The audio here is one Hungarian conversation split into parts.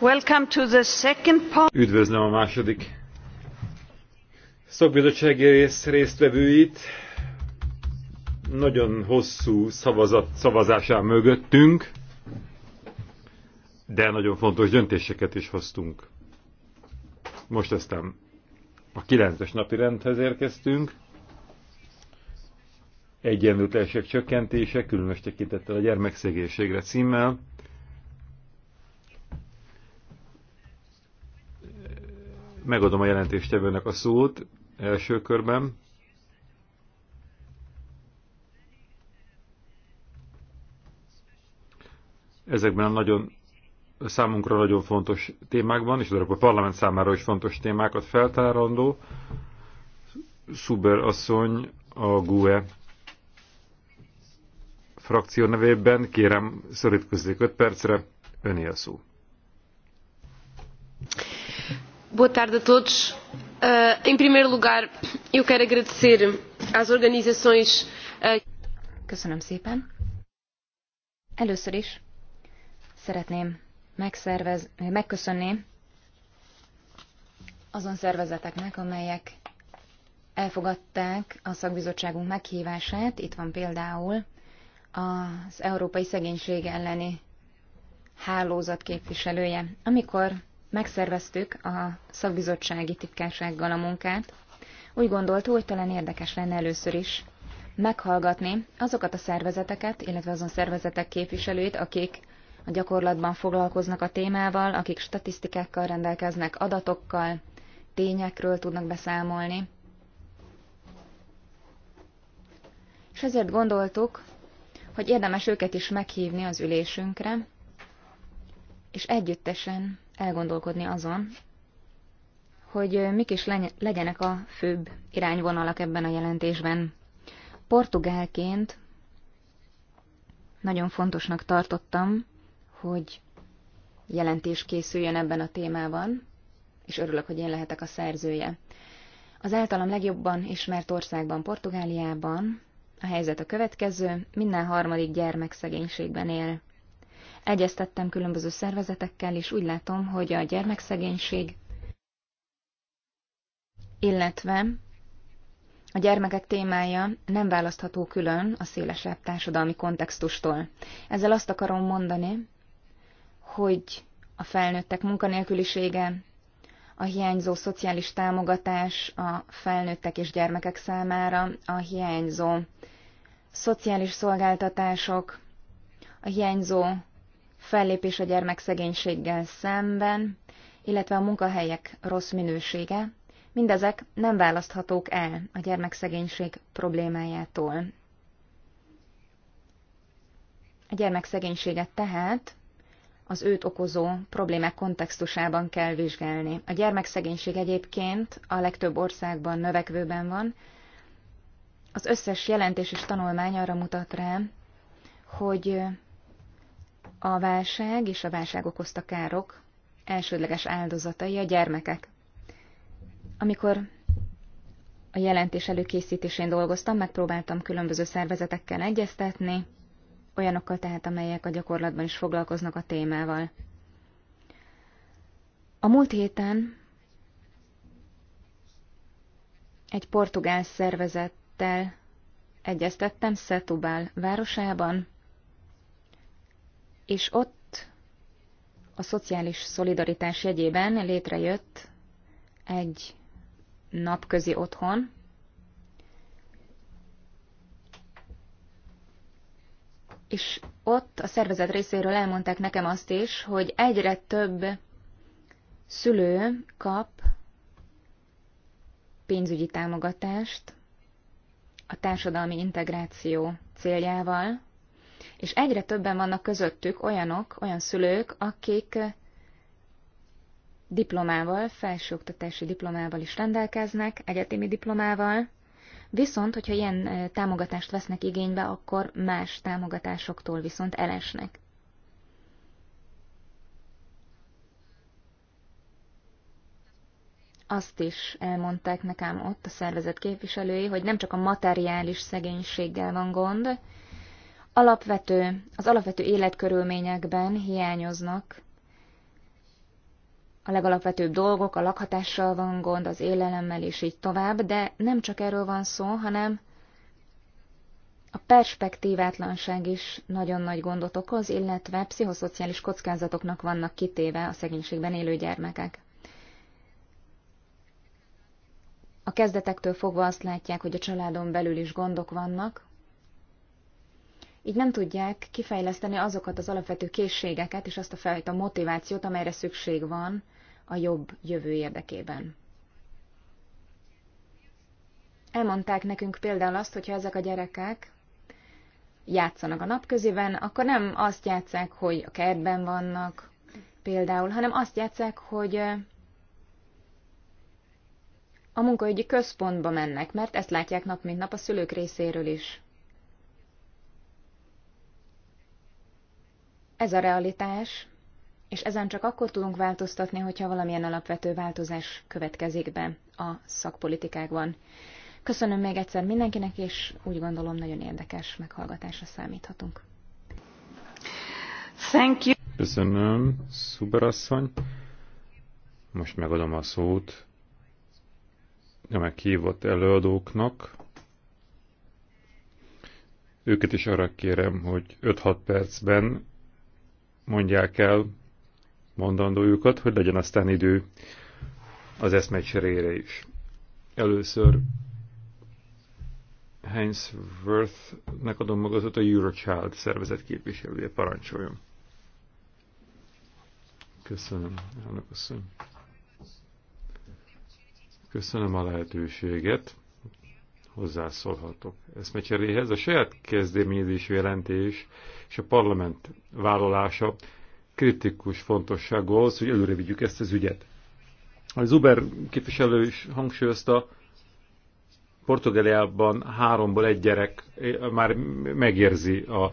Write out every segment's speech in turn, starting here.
Welcome to the second part. Üdvözlöm a második szakbizottsági rész résztvevőit. Nagyon hosszú szavazat, szavazásán mögöttünk, de nagyon fontos döntéseket is hoztunk. Most aztán a kilences napi rendhez érkeztünk. Egyenlőtlenség csökkentése, különös tekintettel a gyermekszegészségre címmel. Megadom a jelentéstevőnek a szót első körben. Ezekben a nagyon számunkra nagyon fontos témákban, és a parlament számára is fontos témákat feltárandó. Szuber asszony a GUE frakció nevében kérem szorítkozzék 5 percre, öné a szó. Boa tarde a todos. Uh, em primeiro lugar, eu quero agradecer às organizações. Uh... Köszönöm szépen. Először is szeretném megszervez, megköszönni azon szervezeteknek, amelyek elfogadták a szakbizottságunk meghívását. Itt van például az Európai Szegénység elleni hálózat képviselője. Amikor megszerveztük a szakbizottsági titkársággal a munkát, úgy gondoltuk, hogy talán érdekes lenne először is meghallgatni azokat a szervezeteket, illetve azon szervezetek képviselőit, akik a gyakorlatban foglalkoznak a témával, akik statisztikákkal rendelkeznek, adatokkal, tényekről tudnak beszámolni. És ezért gondoltuk, hogy érdemes őket is meghívni az ülésünkre, és együttesen elgondolkodni azon, hogy mik is legyenek a főbb irányvonalak ebben a jelentésben. Portugálként nagyon fontosnak tartottam, hogy jelentés készüljön ebben a témában, és örülök, hogy én lehetek a szerzője. Az általam legjobban ismert országban, Portugáliában a helyzet a következő, minden harmadik gyermek szegénységben él. Egyeztettem különböző szervezetekkel, és úgy látom, hogy a gyermekszegénység, illetve a gyermekek témája nem választható külön a szélesebb társadalmi kontextustól. Ezzel azt akarom mondani, hogy a felnőttek munkanélkülisége, a hiányzó szociális támogatás a felnőttek és gyermekek számára, a hiányzó szociális szolgáltatások, a hiányzó fellépés a gyermekszegénységgel szemben, illetve a munkahelyek rossz minősége, mindezek nem választhatók el a gyermekszegénység problémájától. A gyermekszegénységet tehát az őt okozó problémák kontextusában kell vizsgálni. A gyermekszegénység egyébként a legtöbb országban növekvőben van. Az összes jelentés és tanulmány arra mutat rá, hogy a válság és a válság okozta károk elsődleges áldozatai a gyermekek. Amikor a jelentés előkészítésén dolgoztam, megpróbáltam különböző szervezetekkel egyeztetni, olyanokkal tehát, amelyek a gyakorlatban is foglalkoznak a témával. A múlt héten egy portugál szervezettel egyeztettem Setubal városában, és ott a szociális szolidaritás jegyében létrejött egy napközi otthon, és ott a szervezet részéről elmondták nekem azt is, hogy egyre több szülő kap pénzügyi támogatást a társadalmi integráció céljával, és egyre többen vannak közöttük olyanok, olyan szülők, akik eh, diplomával, felsőoktatási diplomával is rendelkeznek, egyetemi diplomával, viszont, hogyha ilyen eh, támogatást vesznek igénybe, akkor más támogatásoktól viszont elesnek. Azt is elmondták nekem ott a szervezet képviselői, hogy nem csak a materiális szegénységgel van gond, alapvető, az alapvető életkörülményekben hiányoznak a legalapvetőbb dolgok, a lakhatással van gond, az élelemmel és így tovább, de nem csak erről van szó, hanem a perspektívátlanság is nagyon nagy gondot okoz, illetve pszichoszociális kockázatoknak vannak kitéve a szegénységben élő gyermekek. A kezdetektől fogva azt látják, hogy a családon belül is gondok vannak, így nem tudják kifejleszteni azokat az alapvető készségeket és azt a fajta motivációt, amelyre szükség van a jobb jövő érdekében. Elmondták nekünk például azt, hogyha ezek a gyerekek játszanak a napköziben, akkor nem azt játszák, hogy a kertben vannak például, hanem azt játszák, hogy a munkaügyi központba mennek, mert ezt látják nap mint nap a szülők részéről is. Ez a realitás, és ezen csak akkor tudunk változtatni, hogyha valamilyen alapvető változás következik be a szakpolitikákban. Köszönöm még egyszer mindenkinek, és úgy gondolom nagyon érdekes meghallgatásra számíthatunk. Thank you. Köszönöm, szuberasszony. Most megadom a szót a meghívott előadóknak. Őket is arra kérem, hogy 5-6 percben mondják el mondandójukat, hogy legyen aztán idő az eszmecserére is. Először Heinz Worth-nek adom magatot a Eurochild szervezet képviselője. Parancsoljon. Köszönöm, elnök asszony. Köszönöm a lehetőséget. Hozzászólhatok eszmecseréhez. A saját kezdeményezés jelentés és a parlament vállalása kritikus fontosságú ahhoz, hogy előre vigyük ezt az ügyet. Az Uber képviselő is hangsúlyozta, Portugáliában háromból egy gyerek eh, már megérzi a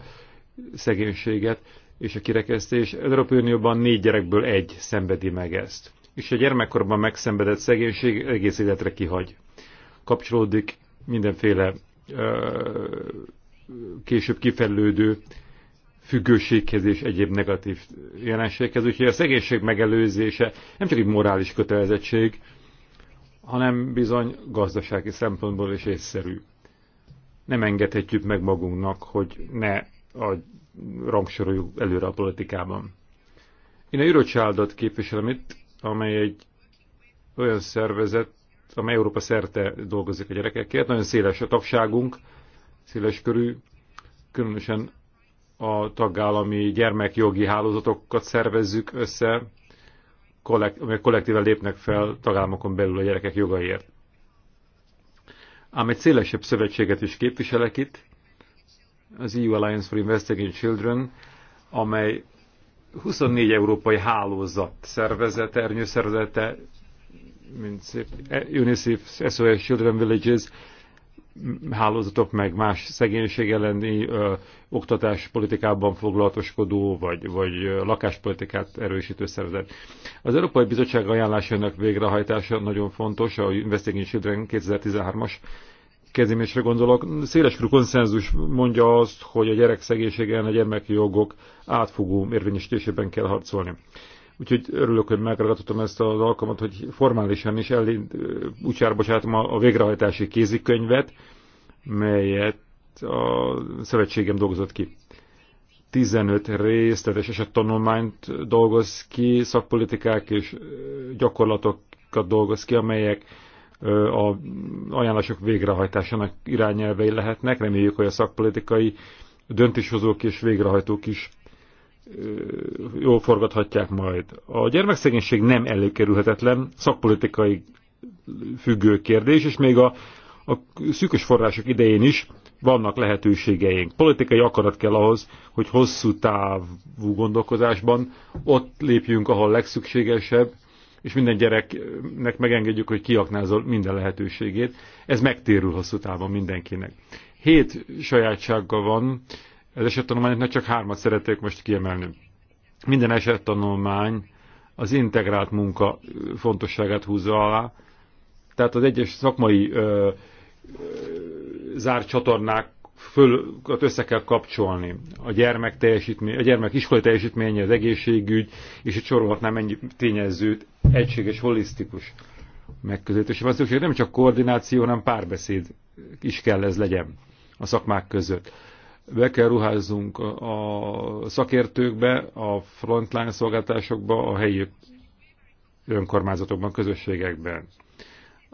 szegénységet és a kirekesztés. Az Európai Unióban négy gyerekből egy szenvedi meg ezt. És a gyermekkorban megszenvedett szegénység egész életre kihagy. Kapcsolódik mindenféle ö, eh, később kifejlődő függőséghez és egyéb negatív jelenséghez. Úgyhogy a szegénység megelőzése nem csak egy morális kötelezettség, hanem bizony gazdasági szempontból is észszerű. Nem engedhetjük meg magunknak, hogy ne a rangsoroljuk előre a politikában. Én a Eurochildot képviselem itt, amely egy olyan szervezet, amely Európa szerte dolgozik a gyerekekért. Nagyon széles a tagságunk, széles körű, különösen a tagállami gyermekjogi hálózatokat szervezzük össze, amelyek kollektíve lépnek fel tagállamokon belül a gyerekek jogaiért. Ám egy szélesebb szövetséget is képviselek itt, az EU Alliance for Investigating Children, amely 24 európai hálózat szervezete, ernyőszervezete, mint szép, e- UNICEF, SOS Children Villages, hálózatok, meg más szegénység elleni ö, oktatáspolitikában foglalatoskodó, vagy, vagy lakáspolitikát erősítő szervezet. Az Európai Bizottság ajánlásának végrehajtása nagyon fontos, a Investing Children 2013-as kezdeményesre gondolok. Széles konszenzus mondja azt, hogy a gyerek szegénység ellen a gyermeki jogok átfogó érvényesítésében kell harcolni. Úgyhogy örülök, hogy megragadhatom ezt az alkalmat, hogy formálisan is elind, útjára bocsátom a, a végrehajtási kézikönyvet, melyet a szövetségem dolgozott ki. 15 részletes tanulmányt dolgoz ki, szakpolitikák és gyakorlatokat dolgoz ki, amelyek a ajánlások végrehajtásának irányelvei lehetnek. Reméljük, hogy a szakpolitikai döntéshozók és végrehajtók is jól forgathatják majd. A gyermekszegénység nem előkerülhetetlen, szakpolitikai függő kérdés, és még a, a szűkös források idején is vannak lehetőségeink. Politikai akarat kell ahhoz, hogy hosszú távú gondolkozásban ott lépjünk, ahol legszükségesebb, és minden gyereknek megengedjük, hogy kiaknázol minden lehetőségét. Ez megtérül hosszú távon mindenkinek. Hét sajátsággal van, az esettanulmányoknak csak hármat szeretnék most kiemelni. Minden esettanulmány az integrált munka fontosságát húzza alá, tehát az egyes szakmai ö, ö, zárt csatornák föl, össze kell kapcsolni. A gyermek, teljesítmény, a gyermek iskolai teljesítménye, az egészségügy, és itt nem ennyi tényezőt, egységes, holisztikus megközelítés. Van szükség nem csak koordináció, hanem párbeszéd is kell ez legyen a szakmák között be kell ruházzunk a szakértőkbe, a frontline szolgáltásokba, a helyi önkormányzatokban, közösségekben.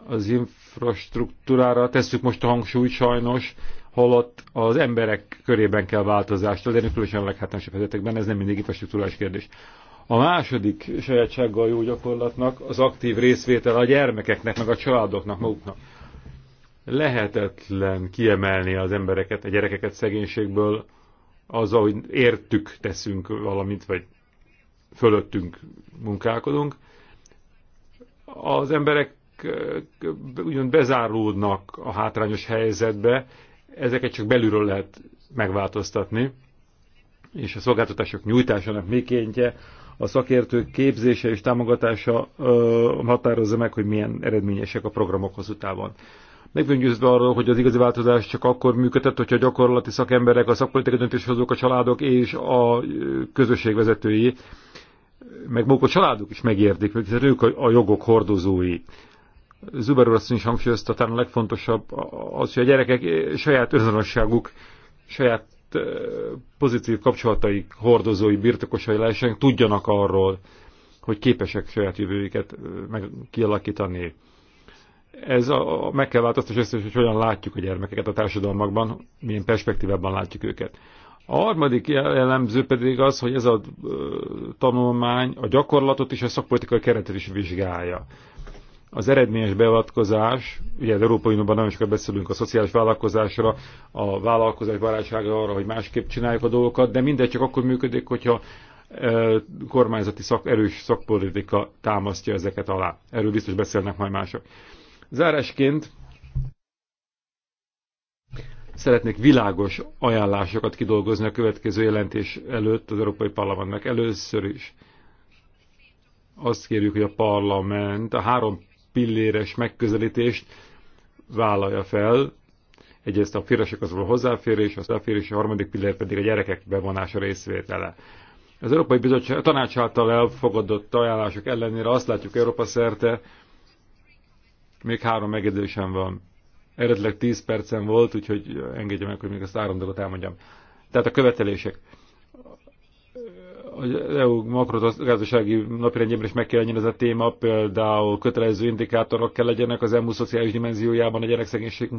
Az infrastruktúrára tesszük most a hangsúlyt sajnos, holott az emberek körében kell változást elérni, különösen a leghátrányosabb helyzetekben, ez nem mindig infrastruktúrás kérdés. A második sajátsággal jó gyakorlatnak az aktív részvétel a gyermekeknek, meg a családoknak maguknak lehetetlen kiemelni az embereket, a gyerekeket szegénységből az, hogy értük teszünk valamit, vagy fölöttünk munkálkodunk. Az emberek ugyan eh, bezárulnak a hátrányos helyzetbe, ezeket csak belülről lehet megváltoztatni, és a szolgáltatások nyújtásának mikéntje, a szakértők képzése és támogatása ö, eh, határozza meg, hogy milyen eredményesek a programok hosszú távon. Meg arról, hogy az igazi változás csak akkor működhet, hogyha a gyakorlati szakemberek, a szakpolitikai döntéshozók, a családok és a közösség vezetői, meg maguk a családok is megértik, mert ők a jogok hordozói. Zuber úr azt is hangsúlyozta, talán a legfontosabb az, hogy a gyerekek saját önazonosságuk, saját pozitív kapcsolatai, hordozói, birtokosai lehessenek, tudjanak arról, hogy képesek saját jövőjüket meg kialakítani ez a, meg kell változtatni ezt, hogy hogyan látjuk a gyermekeket a társadalmakban, milyen perspektívában látjuk őket. A harmadik jellemző pedig az, hogy ez a tanulmány a gyakorlatot és a szakpolitikai keretet is vizsgálja. Az eredményes beavatkozás, ugye az Európai Unióban nagyon sokat beszélünk a szociális vállalkozásra, a vállalkozás barátsága arra, hogy másképp csináljuk a dolgokat, de mindegy csak akkor működik, hogyha kormányzati szak, erős szakpolitika támasztja ezeket alá. Erről biztos beszélnek majd mások. Zárásként szeretnék világos ajánlásokat kidolgozni a következő jelentés előtt az Európai Parlamentnek. Először is azt kérjük, hogy a parlament a három pilléres megközelítést vállalja fel. Egyrészt a férjesek az való hozzáférés, az hozzáférés, a harmadik pillér pedig a gyerekek bevonása részvétele. Az Európai Bizottság tanács által elfogadott ajánlások ellenére azt látjuk Európa szerte, még három megjegyzésem van. Eredetileg 10 percen volt, úgyhogy engedje meg, hogy még ezt három dolgot elmondjam. Tehát a követelések. Az EU makrogazdasági napirendjében is meg kell ez a téma, például kötelező indikátorok kell legyenek az EMU szociális dimenziójában a gyerekszegénység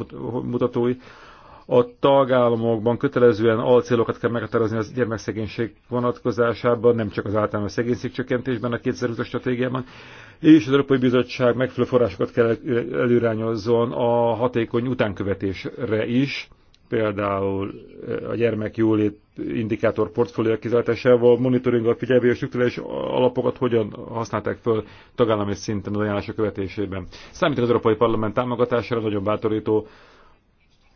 mutatói. A tagállamokban kötelezően alcélokat kell meghatározni az gyermekszegénység vonatkozásában, nem csak az általános szegénység csökkentésben, a 2020-as stratégiában és az Európai Bizottság megfelelő forrásokat kell előrányozzon a hatékony utánkövetésre is, például eh, a gyermek jólét indikátor portfólió kizártásával, monitoringgal figyelve a struktúrális alapokat hogyan használták föl tagállami szinten az ajánlások követésében. Számítunk az Európai Parlament támogatására, nagyon bátorító,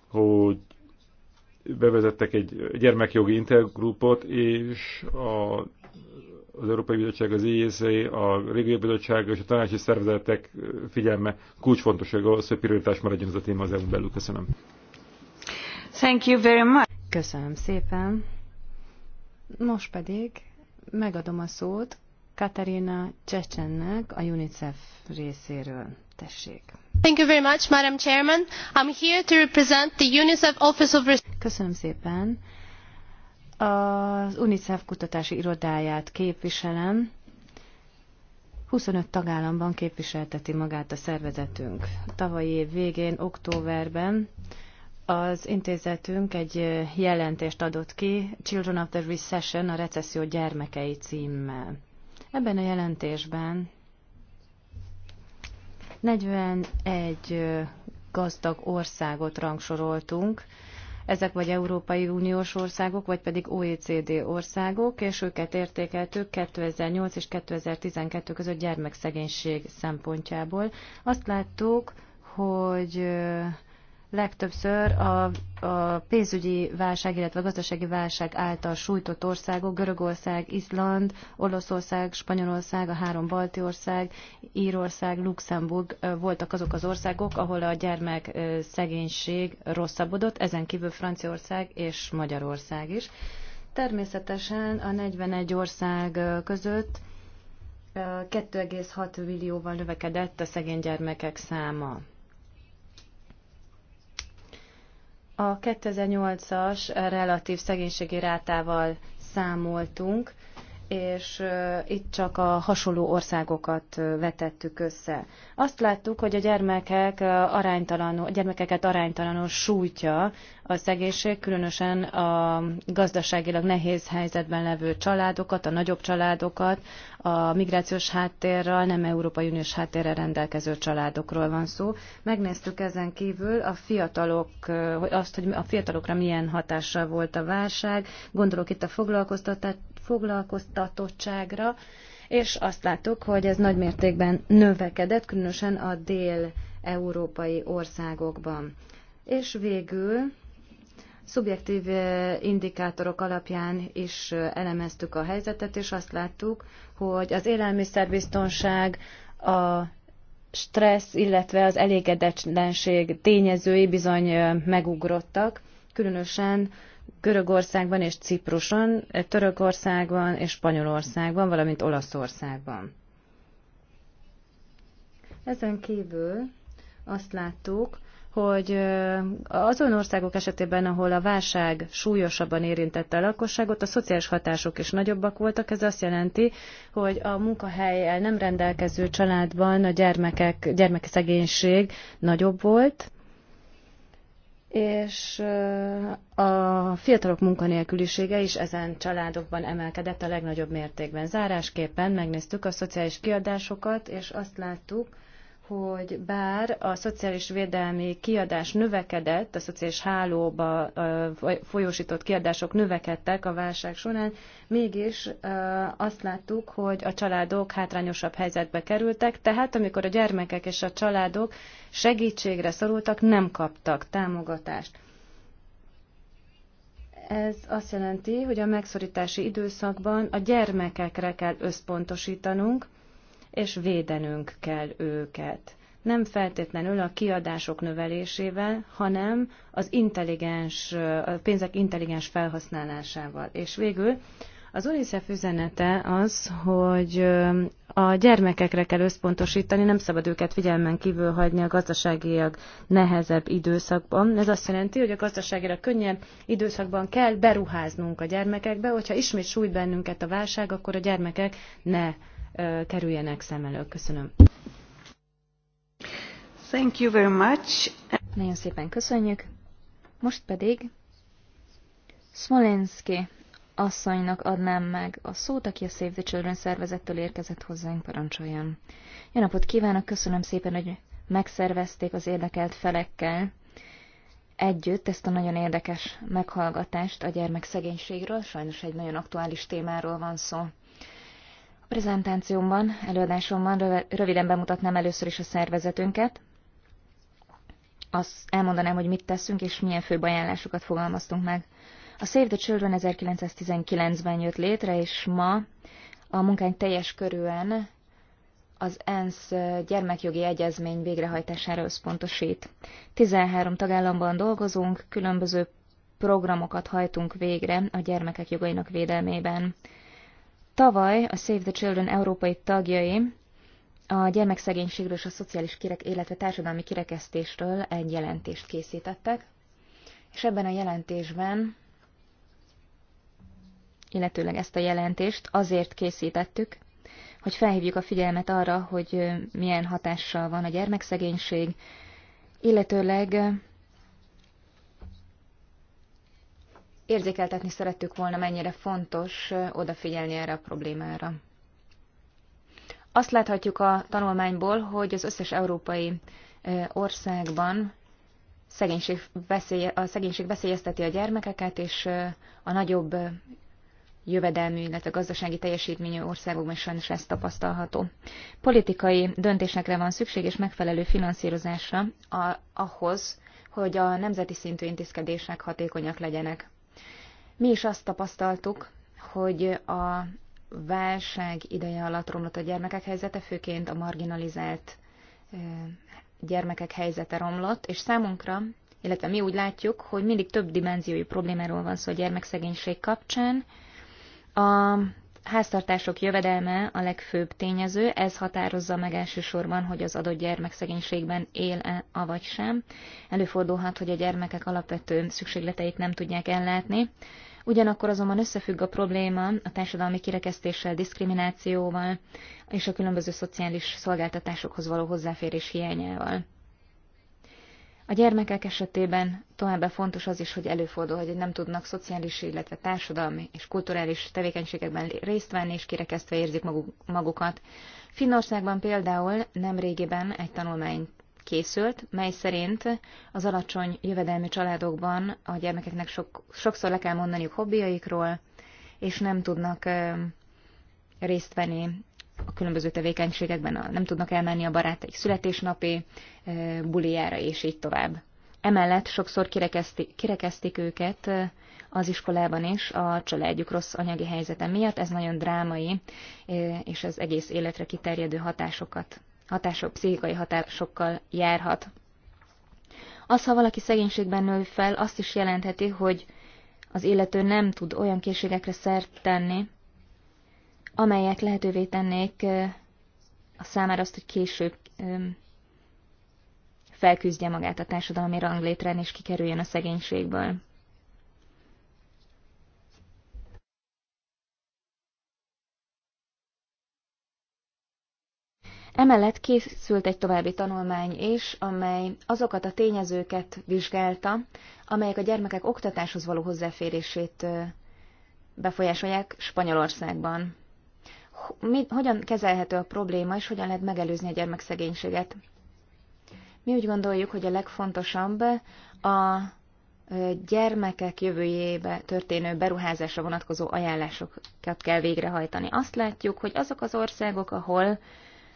hogy bevezettek egy gyermekjogi intergrupot, és a az Európai Bizottság, az ISZ, a Régiói Bizottság és a tanácsi szervezetek figyelme kulcsfontosság ahhoz, hogy prioritás maradjon ez a téma az EU belül. Köszönöm. Thank you very much. Köszönöm szépen. Most pedig megadom a szót Katarina Csecsennek a UNICEF részéről. Tessék. Thank you very much, Madam Chairman. I'm here to represent the UNICEF Office of... Köszönöm szépen. Az UNICEF kutatási irodáját képviselem. 25 tagállamban képviselteti magát a szervezetünk. Tavalyi év végén, októberben az intézetünk egy jelentést adott ki, Children of the Recession, a recesszió gyermekei címmel. Ebben a jelentésben 41 gazdag országot rangsoroltunk, ezek vagy Európai Uniós országok, vagy pedig OECD országok, és őket értékeltük 2008 és 2012 között gyermekszegénység szempontjából. Azt láttuk, hogy legtöbbször a, a pénzügyi válság, illetve a gazdasági válság által sújtott országok, Görögország, Izland, Olaszország, Spanyolország, a három balti ország, Írország, Luxemburg voltak azok az országok, ahol a gyermek szegénység rosszabbodott, ezen kívül Franciaország és Magyarország is. Természetesen a 41 ország között 2,6 millióval növekedett a szegény gyermekek száma. A 2008-as relatív szegénységi rátával számoltunk és itt csak a hasonló országokat vetettük össze. Azt láttuk, hogy a gyermekek aránytalanul, a gyermekeket aránytalanul sújtja a szegénység, különösen a gazdaságilag nehéz helyzetben levő családokat, a nagyobb családokat, a migrációs háttérrel, nem Európai Uniós háttérrel rendelkező családokról van szó. Megnéztük ezen kívül a fiatalok, azt, hogy a fiatalokra milyen hatással volt a válság, gondolok itt a foglalkoztatottságra, és azt láttuk, hogy ez nagymértékben növekedett, különösen a dél-európai országokban. És végül szubjektív eh, indikátorok alapján is eh, elemeztük a helyzetet, és azt láttuk, hogy az élelmiszerbiztonság, a stressz, illetve az elégedetlenség tényezői bizony eh, megugrottak, különösen Görögországban és Cipruson, Törökországban és Spanyolországban, valamint Olaszországban. Ezen kívül azt láttuk, hogy azon országok esetében, ahol a válság súlyosabban érintette a lakosságot, a szociális hatások is nagyobbak voltak. Ez azt jelenti, hogy a munkahelyel nem rendelkező családban a gyermekek, gyermeki nagyobb volt, és a fiatalok munkanélkülisége is ezen családokban emelkedett a legnagyobb mértékben. Zárásképpen megnéztük a szociális kiadásokat, és azt láttuk, hogy bár a szociális védelmi kiadás növekedett, a szociális hálóba folyósított kiadások növekedtek a válság során, mégis azt láttuk, hogy a családok hátrányosabb helyzetbe kerültek, tehát amikor a gyermekek és a családok segítségre szorultak, nem kaptak támogatást. Ez azt jelenti, hogy a megszorítási időszakban a gyermekekre kell összpontosítanunk, és védenünk kell őket. Nem feltétlenül a kiadások növelésével, hanem az intelligens, a pénzek intelligens felhasználásával. És végül az UNICEF üzenete az, hogy a gyermekekre kell összpontosítani, nem szabad őket figyelmen kívül hagyni a gazdaságiak nehezebb időszakban. Ez azt jelenti, hogy a gazdaságira könnyebb időszakban kell beruháznunk a gyermekekbe, hogyha ismét súlyt bennünket a válság, akkor a gyermekek ne kerüljenek szem elől. Köszönöm. Thank you very much. Nagyon szépen köszönjük. Most pedig Smolenski asszonynak adnám meg a szót, aki a Save the Children szervezettől érkezett hozzánk, parancsoljon. Jó napot kívánok, köszönöm szépen, hogy megszervezték az érdekelt felekkel együtt ezt a nagyon érdekes meghallgatást a szegénységről, sajnos egy nagyon aktuális témáról van szó. A prezentációmban, előadásomban röviden bemutatnám először is a szervezetünket. Azt elmondanám, hogy mit teszünk és milyen fő ajánlásokat fogalmaztunk meg. A Save the Children 1919-ben jött létre, és ma a munkánk teljes körűen az ENSZ gyermekjogi egyezmény végrehajtására összpontosít. 13 tagállamban dolgozunk, különböző programokat hajtunk végre a gyermekek jogainak védelmében. Tavaly a Save the Children európai tagjai a gyermekszegénységről és a szociális kirek, illetve társadalmi kirekesztésről egy jelentést készítettek, és ebben a jelentésben, illetőleg ezt a jelentést azért készítettük, hogy felhívjuk a figyelmet arra, hogy milyen hatással van a gyermekszegénység, illetőleg érzékeltetni szerettük volna, mennyire fontos odafigyelni erre a problémára. Azt láthatjuk a tanulmányból, hogy az összes európai országban szegénység a szegénység veszélyezteti a gyermekeket, és a nagyobb jövedelmű, illetve gazdasági teljesítményű országokban sajnos ez tapasztalható. Politikai döntésekre van szükség és megfelelő finanszírozásra a, ahhoz, hogy a nemzeti szintű intézkedések hatékonyak legyenek. Mi is azt tapasztaltuk, hogy a válság ideje alatt romlott a gyermekek helyzete, főként a marginalizált gyermekek helyzete romlott, és számunkra, illetve mi úgy látjuk, hogy mindig több dimenziói problémáról van szó a gyermekszegénység kapcsán. A háztartások jövedelme a legfőbb tényező, ez határozza meg elsősorban, hogy az adott gyermek szegénységben él-e, avagy sem. Előfordulhat, hogy a gyermekek alapvető szükségleteit nem tudják ellátni. Ugyanakkor azonban összefügg a probléma a társadalmi kirekesztéssel, diszkriminációval és a különböző szociális szolgáltatásokhoz való hozzáférés hiányával. A gyermekek esetében továbbá fontos az is, hogy előfordul, hogy nem tudnak szociális, illetve társadalmi és kulturális tevékenységekben részt venni, és kirekesztve érzik magukat. Finnországban például nemrégiben egy tanulmány készült, mely szerint az alacsony jövedelmi családokban a gyermekeknek sok, sokszor le kell mondaniuk hobbiaikról, és nem tudnak részt venni a különböző tevékenységekben nem tudnak elmenni a barátaik születésnapi e, bulijára, és így tovább. Emellett sokszor kirekeszti, kirekesztik őket az iskolában is a családjuk rossz anyagi helyzete miatt. Ez nagyon drámai, és ez egész életre kiterjedő hatásokat, hatások, pszichikai hatásokkal járhat. Az, ha valaki szegénységben nő fel, azt is jelentheti, hogy az illető nem tud olyan készségekre szert tenni, amelyek lehetővé tennék a számára azt, hogy később felküzdje magát a társadalmi ranglétrán, és kikerüljön a szegénységből. Emellett készült egy további tanulmány is, amely azokat a tényezőket vizsgálta, amelyek a gyermekek oktatáshoz való hozzáférését befolyásolják Spanyolországban mi, hogyan kezelhető a probléma, és hogyan lehet megelőzni a gyermekszegénységet. Mi úgy gondoljuk, hogy a legfontosabb a gyermekek jövőjébe történő beruházásra vonatkozó ajánlásokat kell végrehajtani. Azt látjuk, hogy azok az országok, ahol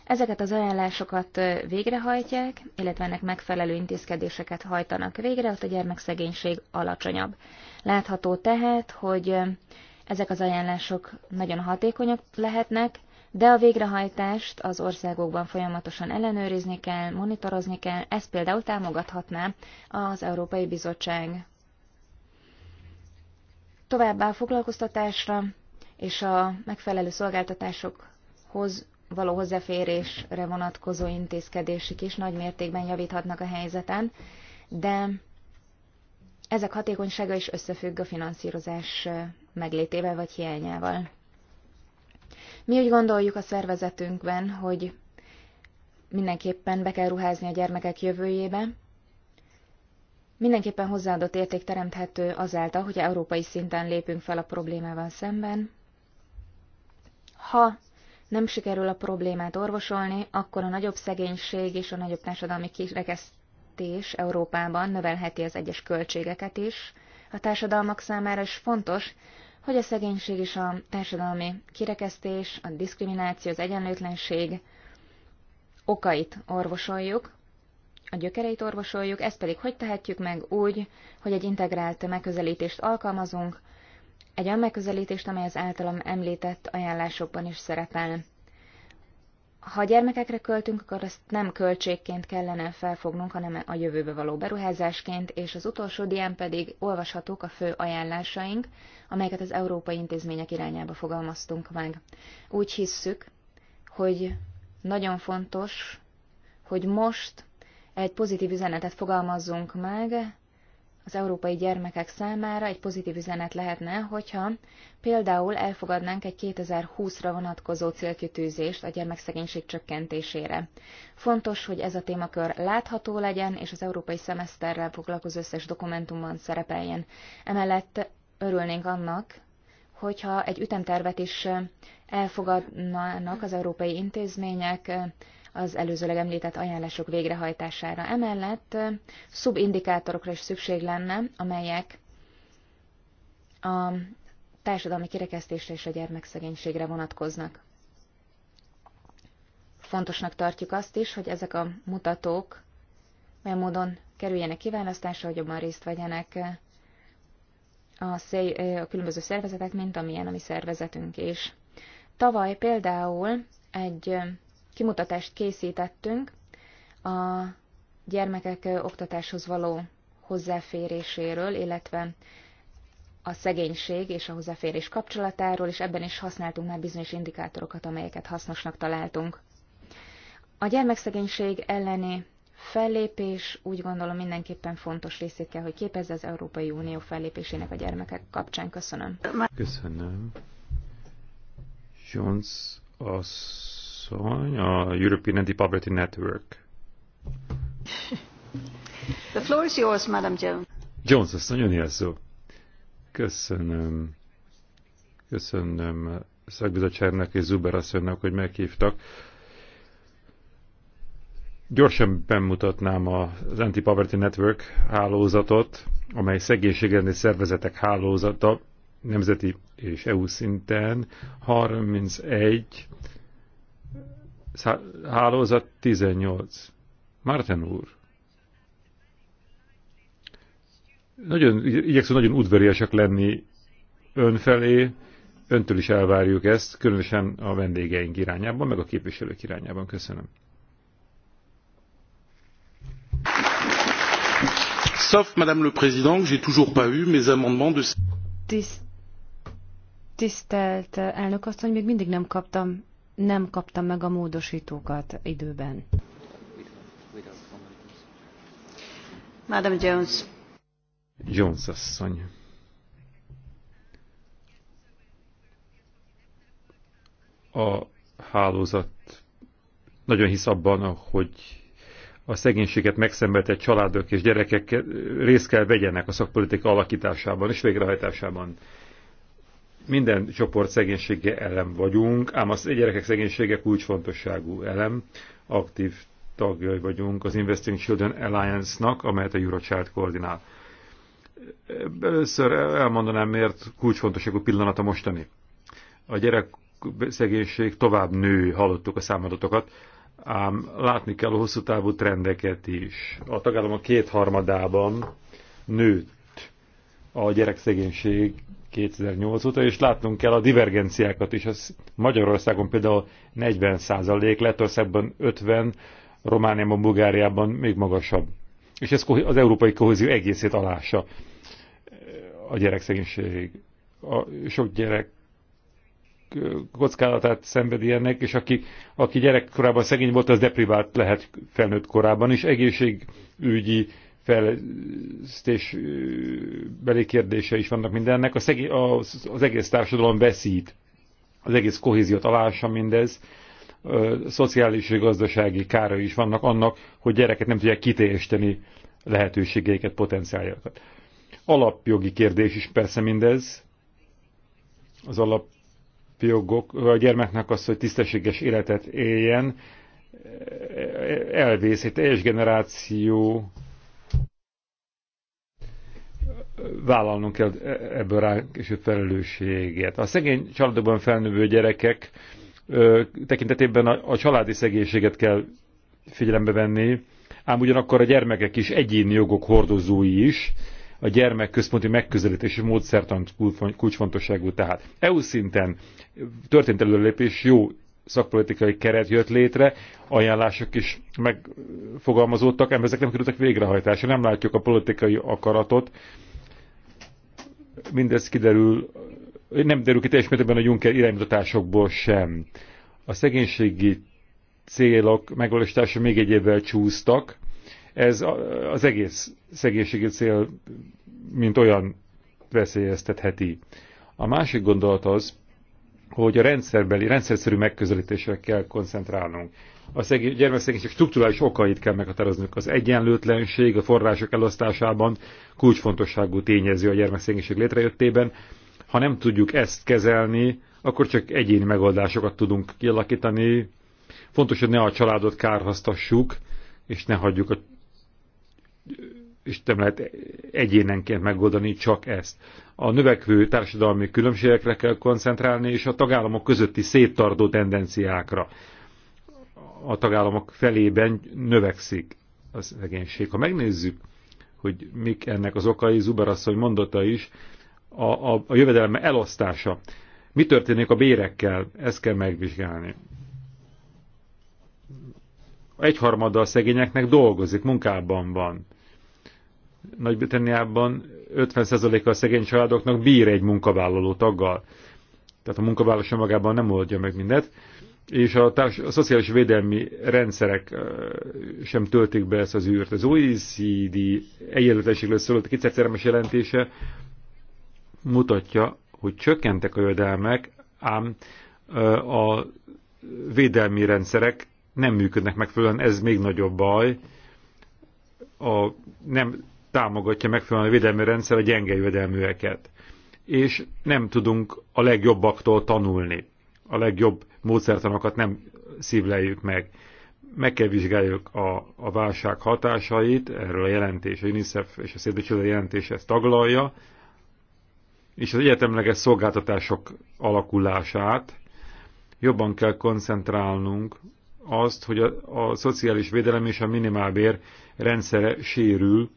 ezeket az ajánlásokat végrehajtják, illetve ennek megfelelő intézkedéseket hajtanak végre, ott a gyermekszegénység alacsonyabb. Látható tehát, hogy ezek az ajánlások nagyon hatékonyak lehetnek, de a végrehajtást az országokban folyamatosan ellenőrizni kell, monitorozni kell, ezt például támogathatná az Európai Bizottság. Továbbá a foglalkoztatásra és a megfelelő szolgáltatásokhoz való hozzáférésre vonatkozó intézkedések is nagy mértékben javíthatnak a helyzeten, de ezek hatékonysága is összefügg a finanszírozás meglétével vagy hiányával. Mi úgy gondoljuk a szervezetünkben, hogy mindenképpen be kell ruházni a gyermekek jövőjébe, Mindenképpen hozzáadott érték teremthető azáltal, hogy európai szinten lépünk fel a problémával szemben. Ha nem sikerül a problémát orvosolni, akkor a nagyobb szegénység és a nagyobb társadalmi kirekeszt költségvetés Európában növelheti az egyes költségeket is. A társadalmak számára is fontos, hogy a szegénység és a társadalmi kirekesztés, a diszkrimináció, az egyenlőtlenség okait orvosoljuk, a gyökereit orvosoljuk, ezt pedig hogy tehetjük meg úgy, hogy egy integrált megközelítést alkalmazunk, egy olyan megközelítést, amely az általam említett ajánlásokban is szerepel. Ha gyermekekre költünk, akkor azt nem költségként kellene felfognunk, hanem a jövőbe való beruházásként, és az utolsó dián pedig olvashatók a fő ajánlásaink, amelyeket az európai intézmények irányába fogalmaztunk meg. Úgy hisszük, hogy nagyon fontos, hogy most egy pozitív üzenetet fogalmazzunk meg, az európai gyermekek számára egy pozitív üzenet lehetne, hogyha például elfogadnánk egy 2020-ra vonatkozó célkitűzést a gyermekszegénység csökkentésére. Fontos, hogy ez a témakör látható legyen, és az európai szemeszterrel foglalkozó összes dokumentumban szerepeljen. Emellett örülnénk annak, hogyha egy ütemtervet is elfogadnának az európai intézmények, az előzőleg említett ajánlások végrehajtására. Emellett szubindikátorokra is szükség lenne, amelyek a társadalmi kirekesztésre és a gyermekszegénységre vonatkoznak. Fontosnak tartjuk azt is, hogy ezek a mutatók olyan módon kerüljenek kiválasztásra, hogy jobban részt vegyenek a, szély, a különböző szervezetek, mint amilyen a mi szervezetünk is. Tavaly például egy kimutatást készítettünk a gyermekek oktatáshoz való hozzáféréséről, illetve a szegénység és a hozzáférés kapcsolatáról, és ebben is használtunk már bizonyos indikátorokat, amelyeket hasznosnak találtunk. A gyermekszegénység elleni fellépés úgy gondolom mindenképpen fontos részét kell, hogy képezze az Európai Unió fellépésének a gyermekek kapcsán. Köszönöm. Köszönöm. Jones az asszony, a European Anti-Poverty Network. The floor is yours, Madam Jones. Jones asszony, ön szó. Köszönöm. Köszönöm szakbizottságnak és Zuber asszonynak, hogy meghívtak. Gyorsan bemutatnám az Anti-Poverty Network hálózatot, amely szegénységelni szervezetek hálózata nemzeti és EU szinten. 31 hálózat 18. Márten úr. Nagyon, igyekszem nagyon udvariasak lenni önfelé, öntől is elvárjuk ezt, különösen a vendégeink irányában, meg a képviselők irányában. Köszönöm. Sauf, Madame le Président, j'ai toujours pas eu mes amendements de... Tisztelt eh, elnök asszony, még mindig nem kaptam nem kaptam meg a módosítókat időben. Madam Jones. Jones asszony. A hálózat nagyon hisz abban, hogy a szegénységet megszenvedett családok és gyerekek részt kell vegyenek a szakpolitika alakításában és végrehajtásában minden csoport szegénysége elem vagyunk, ám az gyerekek szegénysége kulcsfontosságú elem. Aktív tagjai vagyunk az Investing Children Alliance-nak, amelyet a Eurochild koordinál. Először elmondanám, miért kulcsfontosságú pillanat a mostani. A gyerek szegénység tovább nő, hallottuk a számadatokat, ám látni kell a hosszú távú trendeket is. A tagállamok kétharmadában nőtt a gyerekszegénység 2008 óta, és látnunk kell a divergenciákat is. Az Magyarországon például 40 százalék, Lettországban 50, Romániában, Bulgáriában még magasabb. És ez az európai kohézió egészét alása eh, a gyerekszegénység. A sok gyerek eh, kockázatát szenvedi ennek, és aki, aki gyerekkorában szegény volt, az deprivált lehet felnőtt korában is. Egészségügyi fejlesztésbeli kérdése is vannak mindennek. Az, az, az egész társadalom veszít, az egész kohéziót alása mindez, szociális és gazdasági kára is vannak annak, hogy gyereket nem tudják kitejesteni lehetőségeiket, potenciáljákat. Alapjogi kérdés is persze mindez. Az alapjogok, a gyermeknek az, hogy tisztességes életet éljen, elvész egy teljes generáció vállalnunk kell ebből rá és felelősséget. A szegény családokban felnövő gyerekek ö, tekintetében a, a családi szegénységet kell figyelembe venni, ám ugyanakkor a gyermekek is egyéni jogok hordozói is, a gyermek megközelítés és módszertan kulcsfontosságú tehát. EU szinten történt előlépés jó szakpolitikai keret jött létre, ajánlások is megfogalmazódtak, ám ezek nem kerültek végrehajtásra. Nem látjuk a politikai akaratot. Mindez kiderül, nem derül ki teljes mértékben a Juncker iránymutatásokból sem. A szegénységi célok megvalósítása még egy évvel csúsztak. Ez az egész szegénységi cél, mint olyan veszélyeztetheti. A másik gondolat az, hogy a rendszerbeli, rendszerszerű megközelítésre kell koncentrálnunk. A gyermekszegénység struktúrális okait kell meghatároznunk. Az egyenlőtlenség a források elosztásában kulcsfontosságú tényező a gyermekszegénység létrejöttében. Ha nem tudjuk ezt kezelni, akkor csak egyéni megoldásokat tudunk kialakítani. Fontos, hogy ne a családot kárhasztassuk, és ne hagyjuk a és nem lehet egyénenként megoldani csak ezt. A növekvő társadalmi különbségekre kell koncentrálni, és a tagállamok közötti széttartó tendenciákra. A tagállamok felében növekszik a szegénység. Ha megnézzük, hogy mik ennek az okai, Zuber asszony mondotta is, a, a, a jövedelme elosztása. Mi történik a bérekkel? Ezt kell megvizsgálni. Egyharmada a szegényeknek dolgozik, munkában van nagy-Britanniában 50%-a a szegény családoknak bír egy munkavállaló taggal. Tehát a munkavállaló sem magában nem oldja meg mindet, és a, társ, a szociális védelmi rendszerek sem töltik be ezt az űrt. Az OECD egyenlőtlenségről szóló kétszerszeremes jelentése mutatja, hogy csökkentek a jövedelmek, ám a védelmi rendszerek nem működnek megfelelően, ez még nagyobb baj. A nem támogatja megfelelően a védelmi rendszer a gyenge jövedelműeket. És nem tudunk a legjobbaktól tanulni. A legjobb módszertanokat nem szívleljük meg. Meg kell vizsgáljuk a, a válság hatásait, erről a jelentés, a UNICEF és a Szédbecsőle jelentés ezt taglalja, és az egyetemleges szolgáltatások alakulását jobban kell koncentrálnunk azt, hogy a, a szociális védelem és a minimálbér rendszere sérül,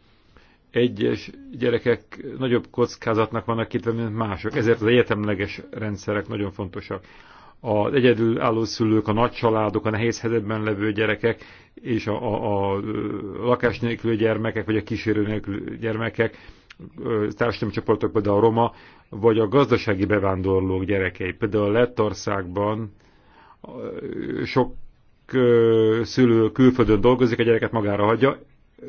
egyes gyerekek nagyobb kockázatnak vannak kitve, mint mások. Ezért az egyetemleges rendszerek nagyon fontosak. Az egyedülálló szülők, a nagy családok, a nehéz helyzetben levő gyerekek és a, a, a lakás nélkül gyermekek, vagy a kísérő nélkül gyermekek, társadalmi csoportok, például a roma, vagy a gazdasági bevándorlók gyerekei. Például Lettországban sok szülő külföldön dolgozik, a gyereket magára hagyja,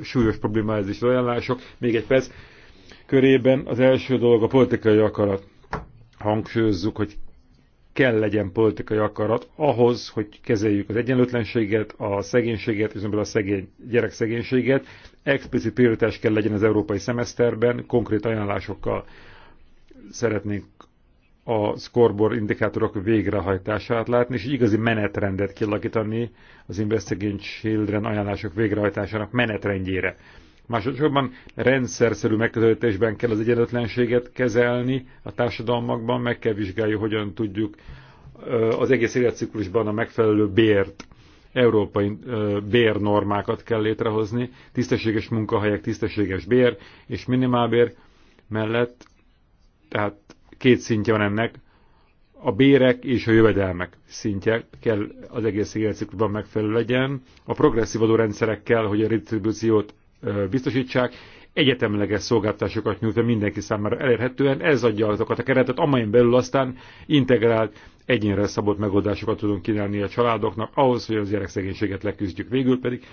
súlyos problémázis ajánlások. Még egy perc körében az első dolog a politikai akarat. Hangsúlyozzuk, hogy kell legyen politikai akarat ahhoz, hogy kezeljük az egyenlőtlenséget, a szegénységet, és a szegény gyerek szegénységet. Explicit prioritás kell legyen az európai szemeszterben, konkrét ajánlásokkal szeretnénk a scoreboard indikátorok végrehajtását látni, és igazi menetrendet kialakítani az Investigation Children ajánlások végrehajtásának menetrendjére. Másodszorban rendszerszerű megközelítésben kell az egyenlőtlenséget kezelni a társadalmakban, meg kell vizsgálni, hogyan tudjuk az egész életciklusban a megfelelő bért, európai bérnormákat kell létrehozni, tisztességes munkahelyek, tisztességes bér és minimálbér mellett, tehát két szintje van ennek, a bérek és a jövedelmek szintje kell az egész életciklusban megfelelő legyen, a progresszív kell, hogy a redistribúciót biztosítsák, egyetemleges szolgáltatásokat nyújtva mindenki számára elérhetően, ez adja azokat a keretet, amelyen belül aztán integrált, egyénre szabott megoldásokat tudunk kínálni a családoknak, ahhoz, hogy az gyerekszegénységet leküzdjük. Végül pedig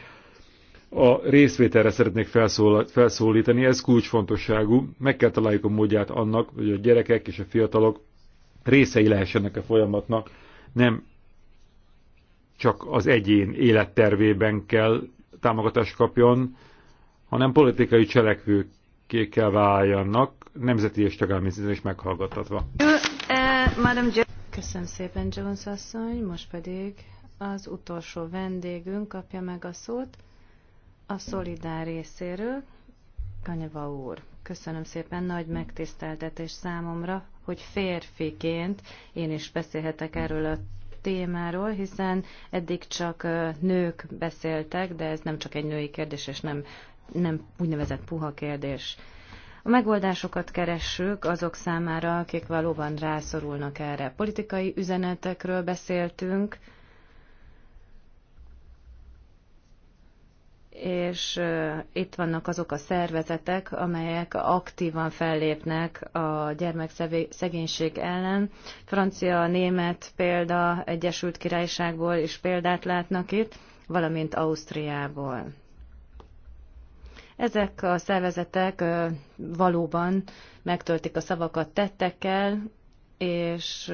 a részvételre szeretnék felszól, felszólítani, ez kulcsfontosságú, meg kell találjuk a módját annak, hogy a gyerekek és a fiatalok részei lehessenek a folyamatnak, nem csak az egyén élettervében kell támogatást kapjon, hanem politikai kell váljanak, nemzeti és tagállami szinten is meghallgattatva. Köszönöm szépen, Jones asszony, most pedig az utolsó vendégünk kapja meg a szót a Szolidár részéről. Kanyava úr, köszönöm szépen, nagy megtiszteltetés számomra, hogy férfiként én is beszélhetek erről a témáról, hiszen eddig csak nők beszéltek, de ez nem csak egy női kérdés, és nem, nem úgynevezett puha kérdés. A megoldásokat keressük azok számára, akik valóban rászorulnak erre. Politikai üzenetekről beszéltünk, és itt vannak azok a szervezetek, amelyek aktívan fellépnek a gyermekszegénység ellen. Francia, német példa, Egyesült Királyságból is példát látnak itt, valamint Ausztriából. Ezek a szervezetek valóban megtöltik a szavakat tettekkel, és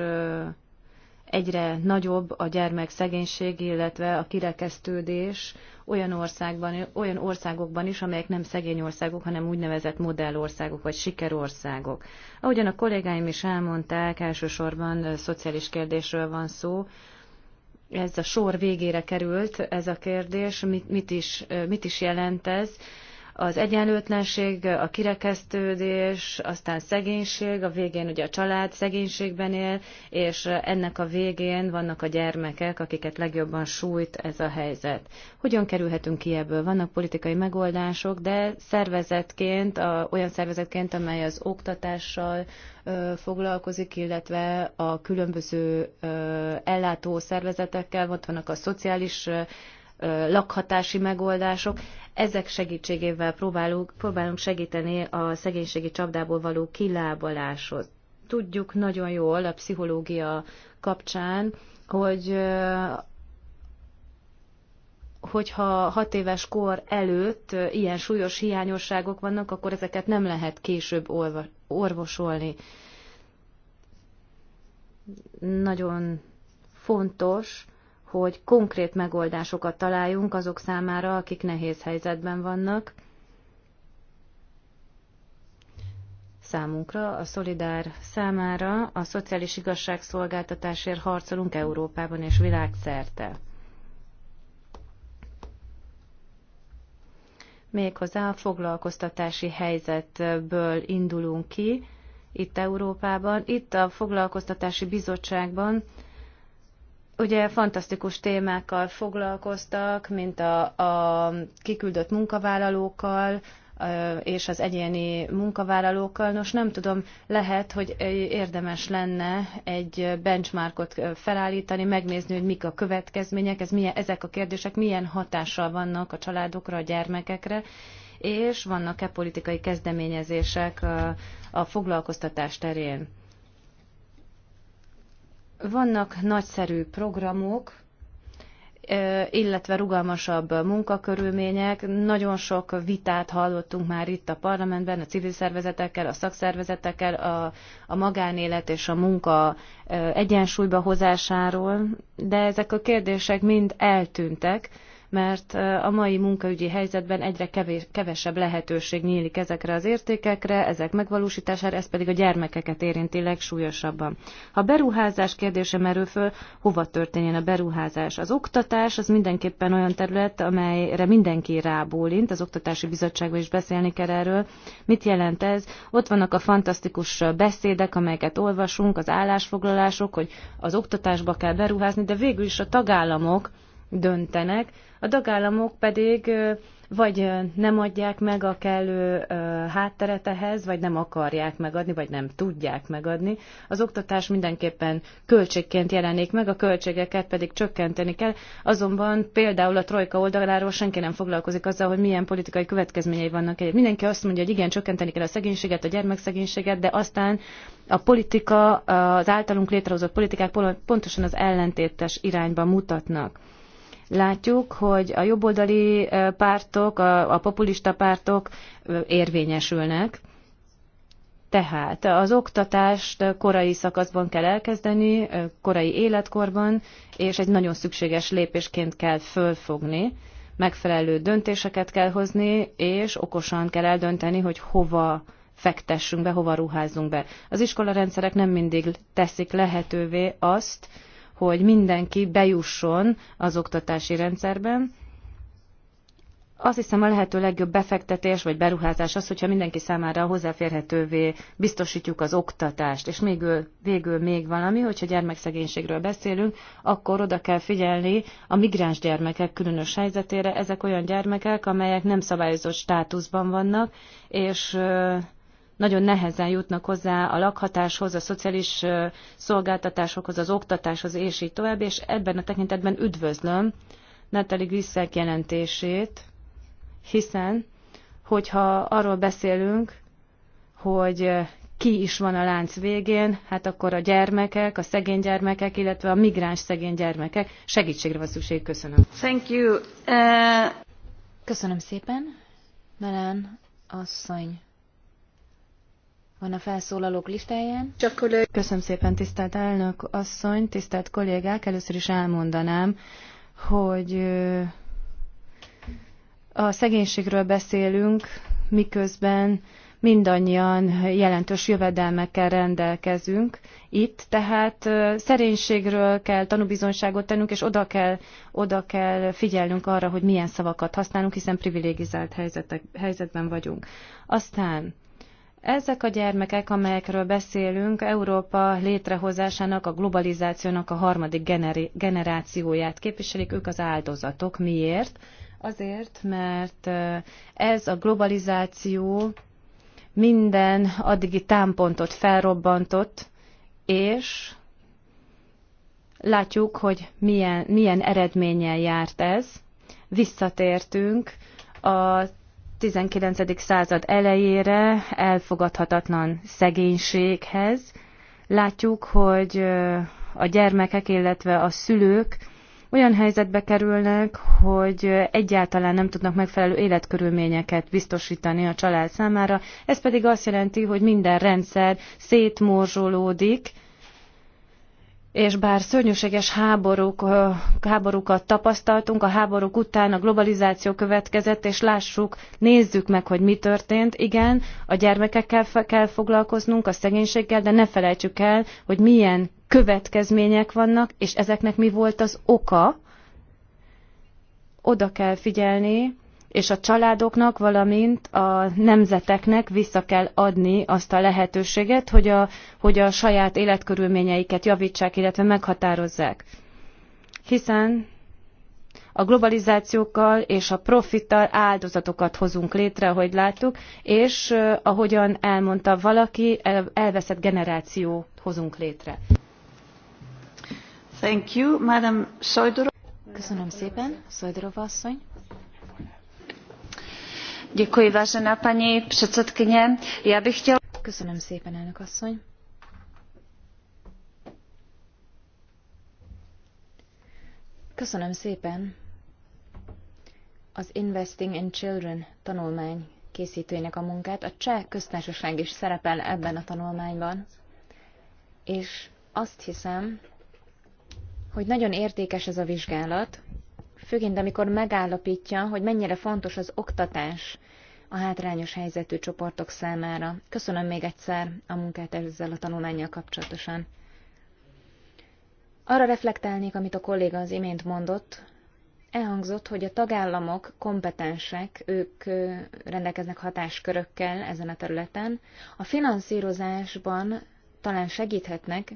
egyre nagyobb a gyermek szegénység, illetve a kirekesztődés olyan, országban, olyan országokban is, amelyek nem szegény országok, hanem úgynevezett modellországok vagy sikerországok. Ahogyan a kollégáim is elmondták, elsősorban eh, szociális kérdésről van szó, ez a sor végére került ez a kérdés, mit, mit, is, eh, mit is jelent ez az egyenlőtlenség, a kirekesztődés, aztán szegénység, a végén ugye a család szegénységben él, és ennek a végén vannak a gyermekek, akiket legjobban sújt ez a helyzet. Hogyan kerülhetünk ki ebből? Vannak politikai megoldások, de szervezetként, a, olyan szervezetként, amely az oktatással ö, foglalkozik, illetve a különböző ö, ellátó szervezetekkel, ott vannak a szociális lakhatási megoldások. Ezek segítségével próbálunk, próbálunk segíteni a szegénységi csapdából való kilábaláshoz Tudjuk nagyon jól a pszichológia kapcsán, hogy hogyha hat éves kor előtt ilyen súlyos hiányosságok vannak, akkor ezeket nem lehet később orvosolni. Nagyon fontos, hogy konkrét megoldásokat találjunk azok számára, akik nehéz helyzetben vannak. Számunkra, a Szolidár számára a szociális igazságszolgáltatásért harcolunk Európában és világszerte. Méghozzá a foglalkoztatási helyzetből indulunk ki itt Európában. Itt a Foglalkoztatási Bizottságban Ugye fantasztikus témákkal foglalkoztak, mint a, a kiküldött munkavállalókkal, és az egyéni munkavállalókkal. Nos, nem tudom, lehet, hogy érdemes lenne egy benchmarkot felállítani, megnézni, hogy mik a következmények, ez milyen, ezek a kérdések milyen hatással vannak a családokra, a gyermekekre, és vannak-e politikai kezdeményezések a, a foglalkoztatás terén. Vannak nagyszerű programok, illetve rugalmasabb munkakörülmények. Nagyon sok vitát hallottunk már itt a parlamentben, a civil szervezetekkel, a szakszervezetekkel, a, a magánélet és a munka egyensúlyba hozásáról, de ezek a kérdések mind eltűntek mert a mai munkaügyi helyzetben egyre kevés, kevesebb lehetőség nyílik ezekre az értékekre, ezek megvalósítására, ez pedig a gyermekeket érinti legsúlyosabban. Ha beruházás kérdése merül föl, hova történjen a beruházás? Az oktatás az mindenképpen olyan terület, amelyre mindenki rábólint, az Oktatási Bizottságban is beszélni kell erről. Mit jelent ez? Ott vannak a fantasztikus beszédek, amelyeket olvasunk, az állásfoglalások, hogy az oktatásba kell beruházni, de végül is a tagállamok, döntenek, a dagállamok pedig vagy nem adják meg a kellő hátteret ehhez, vagy nem akarják megadni, vagy nem tudják megadni. Az oktatás mindenképpen költségként jelenik meg, a költségeket pedig csökkenteni kell. Azonban például a trojka oldaláról senki nem foglalkozik azzal, hogy milyen politikai következményei vannak. Mindenki azt mondja, hogy igen, csökkenteni kell a szegénységet, a gyermekszegénységet, de aztán a politika, az általunk létrehozott politikák pontosan az ellentétes irányba mutatnak látjuk, hogy a jobboldali pártok, a, a populista pártok érvényesülnek. Tehát az oktatást korai szakaszban kell elkezdeni, korai életkorban, és egy nagyon szükséges lépésként kell fölfogni, megfelelő döntéseket kell hozni, és okosan kell eldönteni, hogy hova fektessünk be, hova ruházunk be. Az iskolarendszerek nem mindig teszik lehetővé azt, hogy mindenki bejusson az oktatási rendszerben. Azt hiszem a lehető legjobb befektetés vagy beruházás az, hogyha mindenki számára hozzáférhetővé biztosítjuk az oktatást. És még végül még valami, hogyha gyermekszegénységről beszélünk, akkor oda kell figyelni a migráns gyermekek különös helyzetére. Ezek olyan gyermekek, amelyek nem szabályozott státuszban vannak, és nagyon nehezen jutnak hozzá a lakhatáshoz, a szociális szolgáltatásokhoz, az oktatáshoz, és így tovább, és ebben a tekintetben üdvözlöm Natali Grisszek jelentését, hiszen, hogyha arról beszélünk, hogy ki is van a lánc végén, hát akkor a gyermekek, a szegény gyermekek, illetve a migráns szegény gyermekek segítségre van szükség. Köszönöm. Thank you. Uh... Köszönöm szépen. Melen asszony van a felszólalók listáján. Csak Köszönöm szépen, tisztelt elnök asszony, tisztelt kollégák. Először is elmondanám, hogy a szegénységről beszélünk, miközben mindannyian jelentős jövedelmekkel rendelkezünk itt, tehát szerénységről kell tanúbizonyságot tennünk, és oda kell, oda kell figyelnünk arra, hogy milyen szavakat használunk, hiszen privilegizált helyzetek, helyzetben vagyunk. Aztán ezek a gyermekek, amelyekről beszélünk, Európa létrehozásának, a globalizációnak a harmadik generi- generációját képviselik, ők az áldozatok. Miért? Azért, mert ez a globalizáció minden addigi támpontot felrobbantott, és látjuk, hogy milyen, milyen eredménnyel járt ez. Visszatértünk a 19. század elejére elfogadhatatlan szegénységhez. Látjuk, hogy a gyermekek, illetve a szülők olyan helyzetbe kerülnek, hogy egyáltalán nem tudnak megfelelő életkörülményeket biztosítani a család számára. Ez pedig azt jelenti, hogy minden rendszer szétmorzsolódik, és bár szörnyűséges háborúk, háborúkat tapasztaltunk, a háborúk után a globalizáció következett, és lássuk, nézzük meg, hogy mi történt. Igen, a gyermekekkel kell foglalkoznunk, a szegénységgel, de ne felejtsük el, hogy milyen következmények vannak, és ezeknek mi volt az oka. Oda kell figyelni, és a családoknak, valamint a nemzeteknek vissza kell adni azt a lehetőséget, hogy a, hogy a saját életkörülményeiket javítsák, illetve meghatározzák. Hiszen a globalizációkkal és a profittal áldozatokat hozunk létre, ahogy láttuk, és ahogyan elmondta valaki, elveszett generációt hozunk létre. Thank you, Madam Köszönöm szépen, Szojdorova asszony vážená paní předsedkyně. Já bych chtěla... Köszönöm szépen, az Investing in Children tanulmány készítőinek a munkát. A cseh köztársaság is szerepel ebben a tanulmányban, és azt hiszem, hogy nagyon értékes ez a vizsgálat, főként amikor megállapítja, hogy mennyire fontos az oktatás a hátrányos helyzetű csoportok számára. Köszönöm még egyszer a munkát ezzel a tanulmányjal kapcsolatosan. Arra reflektálnék, amit a kolléga az imént mondott. Elhangzott, hogy a tagállamok kompetensek, ők rendelkeznek hatáskörökkel ezen a területen. A finanszírozásban talán segíthetnek,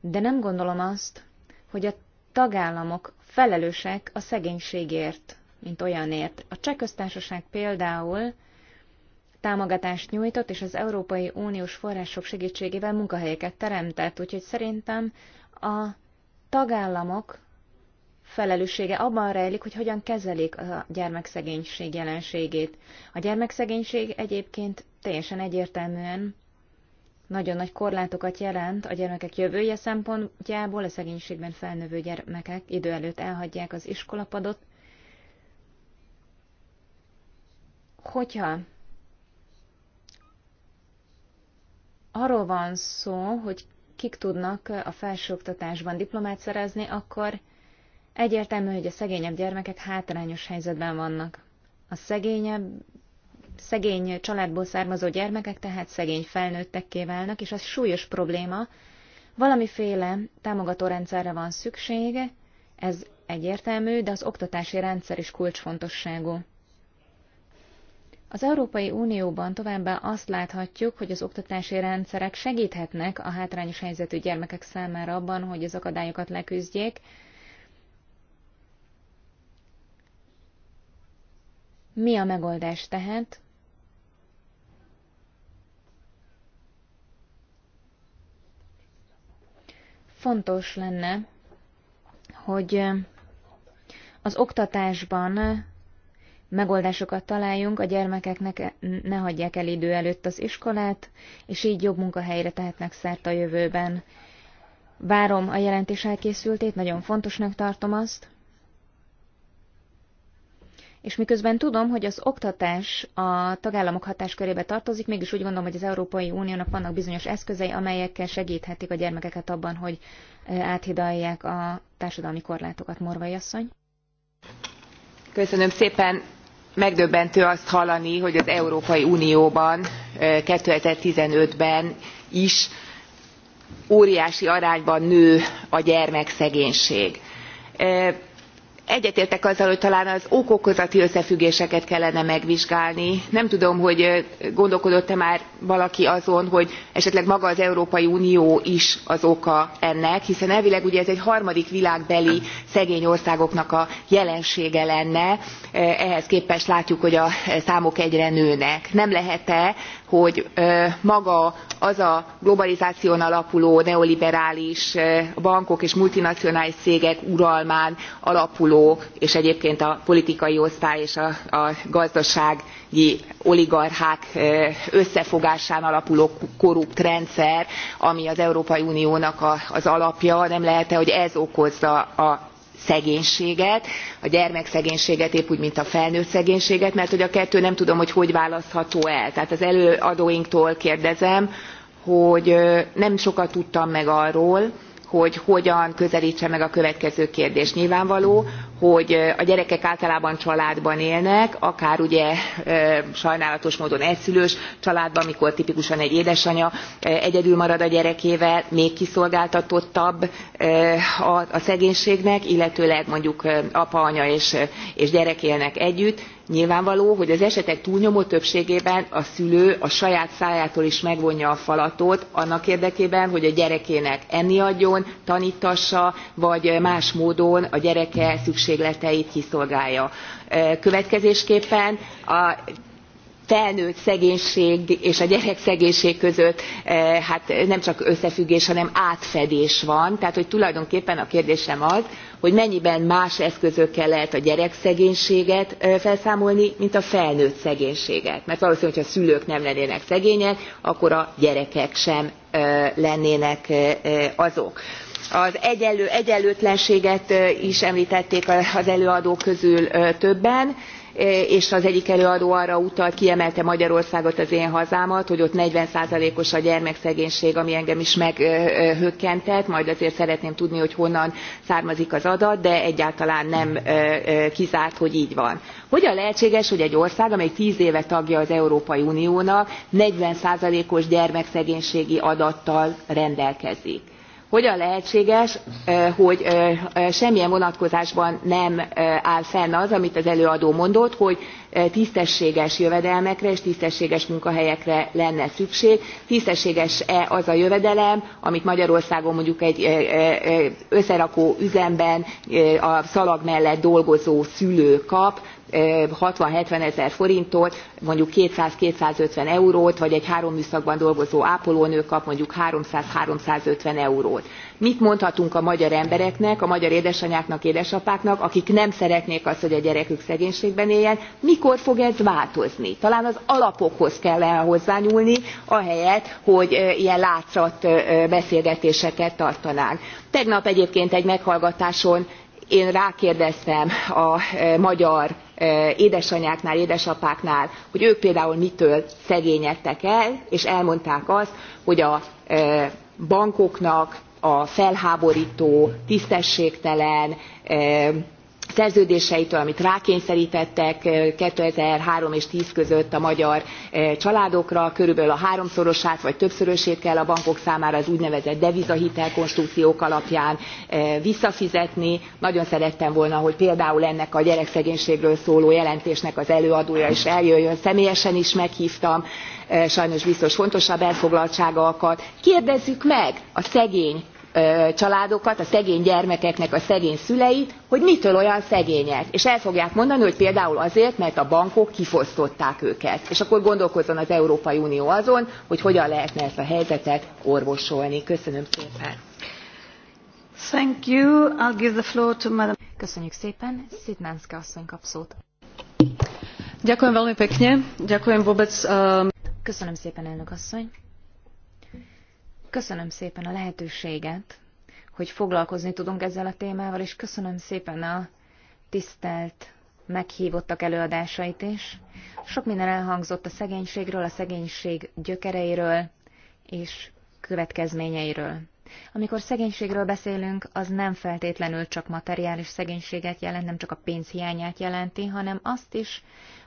de nem gondolom azt, hogy a tagállamok felelősek a szegénységért, mint olyanért. A cseh köztársaság például támogatást nyújtott, és az Európai Uniós források segítségével munkahelyeket teremtett, úgyhogy szerintem a tagállamok felelőssége abban rejlik, hogy hogyan kezelik a gyermekszegénység jelenségét. A gyermekszegénység egyébként teljesen egyértelműen nagyon nagy korlátokat jelent a gyermekek jövője szempontjából, a szegénységben felnövő gyermekek idő előtt elhagyják az iskolapadot. Hogyha arról van szó, hogy kik tudnak a felsőoktatásban diplomát szerezni, akkor egyértelmű, hogy a szegényebb gyermekek hátrányos helyzetben vannak. A szegényebb szegény családból származó gyermekek tehát szegény felnőttekké válnak, és az súlyos probléma. Valamiféle támogatórendszerre van szüksége, ez egyértelmű, de az oktatási rendszer is kulcsfontosságú. Az Európai Unióban továbbá azt láthatjuk, hogy az oktatási rendszerek segíthetnek a hátrányos helyzetű gyermekek számára abban, hogy az akadályokat leküzdjék. Mi a megoldás tehát? fontos lenne, hogy az oktatásban megoldásokat találjunk, a gyermekeknek ne hagyják el idő előtt az iskolát, és így jobb munkahelyre tehetnek szert a jövőben. Várom a jelentés elkészültét, nagyon fontosnak tartom azt, és miközben tudom, hogy az oktatás a tagállamok hatáskörébe tartozik, mégis úgy gondolom, hogy az Európai Uniónak vannak bizonyos eszközei, amelyekkel segíthetik a gyermekeket abban, hogy áthidalják a társadalmi korlátokat. Morvai asszony. Köszönöm szépen. Megdöbbentő azt hallani, hogy az Európai Unióban 2015-ben is óriási arányban nő a gyermekszegénység egyetértek azzal hogy talán az ok okozati összefüggéseket kellene megvizsgálni. nem tudom hogy gondolkodott e már valaki azon hogy esetleg maga az európai unió is az oka ennek hiszen elvileg ugye ez egy harmadik világbeli szegény országoknak a jelensége lenne ehhez képest látjuk hogy a számok egyre nőnek. nem lehet e hogy maga az a globalizáción alapuló neoliberális bankok és multinacionális cégek uralmán alapuló és egyébként a politikai osztály és a, gazdasági oligarchák összefogásán alapuló korrupt rendszer ami az európai uniónak az alapja nem lehet e hogy ez okozza a szegénységet a gyermekszegénységet épp úgy mint a felnőttszegénységet mert hogy a kettő nem tudom hogy hogy választható el. tehát az előadóinktól kérdezem hogy nem sokat tudtam meg arról hogy hogyan közeltse meg a következő kérdést. nyilvánvaló hogy a gyerekek általában családban élnek akár ugye sajnálatos módon egyszülős családban mikor tipikusan egy édesanya egyedül marad a gyerekével még kiszolgáltatottabb a szegénységnek illetőleg mondjuk apa anya és gyerek élnek együtt nyilvánvaló hogy az esetek túlnyomó többségében a szülő a saját szájától is megvonja a falatot annak érdekében hogy a gyerekének enni adjon tantassa vagy más módon a gyereke szükségleteit kiszolgálja következésképpen a felnőtt szegénység és a gyerekszegénység között eh, hát nem csak összefüggés hanem átfedés van tehát hogy tulajdonképpen a kérdésem az hogy mennyiben más eszközökkel lehet a gyerekszegénységet eh, felszámolni mint a felnőtt szegénységet mert valósznű hogy ha a szülők nem lennének szegények akkor a gyerekek sem eh, lennének azok az egyenlő, egyenlőtlenséget is emltették az előadók közül többen E, és az egyik előadó arra utalt kiemelte magyarországot az én hazámat hogy ott forty os a gyermekszegénység ami engem is meghökkentett majd azért szeretném tudni hogy honnan származik az adat de egyáltalán nem kizárt hogy gy van. hogyan lehetséges hogy egy ország amely ten éve tagja az európai uniónak forty os gyermekszegénységi adattal rendelkezik? hogyan lehetséges hogy semmilyen vonatkozásban nem áll fenn az amit az előadó mondott hogy tisztességes jövedelmekre és tisztességes munkahelyekre lenne szükség tisztességes e az a jövedelem amit magyarországon mondjuk egy üzemben a szalag mellett dolgozó szülő kap 60-70 ezer forintot, mondjuk 200-250 eurót, vagy egy három műszakban dolgozó ápolónő kap mondjuk 300-350 eurót. Mit mondhatunk a magyar embereknek, a magyar édesanyáknak, édesapáknak, akik nem szeretnék azt, hogy a gyerekük szegénységben éljen, mikor fog ez változni? Talán az alapokhoz kell hozzányúlni ahelyett, hogy ilyen látszat tartanánk. Tegnap egyébként egy meghallgatáson én rákérdeztem a e, magyar e, édesanyáknál édesapáknál hogy ők például mitől szegényedtek el és elmondták azt hogy a e, bankoknak a felhábortó tisztességtelen szerződéseitől amit rákényszertettek two thousand and three és two thousand and ten között a magyar családokra körülbelül a háromszorosát vagy többszörösét kell a bankok számára az úgynevezett konstrukciók alapján visszafizetni. nagyon szerettem volna hogy például ennek a gyerekszegénységről szóló jelentésnek az előadója is eljöjjön személyesen is meghvtam sajnos biztos fontosabb elfoglaltsága akad. kérdezzük meg a szegény családokat a szegény gyermekeknek a szegény szüleit hogy mitől olyan szegények és el fogják mondani hogy például azért mert a bankok kifosztották őket és akkor gondolkozzon az európai unió azon hogy hogyan lehetne ezt a helyzetet orvosolni. köszönöm szépen. Thank you. I'll give the floor to Madam. Köszönjük szépen. Szidnánszka asszony kap szót. Ďakujem veľmi pekne. Ďakujem vôbec. Um... Köszönöm szépen, elnök asszony. Köszönöm szépen a lehetőséget, hogy foglalkozni tudunk ezzel a témával, és köszönöm szépen a tisztelt meghívottak előadásait is. Sok minden elhangzott a szegénységről, a szegénység gyökereiről és következményeiről. Amikor szegénységről beszélünk, az nem feltétlenül csak materiális szegénységet jelent, nem csak a pénz hiányát jelenti, hanem azt is,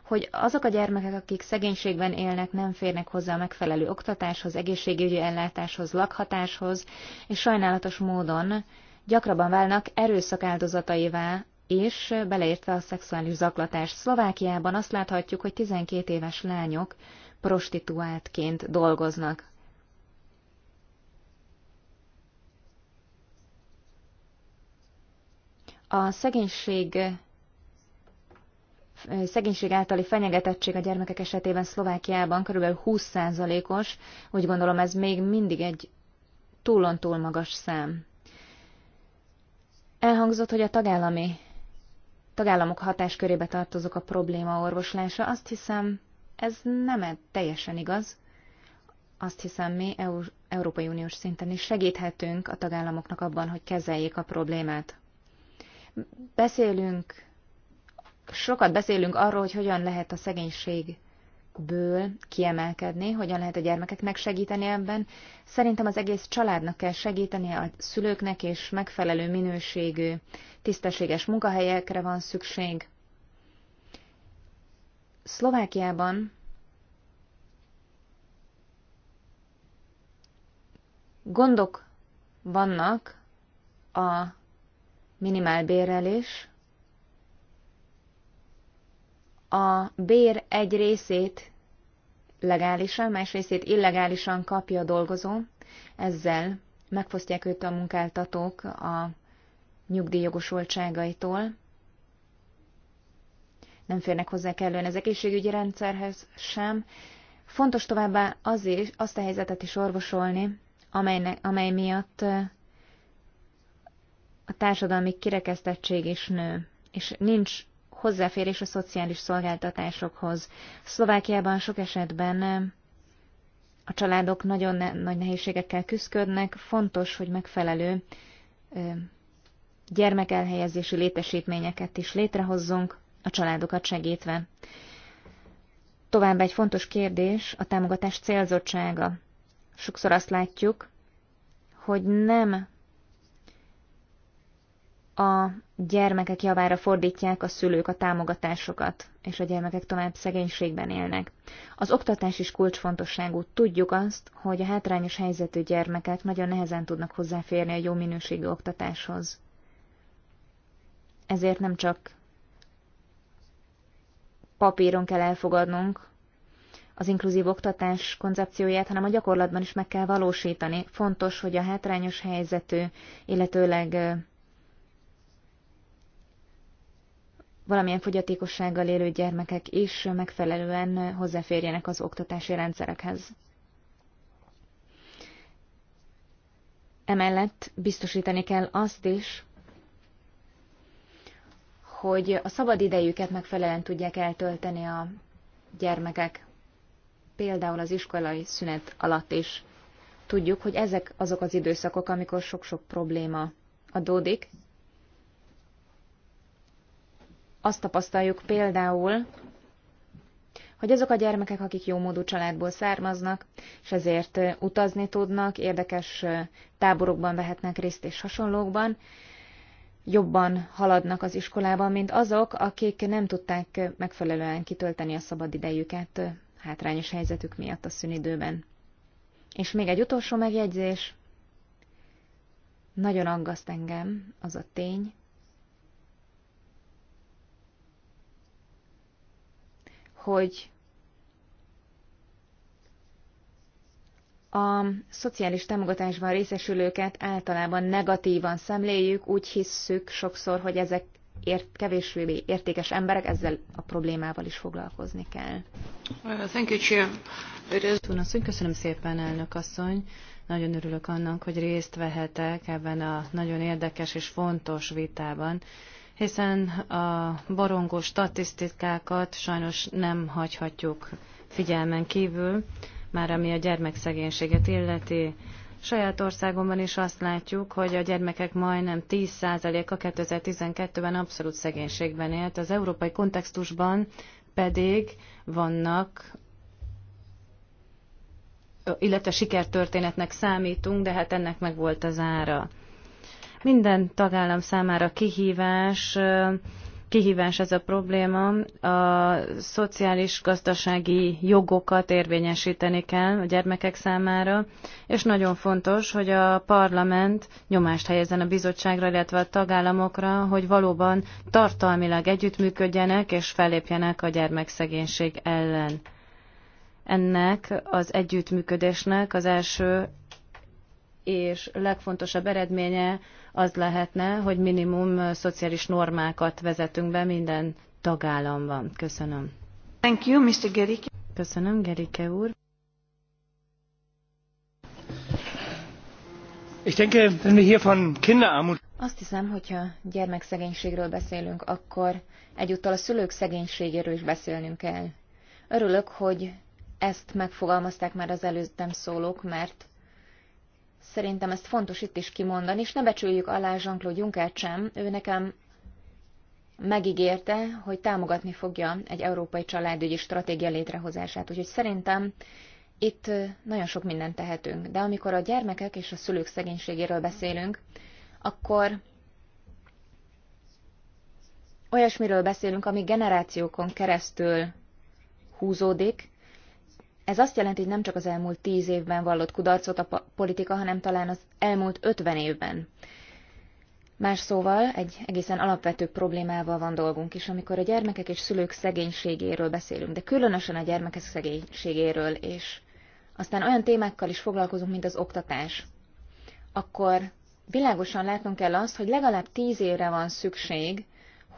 hogy azok a gyermekek, akik szegénységben élnek, nem férnek hozzá a megfelelő oktatáshoz, egészségügyi ellátáshoz, lakhatáshoz, és sajnálatos módon gyakrabban válnak erőszak áldozataivá, és beleértve a szexuális zaklatást. Szlovákiában azt láthatjuk, hogy 12 éves lányok prostituáltként dolgoznak. A szegénység szegénység általi fenyegetettség a gyermekek esetében Szlovákiában kb. 20%-os, úgy gondolom ez még mindig egy túlon túl magas szám. Elhangzott, hogy a tagállami tagállamok hatáskörébe tartozok a probléma orvoslása. Azt hiszem, ez nem -e teljesen igaz. Azt hiszem, mi EU, Európai Uniós szinten is segíthetünk a tagállamoknak abban, hogy kezeljék a problémát. Beszélünk sokat beszélünk arról, hogy hogyan lehet a szegénységből kiemelkedni, hogyan lehet a gyermekeknek segíteni ebben. Szerintem az egész családnak kell segíteni, a szülőknek és megfelelő minőségű, tisztességes munkahelyekre van szükség. Szlovákiában gondok vannak a minimálbérrel is, a bér egy részét legálisan, más részét illegálisan kapja a dolgozó, ezzel megfosztják őt a munkáltatók a nyugdíjjogosultságaitól, nem férnek hozzá kellően az egészségügyi rendszerhez sem. Fontos továbbá az is, azt a helyzetet is orvosolni, amelyne, amely miatt a társadalmi kirekesztettség is nő, és nincs hozzáférés a szociális szolgáltatásokhoz. Szlovákiában sok esetben a családok nagyon ne- nagy nehézségekkel küzdködnek, fontos, hogy megfelelő ö, gyermekelhelyezési létesítményeket is létrehozzunk, a családokat segítve. Továbbá egy fontos kérdés a támogatás célzottsága. Sokszor azt látjuk, hogy nem a gyermekek javára fordítják a szülők a támogatásokat, és a gyermekek tovább szegénységben élnek. Az oktatás is kulcsfontosságú. Tudjuk azt, hogy a hátrányos helyzetű gyermekek nagyon nehezen tudnak hozzáférni a jó minőségű oktatáshoz. Ezért nem csak papíron kell elfogadnunk az inkluzív oktatás koncepcióját, hanem a gyakorlatban is meg kell valósítani. Fontos, hogy a hátrányos helyzetű, illetőleg valamilyen fogyatékossággal élő gyermekek is megfelelően hozzáférjenek az oktatási rendszerekhez. Emellett biztosítani kell azt is, hogy a szabad idejüket megfelelően tudják eltölteni a gyermekek, például az iskolai szünet alatt is. Tudjuk, hogy ezek azok az időszakok, amikor sok-sok probléma adódik, azt tapasztaljuk például, hogy azok a gyermekek, akik jó módú családból származnak, és ezért utazni tudnak, érdekes táborokban vehetnek részt és hasonlókban, jobban haladnak az iskolában, mint azok, akik nem tudták megfelelően kitölteni a szabadidejüket hátrányos helyzetük miatt a szünidőben. És még egy utolsó megjegyzés. Nagyon aggaszt engem az a tény, hogy a szociális támogatásban részesülőket általában negatívan szemléljük, úgy hisszük sokszor, hogy ezek ért, kevésbé értékes emberek, ezzel a problémával is foglalkozni kell. Uh, thank you, Chair. Asszony, köszönöm szépen, elnök asszony. Nagyon örülök annak, hogy részt vehetek ebben a nagyon érdekes és fontos vitában, hiszen a borongó statisztikákat sajnos nem hagyhatjuk figyelmen kívül, már ami a gyermekszegénységet illeti. Saját országomban is azt látjuk, hogy a gyermekek majdnem 10%-a 2012-ben abszolút szegénységben élt, az európai kontextusban pedig vannak illetve sikertörténetnek számítunk, de hát ennek meg volt az ára. Minden tagállam számára kihívás, kihívás ez a probléma. A szociális-gazdasági jogokat érvényesíteni kell a gyermekek számára, és nagyon fontos, hogy a parlament nyomást helyezzen a bizottságra, illetve a tagállamokra, hogy valóban tartalmilag együttműködjenek és felépjenek a gyermekszegénység ellen. Ennek az együttműködésnek az első és legfontosabb eredménye az lehetne, hogy minimum szociális normákat vezetünk be minden tagállamban. Köszönöm. Thank you, Mr. Gerike. Köszönöm, Gerike úr. Ich denke, wenn wir hier von Kinderarmut azt hiszem, hogyha gyermekszegénységről beszélünk, akkor egyúttal a szülők szegénységéről is beszélnünk kell. Örülök, hogy ezt megfogalmazták már az előttem szólók, mert Szerintem ezt fontos itt is kimondani, és ne becsüljük alá Jean-Claude Junckert sem. Ő nekem megígérte, hogy támogatni fogja egy európai családügyi stratégia létrehozását. Úgyhogy szerintem itt nagyon sok mindent tehetünk. De amikor a gyermekek és a szülők szegénységéről beszélünk, akkor olyasmiről beszélünk, ami generációkon keresztül húzódik, ez azt jelenti, hogy nem csak az elmúlt tíz évben vallott kudarcot a politika, hanem talán az elmúlt ötven évben. Más szóval egy egészen alapvető problémával van dolgunk is, amikor a gyermekek és szülők szegénységéről beszélünk, de különösen a gyermekek szegénységéről, és aztán olyan témákkal is foglalkozunk, mint az oktatás. Akkor világosan látnunk kell azt, hogy legalább tíz évre van szükség,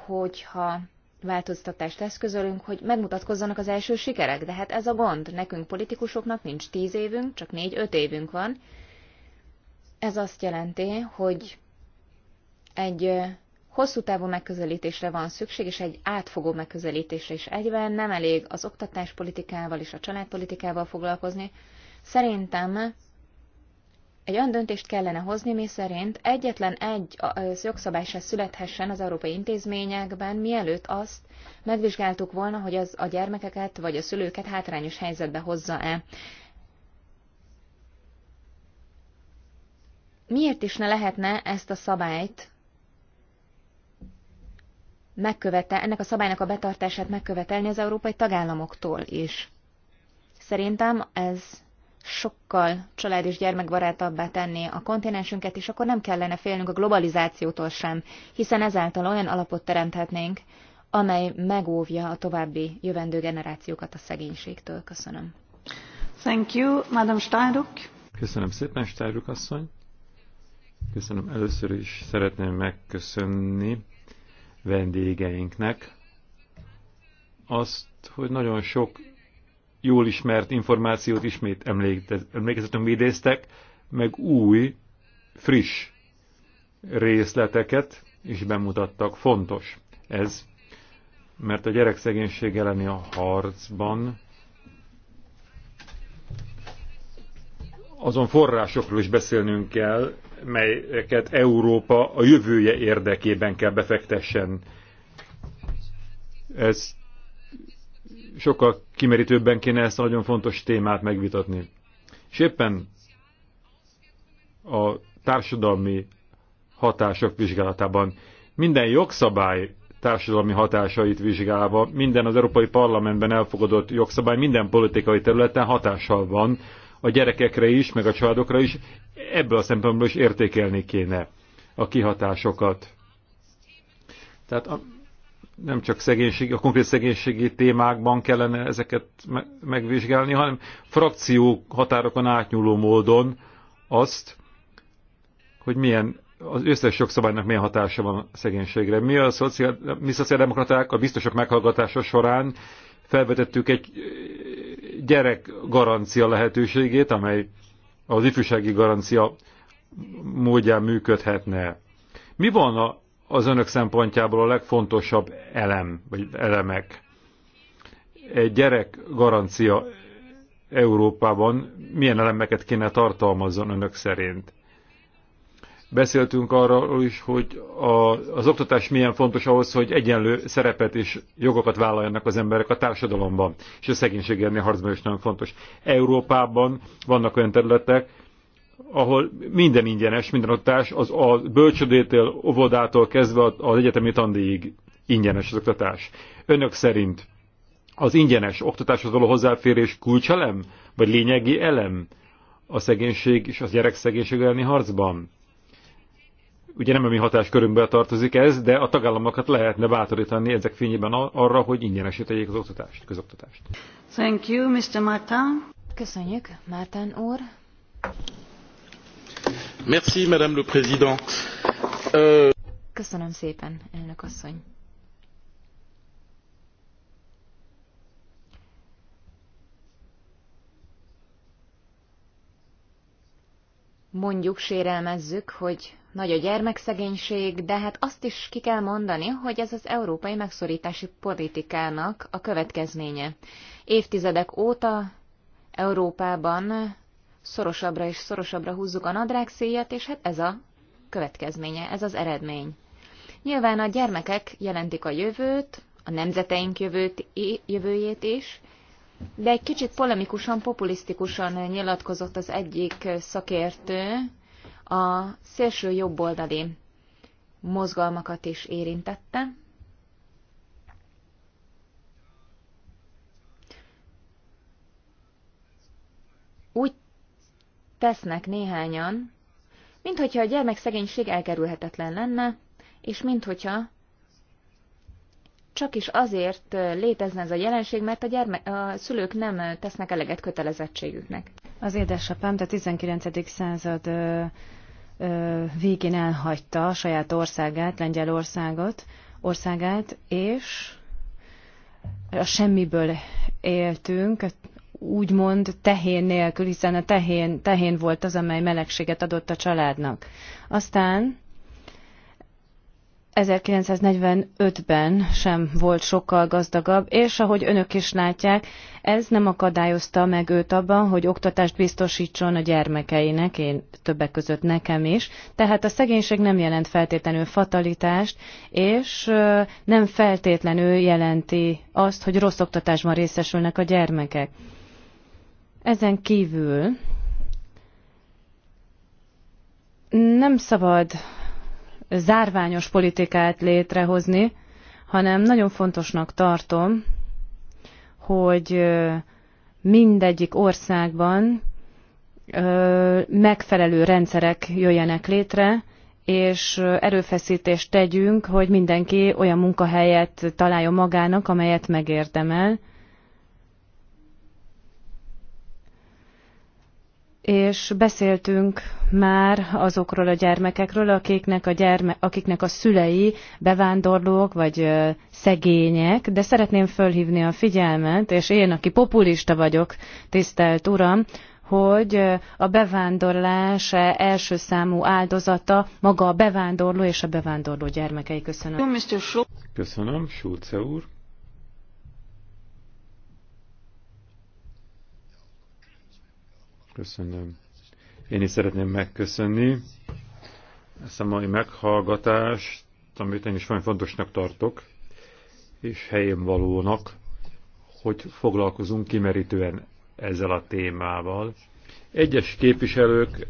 hogyha változtatást eszközölünk, hogy megmutatkozzanak az első sikerek, de hát ez a gond. Nekünk politikusoknak nincs tíz évünk, csak négy-öt évünk van. Ez azt jelenti, hogy egy hosszú távú megközelítésre van szükség, és egy átfogó megközelítésre is egyben nem elég az oktatáspolitikával és a családpolitikával foglalkozni. Szerintem egy olyan döntést kellene hozni, mi szerint egyetlen egy jogszabály se születhessen az európai intézményekben, mielőtt azt megvizsgáltuk volna, hogy az a gyermekeket vagy a szülőket hátrányos helyzetbe hozza-e. Miért is ne lehetne ezt a szabályt megkövete, ennek a szabálynak a betartását megkövetelni az európai tagállamoktól is? Szerintem ez sokkal család és gyermekbarátabbá tenni a kontinensünket, és akkor nem kellene félnünk a globalizációtól sem, hiszen ezáltal olyan alapot teremthetnénk, amely megóvja a további jövendő generációkat a szegénységtől. Köszönöm. Thank you, Madam Steinruck. Köszönöm szépen, Steinruck asszony. Köszönöm. Először is szeretném megköszönni vendégeinknek azt, hogy nagyon sok jól ismert információt ismét emlékezetünk idéztek, meg új, friss részleteket is bemutattak. Fontos ez, mert a gyerekszegénység elleni a harcban azon forrásokról is beszélnünk kell, melyeket Európa a jövője érdekében kell befektessen. Ez sokkal kimerítőbben kéne ezt a nagyon fontos témát megvitatni. És éppen a társadalmi hatások vizsgálatában minden jogszabály társadalmi hatásait vizsgálva, minden az Európai Parlamentben elfogadott jogszabály minden politikai területen hatással van a gyerekekre is, meg a családokra is, ebből a szempontból is értékelni kéne a kihatásokat. Tehát a nem csak szegénység, a konkrét szegénységi témákban kellene ezeket megvizsgálni, hanem frakció határokon átnyúló módon azt, hogy milyen az összes jogszabálynak milyen hatása van a szegénységre. Mi a szociál, mi szociáldemokraták a biztosok meghallgatása során felvetettük egy gyerek garancia lehetőségét, amely az ifjúsági garancia módján működhetne. Mi van a az önök szempontjából a legfontosabb elem, vagy elemek? Egy gyerek garancia Európában milyen elemeket kéne tartalmazzon önök szerint? Beszéltünk arról is, hogy a, az oktatás milyen fontos ahhoz, hogy egyenlő szerepet és jogokat vállaljanak az emberek a társadalomban, és a szegénység elleni harcban is nagyon fontos. Európában vannak olyan területek, ahol minden ingyenes, minden oktatás az a bölcsödétől, óvodától kezdve az egyetemi tandíjig ingyenes az oktatás. Önök szerint az ingyenes oktatáshoz való hozzáférés kulcselem, vagy lényegi elem a szegénység és az gyerekszegénység elleni harcban? Ugye nem a mi hatáskörünkbe tartozik ez, de a tagállamokat lehetne bátorítani ezek fényében arra, hogy ingyenesítegyék az oktatást, közoktatást. Thank you, Mr. Martin. Köszönjük, Márten úr. Madame euh, Köszönöm szépen, Mondjuk, sérelmezzük, hogy nagy a gyermekszegénység, de hát azt is ki kell mondani, hogy ez az európai megszortási politikának a következménye. Évtizedek óta Európában szorosabbra és szorosabbra húzzuk a nadrág széjet, és hát ez a következménye, ez az eredmény. Nyilván a gyermekek jelentik a jövőt, a nemzeteink jövőt, jövőjét is, de egy kicsit polemikusan, populisztikusan nyilatkozott az egyik szakértő, a szélső jobboldali mozgalmakat is érintette. Úgy tesznek néhányan, minthogyha a gyermek szegénység elkerülhetetlen lenne, és minthogyha csak is azért létezne ez a jelenség, mert a, gyermek, a szülők nem tesznek eleget kötelezettségüknek. Az édesapám, tehát 19. század ö, ö, végén elhagyta a saját országát, Lengyelországot, országát, és a semmiből éltünk, úgymond tehén nélkül, hiszen a tehén, tehén volt az, amely melegséget adott a családnak. Aztán 1945-ben sem volt sokkal gazdagabb, és ahogy önök is látják, ez nem akadályozta meg őt abban, hogy oktatást biztosítson a gyermekeinek, én többek között nekem is. Tehát a szegénység nem jelent feltétlenül fatalitást, és nem feltétlenül jelenti azt, hogy rossz oktatásban részesülnek a gyermekek. Ezen kívül nem szabad zárványos politikát létrehozni, hanem nagyon fontosnak tartom, hogy mindegyik országban megfelelő rendszerek jöjjenek létre, és erőfeszítést tegyünk, hogy mindenki olyan munkahelyet találjon magának, amelyet megérdemel, és beszéltünk már azokról a gyermekekről, akiknek a, gyerme, akiknek a szülei bevándorlók vagy szegények, de szeretném fölhívni a figyelmet, és én, aki populista vagyok, tisztelt Uram, hogy a bevándorlás e első számú áldozata maga a bevándorló és a bevándorló gyermekei. Köszönöm. Köszönöm, Schulze úr. Köszönöm. Én is szeretném megköszönni ezt a mai meghallgatást, amit én is nagyon fontosnak tartok, és helyén valónak, hogy foglalkozunk kimerítően ezzel a témával. Egyes képviselők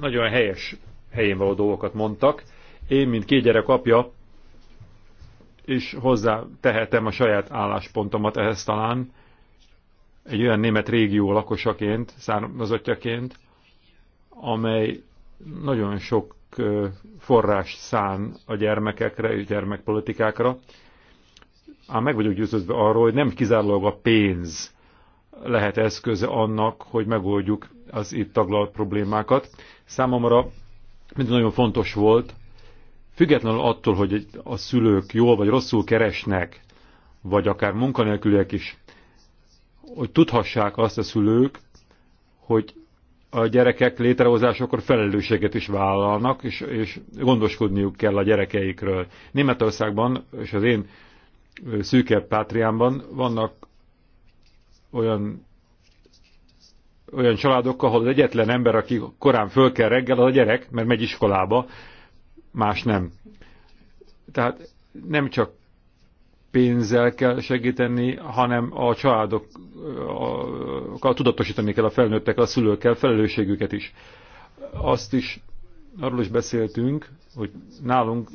nagyon helyes, helyén való dolgokat mondtak. Én, mint két gyerek apja, és hozzá tehetem a saját álláspontomat ehhez talán, egy olyan német régió lakosaként, származottjaként, amely nagyon sok forrás szán a gyermekekre és gyermekpolitikákra, ám meg vagyok győződve arról, hogy nem kizárólag a pénz lehet eszköze annak, hogy megoldjuk az itt taglalt problémákat. Számomra mind nagyon fontos volt, függetlenül attól, hogy a szülők jól vagy rosszul keresnek, vagy akár munkanélküliek is hogy tudhassák azt a szülők, hogy a gyerekek létrehozásakor felelősséget is vállalnak, és, és gondoskodniuk kell a gyerekeikről. Németországban és az én szűke pátriámban vannak olyan, olyan családok, ahol az egyetlen ember, aki korán föl kell reggel, az a gyerek, mert megy iskolába, más nem. Tehát nem csak pénzzel kell segíteni, hanem a családokkal tudatosítani kell a felnőttekkel, a szülőkkel, felelősségüket is. Azt is, arról is beszéltünk, hogy nálunk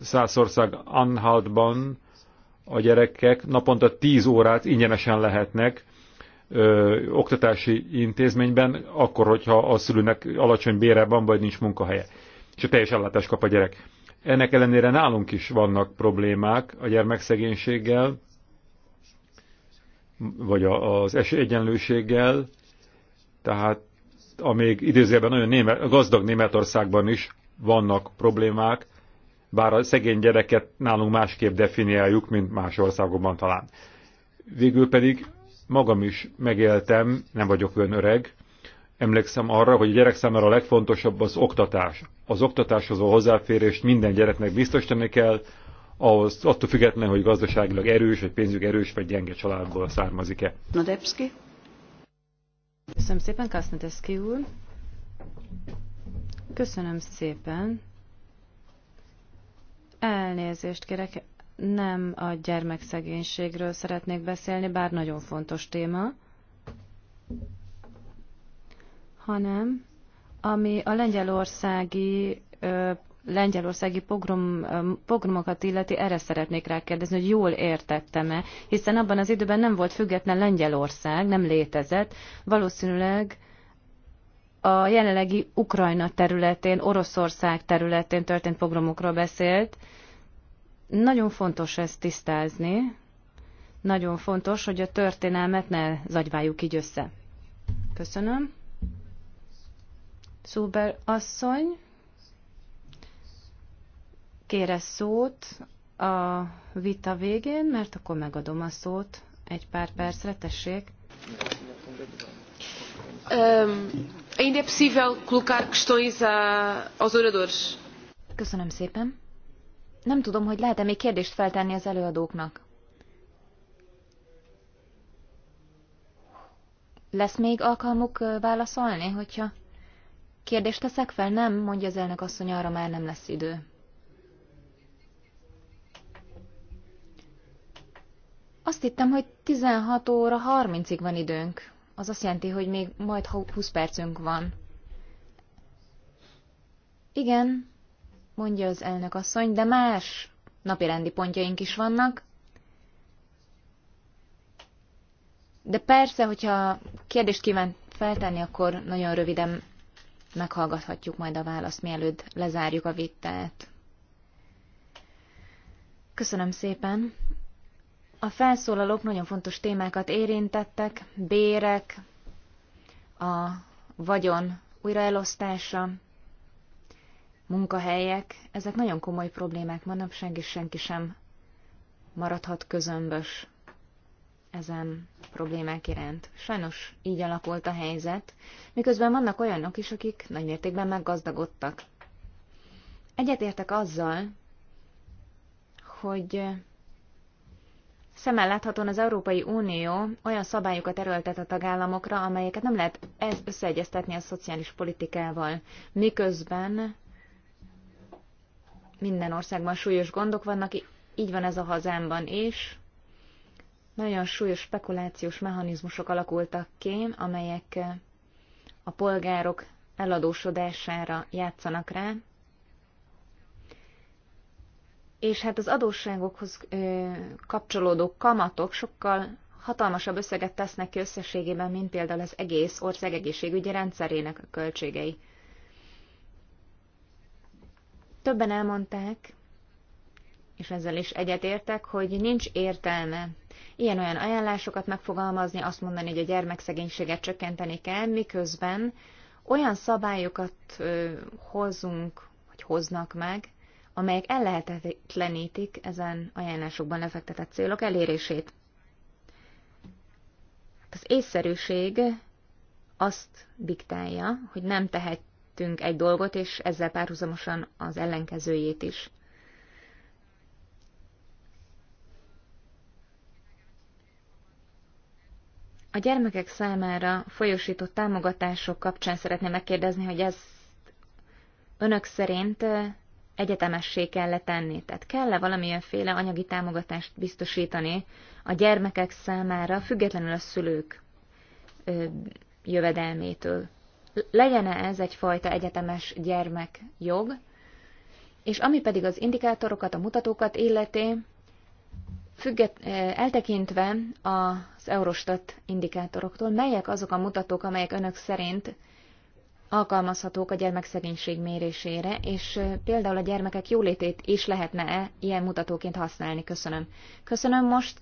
Szászország Anhaltban a gyerekek naponta 10 órát ingyenesen lehetnek ö, oktatási intézményben, akkor, hogyha a szülőnek alacsony bére van, vagy nincs munkahelye. És a teljes ellátást kap a gyerek. Ennek ellenére nálunk is vannak problémák a gyermekszegénységgel, vagy az esélyegyenlőséggel, tehát amíg időzében nagyon német, gazdag Németországban is vannak problémák, bár a szegény gyereket nálunk másképp definiáljuk, mint más országokban talán. Végül pedig magam is megéltem, nem vagyok ön öreg, Emlékszem arra, hogy a gyerek számára a legfontosabb az oktatás. Az oktatáshoz a hozzáférést minden gyereknek biztosítani kell, ahhoz attól függetlenül, hogy gazdaságilag erős, vagy pénzük erős, vagy gyenge családból származik-e. Nadebski. Köszönöm szépen, Kasznadeszki úr. Köszönöm szépen. Elnézést kérek, nem a gyermekszegénységről szeretnék beszélni, bár nagyon fontos téma hanem ami a lengyelországi lengyelországi pogrom, pogromokat illeti, erre szeretnék rákérdezni, hogy jól értettem-e, hiszen abban az időben nem volt független Lengyelország, nem létezett, valószínűleg a jelenlegi Ukrajna területén, Oroszország területén történt pogromokról beszélt. Nagyon fontos ezt tisztázni, nagyon fontos, hogy a történelmet ne zagyváljuk így össze. Köszönöm. Zuber asszony kére szót a vita végén, mert akkor megadom a szót egy pár percre, tessék. Ehm, ainda é possível colocar questões aos oradores? Köszönöm szépen. Nem tudom, hogy lehet-e még kérdést feltenni az előadóknak. Lesz még alkalmuk válaszolni, hogyha Kérdést teszek fel? Nem, mondja az elnök asszony, arra már nem lesz idő. Azt hittem, hogy 16 óra 30-ig van időnk. Az azt jelenti, hogy még majd 20 percünk van. Igen, mondja az elnök asszony, de más napirendi pontjaink is vannak. De persze, hogyha kérdést kíván feltenni, akkor nagyon röviden meghallgathatjuk majd a választ, mielőtt lezárjuk a vitát. Köszönöm szépen. A felszólalók nagyon fontos témákat érintettek, bérek, a vagyon újraelosztása, munkahelyek, ezek nagyon komoly problémák manapság, és senki sem maradhat közömbös ezen problémák iránt. Sajnos így alakult a helyzet, miközben vannak olyanok is, akik mértékben meggazdagodtak. Egyetértek azzal, hogy Szemmel láthatóan az Európai Unió olyan szabályokat erőltet a tagállamokra, amelyeket nem lehet ez összeegyeztetni a szociális politikával, miközben minden országban súlyos gondok vannak, így van ez a hazámban is nagyon súlyos spekulációs mechanizmusok alakultak ki, amelyek a polgárok eladósodására játszanak rá, és hát az adósságokhoz kapcsolódó kamatok sokkal hatalmasabb összeget tesznek ki összességében, mint például az egész ország egészségügyi rendszerének a költségei. Többen elmondták, és ezzel is egyetértek, hogy nincs értelme ilyen-olyan ajánlásokat megfogalmazni, azt mondani, hogy a gyermekszegénységet csökkenteni kell, miközben olyan szabályokat hozunk, vagy hoznak meg, amelyek ellehetetlenítik ezen ajánlásokban lefektetett célok elérését. Hát az észszerűség azt diktálja, hogy nem tehetünk egy dolgot, és ezzel párhuzamosan az ellenkezőjét is. A gyermekek számára folyosított támogatások kapcsán szeretném megkérdezni, hogy ez önök szerint egyetemessé kell tenni? Tehát kell-e valamilyenféle anyagi támogatást biztosítani a gyermekek számára, függetlenül a szülők jövedelmétől? Legyen-e ez egyfajta egyetemes gyermekjog? És ami pedig az indikátorokat, a mutatókat illeti, Függet, eh, eltekintve az Eurostat indikátoroktól, melyek azok a mutatók, amelyek önök szerint alkalmazhatók a gyermekszegénység mérésére, és eh, például a gyermekek jólétét is lehetne-e ilyen mutatóként használni? Köszönöm. Köszönöm most.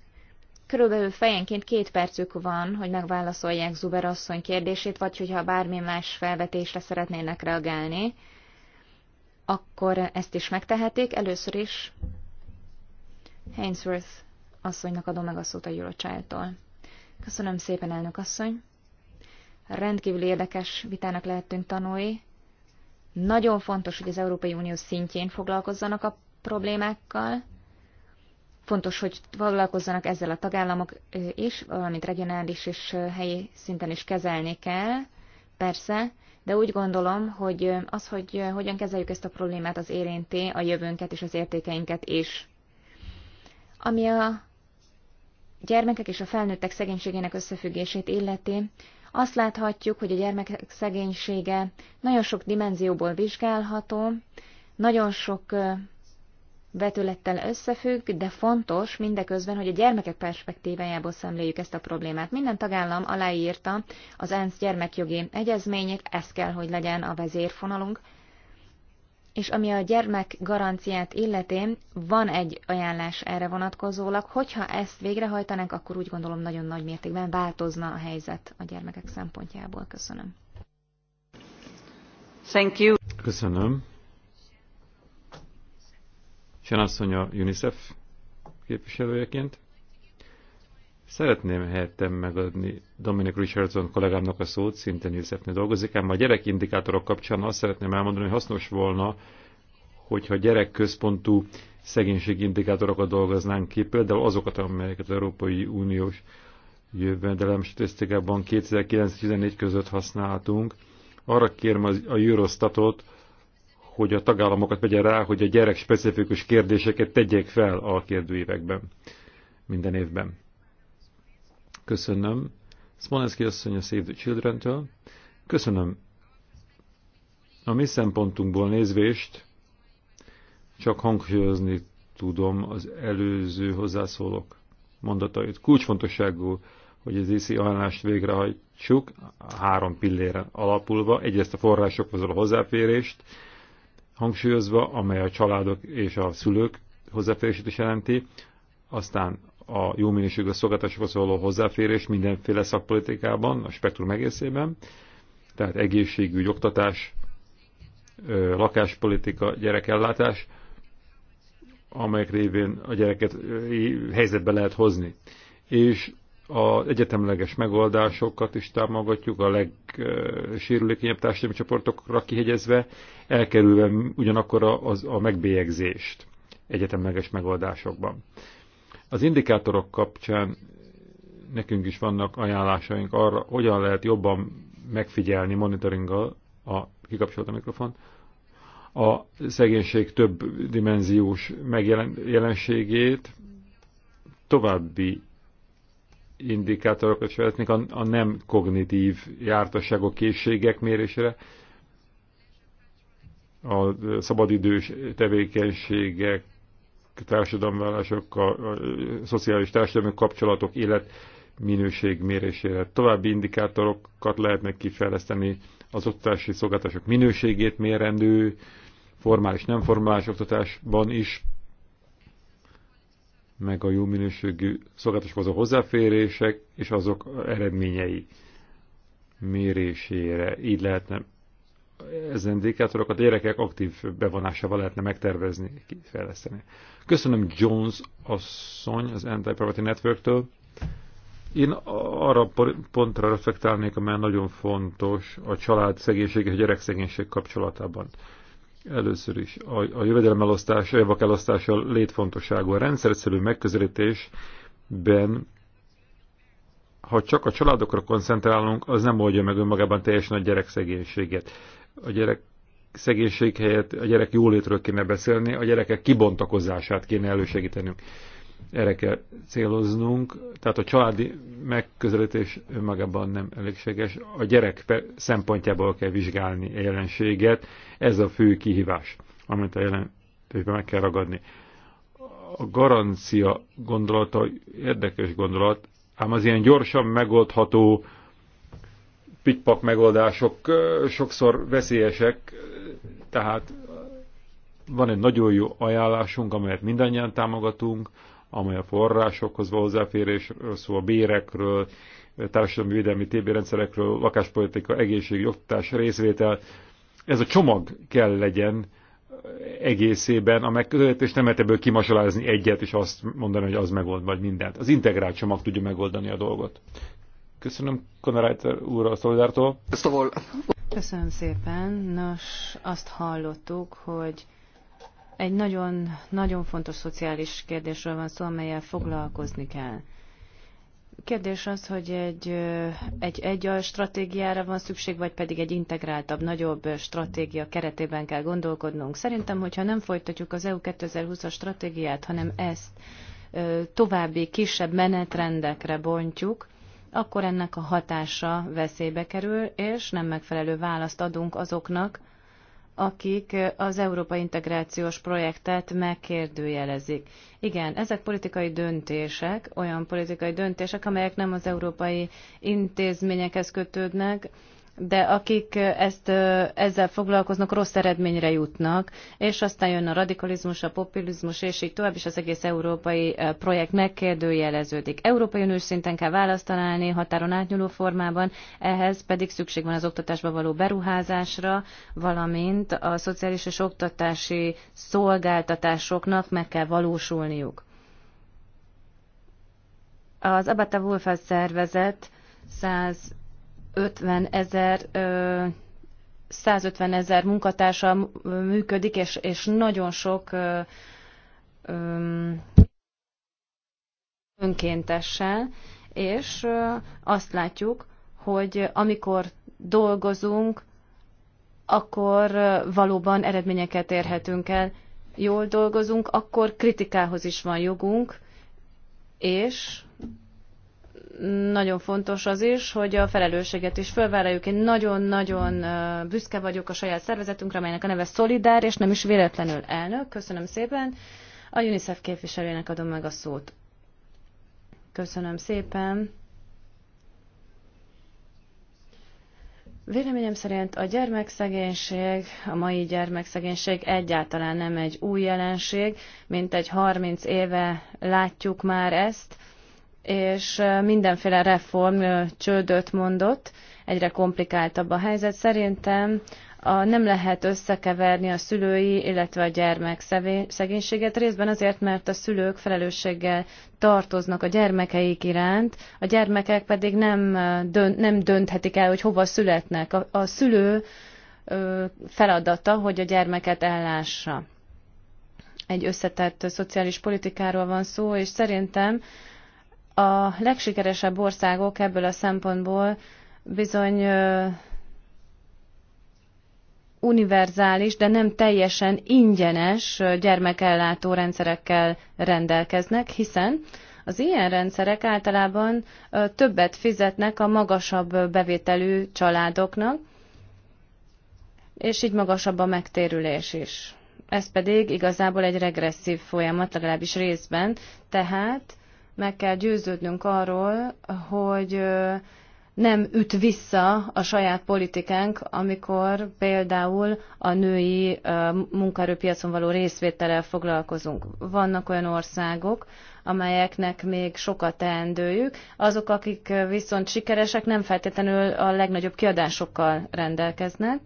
Körülbelül fejenként két percük van, hogy megválaszolják Zuber asszony kérdését, vagy hogyha bármi más felvetésre szeretnének reagálni, akkor ezt is megtehetik. Először is Hainsworth asszonynak adom meg a szót a Eurochild-tól. Köszönöm szépen, elnök asszony. Rendkívül érdekes vitának lehettünk tanulni. Nagyon fontos, hogy az Európai Unió szintjén foglalkozzanak a problémákkal. Fontos, hogy foglalkozzanak ezzel a tagállamok is, valamint regionális és helyi szinten is kezelni kell, persze, de úgy gondolom, hogy az, hogy hogyan kezeljük ezt a problémát, az érinti a jövőnket és az értékeinket is. Ami a gyermekek és a felnőttek szegénységének összefüggését illeti, azt láthatjuk, hogy a gyermekek szegénysége nagyon sok dimenzióból vizsgálható, nagyon sok vetülettel összefügg, de fontos mindeközben, hogy a gyermekek perspektívájából szemléljük ezt a problémát. Minden tagállam aláírta az ENSZ gyermekjogi egyezményét, ez kell, hogy legyen a vezérfonalunk, és ami a gyermek garanciát illetén, van egy ajánlás erre vonatkozólag, hogyha ezt végrehajtanánk, akkor úgy gondolom nagyon nagy mértékben változna a helyzet a gyermekek szempontjából. Köszönöm. Thank you. Köszönöm. Senasszony a UNICEF képviselőjeként. Szeretném helyettem megadni Dominic Richardson kollégámnak a szót, szinte Józsefnél dolgozik, ám a gyerekindikátorok kapcsán azt szeretném elmondani, hogy hasznos volna, hogyha gyerekközpontú szegénységindikátorokat dolgoznánk ki, például azokat, amelyeket az Európai Uniós jövendelem statisztikában 2009-14 között használtunk. Arra kérem a Eurostatot, hogy a tagállamokat vegye rá, hogy a gyerek specifikus kérdéseket tegyék fel a kérdőívekben minden évben. Köszönöm Smolenszki asszony a Save the Children-től. Köszönöm. A mi szempontunkból nézvést csak hangsúlyozni tudom az előző hozzászólók mondatait. Kulcsfontosságú, hogy az ISZI ajánlást végrehajtsuk, három pilléren alapulva, egyrészt a forrásokhoz a hozzáférést, hangsúlyozva, amely a családok és a szülők hozzáférését is jelenti, aztán a jó minőségű szolgáltatásokhoz való hozzáférés mindenféle szakpolitikában, a spektrum egészében, tehát egészségügy, oktatás, lakáspolitika, gyerekellátás, amelyek révén a gyereket helyzetbe lehet hozni. És az egyetemleges megoldásokat is támogatjuk, a legsérülékenyebb társadalmi csoportokra kihegyezve, elkerülve ugyanakkor a, a megbélyegzést egyetemleges megoldásokban. Az indikátorok kapcsán nekünk is vannak ajánlásaink arra, hogyan lehet jobban megfigyelni monitoringgal a kikapcsolt a mikrofon, a szegénység több dimenziós megjelenségét, további indikátorokat szeretnék a, a nem kognitív jártasságok, készségek mérésére, a szabadidős tevékenységek, társadalmvállások, a, szociális társadalmi kapcsolatok élet minőség mérésére. További indikátorokat lehetnek kifejleszteni az oktatási szolgáltatások minőségét mérendő, formális, nem formális oktatásban is, meg a jó minőségű szolgáltatáshoz a hozzáférések és azok eredményei mérésére. Így lehetne ezen indikátorokat a gyerekek aktív bevonásával lehetne megtervezni, kifejleszteni. Köszönöm Jones asszony az anti property Network-től. Én arra pontra reflektálnék, amely nagyon fontos a család szegénység és a szegénység kapcsolatában. Először is a, a jövedelemelosztás, a javak elosztása létfontosságú. A rendszerszerű megközelítésben ha csak a családokra koncentrálunk, az nem oldja meg önmagában teljesen a gyerekszegénységet a gyerek szegénység helyett a gyerek jólétről kéne beszélni, a gyerekek kibontakozását kéne elősegítenünk. Erre kell céloznunk, tehát a családi megközelítés önmagában nem elégséges. A gyerek szempontjából kell vizsgálni a jelenséget, ez a fő kihívás, amit a jelentésben meg kell ragadni. A garancia gondolata érdekes gondolat, ám az ilyen gyorsan megoldható pikpak megoldások sokszor veszélyesek, tehát van egy nagyon jó ajánlásunk, amelyet mindannyian támogatunk, amely a forrásokhoz való hozzáférésről szól, a bérekről, társadalmi védelmi TB rendszerekről, lakáspolitika, egészség, oktatás, részvétel. Ez a csomag kell legyen egészében a megközelítés, nem lehet ebből kimasolázni egyet, és azt mondani, hogy az megold majd mindent. Az integrált csomag tudja megoldani a dolgot. Köszönöm Konarajter úr a Szolidártól. Köszönöm szépen. Nos, azt hallottuk, hogy egy nagyon, nagyon fontos szociális kérdésről van szó, amelyel foglalkozni kell. Kérdés az, hogy egy, egy, egy a stratégiára van szükség, vagy pedig egy integráltabb, nagyobb stratégia keretében kell gondolkodnunk. Szerintem, hogyha nem folytatjuk az EU 2020-as stratégiát, hanem ezt további kisebb menetrendekre bontjuk, akkor ennek a hatása veszélybe kerül, és nem megfelelő választ adunk azoknak, akik az európai integrációs projektet megkérdőjelezik. Igen, ezek politikai döntések, olyan politikai döntések, amelyek nem az európai intézményekhez kötődnek, de akik ezt, ezzel foglalkoznak, rossz eredményre jutnak, és aztán jön a radikalizmus, a populizmus, és így tovább, is az egész európai projekt megkérdőjeleződik. Európai Uniós szinten kell választ találni, határon átnyúló formában, ehhez pedig szükség van az oktatásba való beruházásra, valamint a szociális és oktatási szolgáltatásoknak meg kell valósulniuk. Az Abata Wolfes szervezet 100 50 ezer 150 ezer munkatársa működik, és, és nagyon sok önkéntessel, és azt látjuk, hogy amikor dolgozunk, akkor valóban eredményeket érhetünk el. Jól dolgozunk, akkor kritikához is van jogunk, és nagyon fontos az is, hogy a felelősséget is fölvállaljuk. Én nagyon-nagyon büszke vagyok a saját szervezetünkre, amelynek a neve Szolidár, és nem is véletlenül elnök. Köszönöm szépen. A UNICEF képviselőjének adom meg a szót. Köszönöm szépen. Véleményem szerint a gyermekszegénység, a mai gyermekszegénység egyáltalán nem egy új jelenség, mint egy 30 éve látjuk már ezt és mindenféle reform csődöt mondott, egyre komplikáltabb a helyzet. Szerintem a, nem lehet összekeverni a szülői, illetve a gyermek szegénységet részben azért, mert a szülők felelősséggel tartoznak a gyermekeik iránt, a gyermekek pedig nem, dönt, nem dönthetik el, hogy hova születnek. A, a szülő ö, feladata, hogy a gyermeket ellássa. Egy összetett szociális politikáról van szó, és szerintem a legsikeresebb országok ebből a szempontból bizony univerzális, de nem teljesen ingyenes gyermekellátó rendszerekkel rendelkeznek, hiszen az ilyen rendszerek általában többet fizetnek a magasabb bevételű családoknak, és így magasabb a megtérülés is. Ez pedig igazából egy regresszív folyamat, legalábbis részben, tehát meg kell győződnünk arról, hogy nem üt vissza a saját politikánk, amikor például a női munkaerőpiacon való részvétellel foglalkozunk. Vannak olyan országok, amelyeknek még sokat teendőjük, azok, akik viszont sikeresek, nem feltétlenül a legnagyobb kiadásokkal rendelkeznek.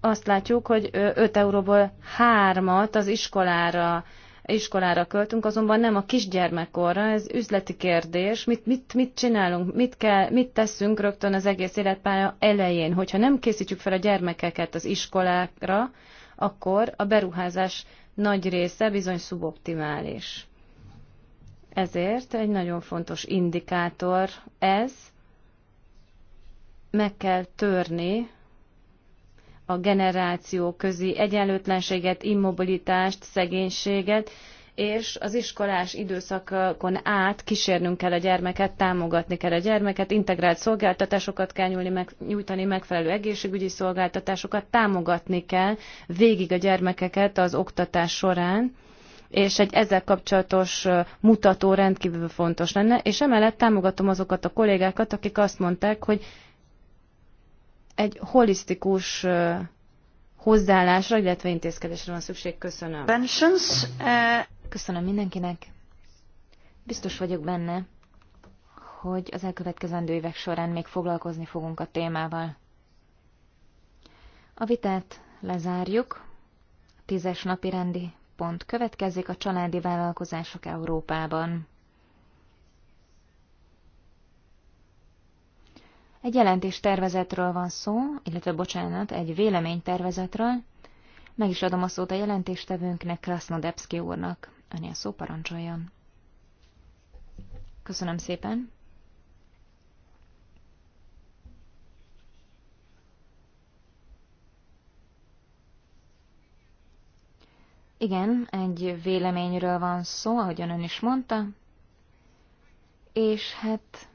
Azt látjuk, hogy 5 euróból 3-at az iskolára iskolára költünk, azonban nem a kisgyermekkorra, ez üzleti kérdés, mit, mit, mit csinálunk, mit, kell, mit teszünk rögtön az egész életpálya elején. Hogyha nem készítjük fel a gyermekeket az iskolákra, akkor a beruházás nagy része bizony szuboptimális. Ezért egy nagyon fontos indikátor ez, meg kell törni a generáció közi egyenlőtlenséget, immobilitást, szegénységet, és az iskolás időszakon át kísérnünk kell a gyermeket, támogatni kell a gyermeket, integrált szolgáltatásokat kell nyújni, meg, nyújtani, megfelelő egészségügyi szolgáltatásokat, támogatni kell végig a gyermekeket az oktatás során és egy ezzel kapcsolatos mutató rendkívül fontos lenne, és emellett támogatom azokat a kollégákat, akik azt mondták, hogy egy holisztikus hozzáállásra, illetve intézkedésre van szükség. Köszönöm. Köszönöm mindenkinek. Biztos vagyok benne, hogy az elkövetkezendő évek során még foglalkozni fogunk a témával. A vitát lezárjuk. tízes napi rendi pont következik a családi vállalkozások Európában. Egy jelentés tervezetről van szó, illetve bocsánat, egy tervezetről. Meg is adom a szót a jelentéstevőnknek, Krasznodebszki úrnak. a szó parancsolja. Köszönöm szépen. Igen, egy véleményről van szó, ahogyan ön is mondta. És hát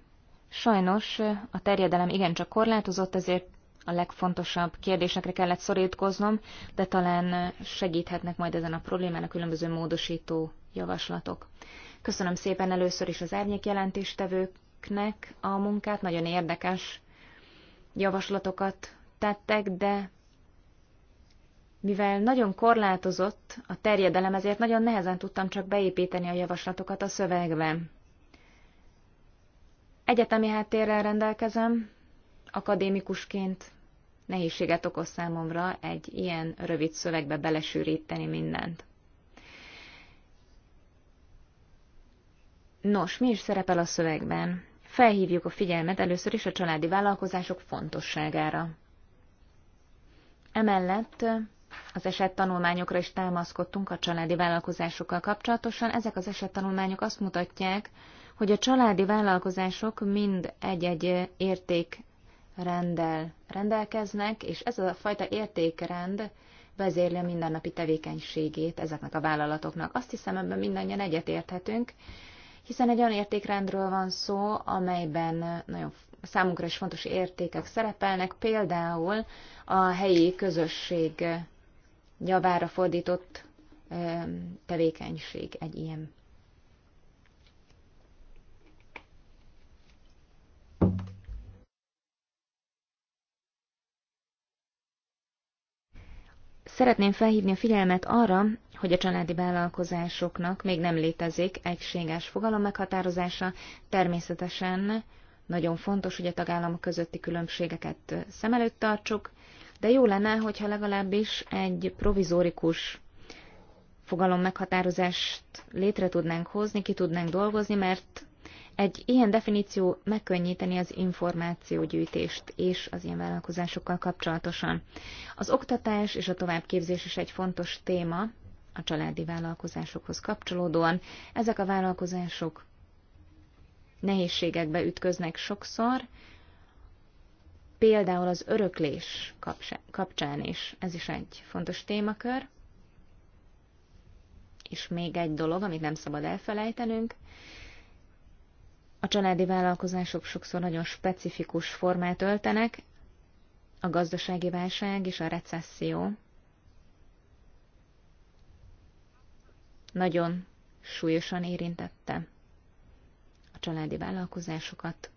Sajnos a terjedelem igencsak korlátozott, ezért a legfontosabb kérdésekre kellett szorítkoznom, de talán segíthetnek majd ezen a problémán a különböző módosító javaslatok. Köszönöm szépen először is az árnyék jelentéstevőknek a munkát, nagyon érdekes javaslatokat tettek, de mivel nagyon korlátozott a terjedelem, ezért nagyon nehezen tudtam csak beépíteni a javaslatokat a szövegbe. Egyetemi háttérrel rendelkezem, akadémikusként nehézséget okoz számomra egy ilyen rövid szövegbe belesűríteni mindent. Nos, mi is szerepel a szövegben? Felhívjuk a figyelmet először is a családi vállalkozások fontosságára. Emellett az esettanulmányokra is támaszkodtunk a családi vállalkozásokkal kapcsolatosan. Ezek az esettanulmányok azt mutatják, hogy a családi vállalkozások mind egy-egy értékrendel rendelkeznek, és ez a fajta értékrend vezérli a mindennapi tevékenységét ezeknek a vállalatoknak. Azt hiszem, ebben mindannyian egyetérthetünk, hiszen egy olyan értékrendről van szó, amelyben nagyon számunkra is fontos értékek szerepelnek, például a helyi közösség javára fordított tevékenység egy ilyen Szeretném felhívni a figyelmet arra, hogy a családi vállalkozásoknak még nem létezik egységes fogalom meghatározása. Természetesen nagyon fontos, hogy a tagállamok közötti különbségeket szem előtt tartsuk, de jó lenne, hogyha legalábbis egy provizórikus fogalom meghatározást létre tudnánk hozni, ki tudnánk dolgozni, mert egy ilyen definíció megkönnyíteni az információgyűjtést és az ilyen vállalkozásokkal kapcsolatosan. Az oktatás és a továbbképzés is egy fontos téma a családi vállalkozásokhoz kapcsolódóan. Ezek a vállalkozások nehézségekbe ütköznek sokszor, például az öröklés kapcsán is. Ez is egy fontos témakör. És még egy dolog, amit nem szabad elfelejtenünk, a családi vállalkozások sokszor nagyon specifikus formát öltenek, a gazdasági válság és a recesszió nagyon súlyosan érintette a családi vállalkozásokat.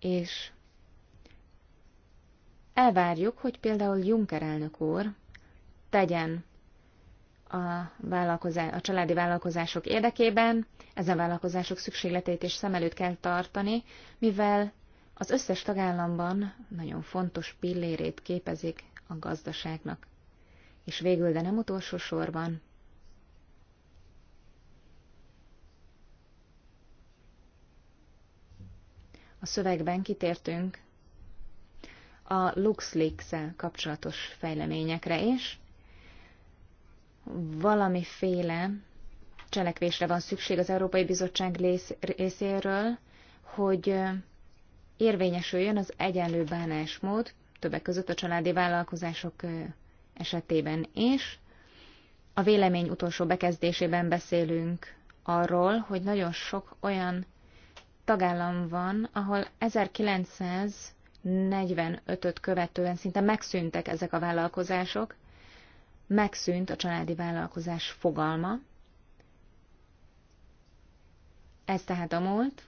És elvárjuk, hogy például Juncker elnök úr tegyen a, a családi vállalkozások érdekében, ezen vállalkozások szükségleteit is szem előtt kell tartani, mivel az összes tagállamban nagyon fontos pillérét képezik a gazdaságnak. És végül, de nem utolsó sorban, a szövegben kitértünk a LuxLeaks-el kapcsolatos fejleményekre, és valamiféle cselekvésre van szükség az Európai Bizottság részéről, hogy érvényesüljön az egyenlő bánásmód, többek között a családi vállalkozások esetében is. A vélemény utolsó bekezdésében beszélünk arról, hogy nagyon sok olyan tagállam van, ahol 1945-öt követően szinte megszűntek ezek a vállalkozások, megszűnt a családi vállalkozás fogalma. Ez tehát a múlt.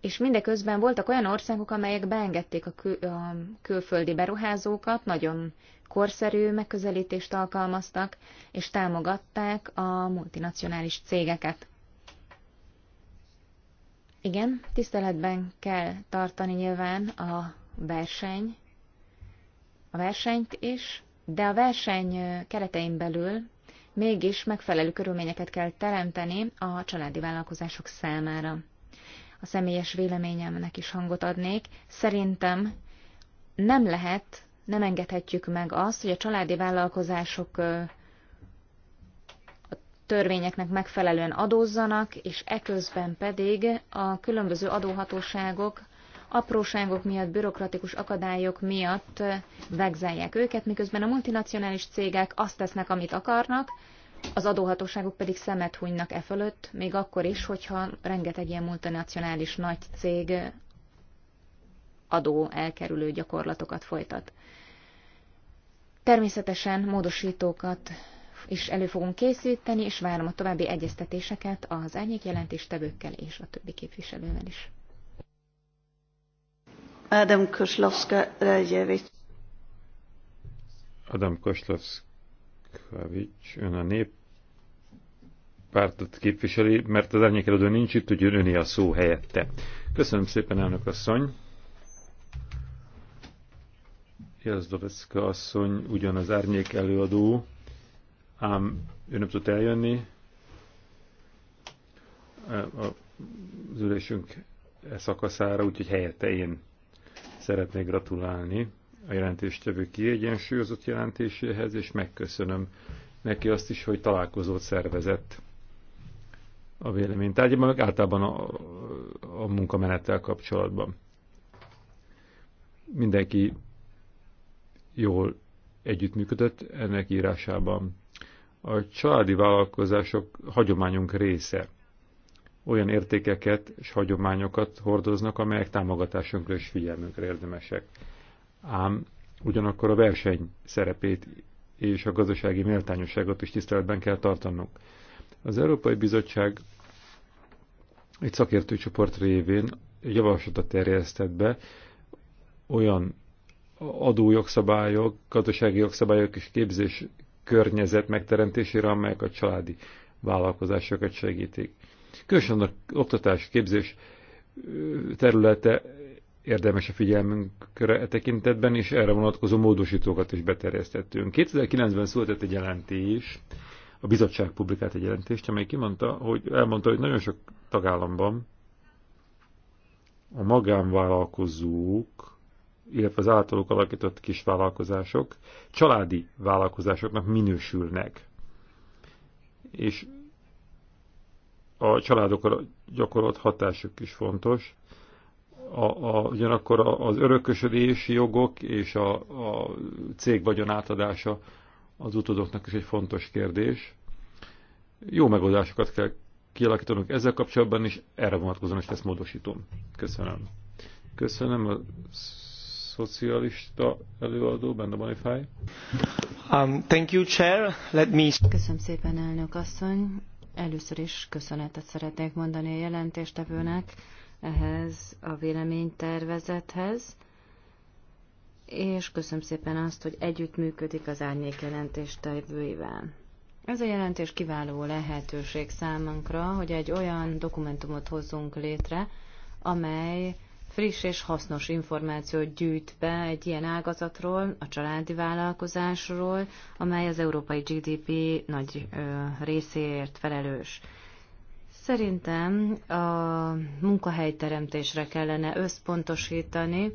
És mindeközben voltak olyan országok, amelyek beengedték a, kül- a külföldi beruházókat, nagyon korszerű megközelítést alkalmaztak, és támogatták a multinacionális cégeket. Igen, tiszteletben kell tartani nyilván a verseny a versenyt is, de a verseny keretein belül mégis megfelelő körülményeket kell teremteni a családi vállalkozások számára. A személyes véleményemnek is hangot adnék. Szerintem nem lehet, nem engedhetjük meg azt, hogy a családi vállalkozások a törvényeknek megfelelően adózzanak, és eközben pedig a különböző adóhatóságok apróságok miatt, bürokratikus akadályok miatt vegzelják őket, miközben a multinacionális cégek azt tesznek, amit akarnak, az adóhatóságok pedig szemet hunynak e fölött, még akkor is, hogyha rengeteg ilyen multinacionális nagy cég adó elkerülő gyakorlatokat folytat. Természetesen módosítókat is elő fogunk készíteni, és várom a további egyeztetéseket az árnyék jelentéstevőkkel és a többi képviselővel is. Adam koslowska Adam koslowska ön a nép pártot képviseli, mert az árnyékeladó nincs itt, hogy öné a szó helyette. Köszönöm szépen, elnök asszony. Jazdoveszka asszony ugyanaz árnyék előadó, ám ő nem tudott eljönni. Az ülésünk e szakaszára, úgyhogy helyette én Szeretnék gratulálni a jelentéstevő kiegyensúlyozott jelentéséhez, és megköszönöm neki azt is, hogy találkozót szervezett a véleménytárgyában, meg általában a, a munkamenettel kapcsolatban. Mindenki jól együttműködött ennek írásában. A családi vállalkozások hagyományunk része olyan értékeket és hagyományokat hordoznak, amelyek támogatásunkra és figyelmünkre érdemesek. Ám ugyanakkor a verseny szerepét és a gazdasági méltányosságot is tiszteletben kell tartanunk. Az Európai Bizottság egy szakértőcsoport révén javaslatot terjesztett be olyan adójogszabályok, gazdasági jogszabályok és képzés környezet megteremtésére, amelyek a családi vállalkozásokat segítik. Különösen az oktatás, képzés területe érdemes a figyelmünkre e tekintetben, és erre vonatkozó módosítókat is beterjesztettünk. 2009-ben született egy jelentés, a bizottság publikált egy jelentést, amely kimondta, hogy elmondta, hogy nagyon sok tagállamban a magánvállalkozók, illetve az általuk alakított kisvállalkozások családi vállalkozásoknak minősülnek. És a családokra gyakorolt hatásuk is fontos. A, a, ugyanakkor az örökösödési jogok és a, a cég vagyon átadása az utódoknak is egy fontos kérdés. Jó megoldásokat kell kialakítanunk ezzel kapcsolatban, és erre vonatkozóan is ezt módosítom. Köszönöm. Köszönöm a szocialista előadó, Benda Bonifáj. Um, thank you, Chair. Let me... Köszönöm szépen, elnök asszony. Először is köszönetet szeretnék mondani a jelentéstevőnek ehhez a véleménytervezethez, és köszönöm szépen azt, hogy együttműködik az árnyék jelentéstevőivel. Ez a jelentés kiváló lehetőség számunkra, hogy egy olyan dokumentumot hozzunk létre, amely friss és hasznos információt gyűjt be egy ilyen ágazatról, a családi vállalkozásról, amely az európai GDP nagy részéért felelős. Szerintem a munkahelyteremtésre kellene összpontosítani,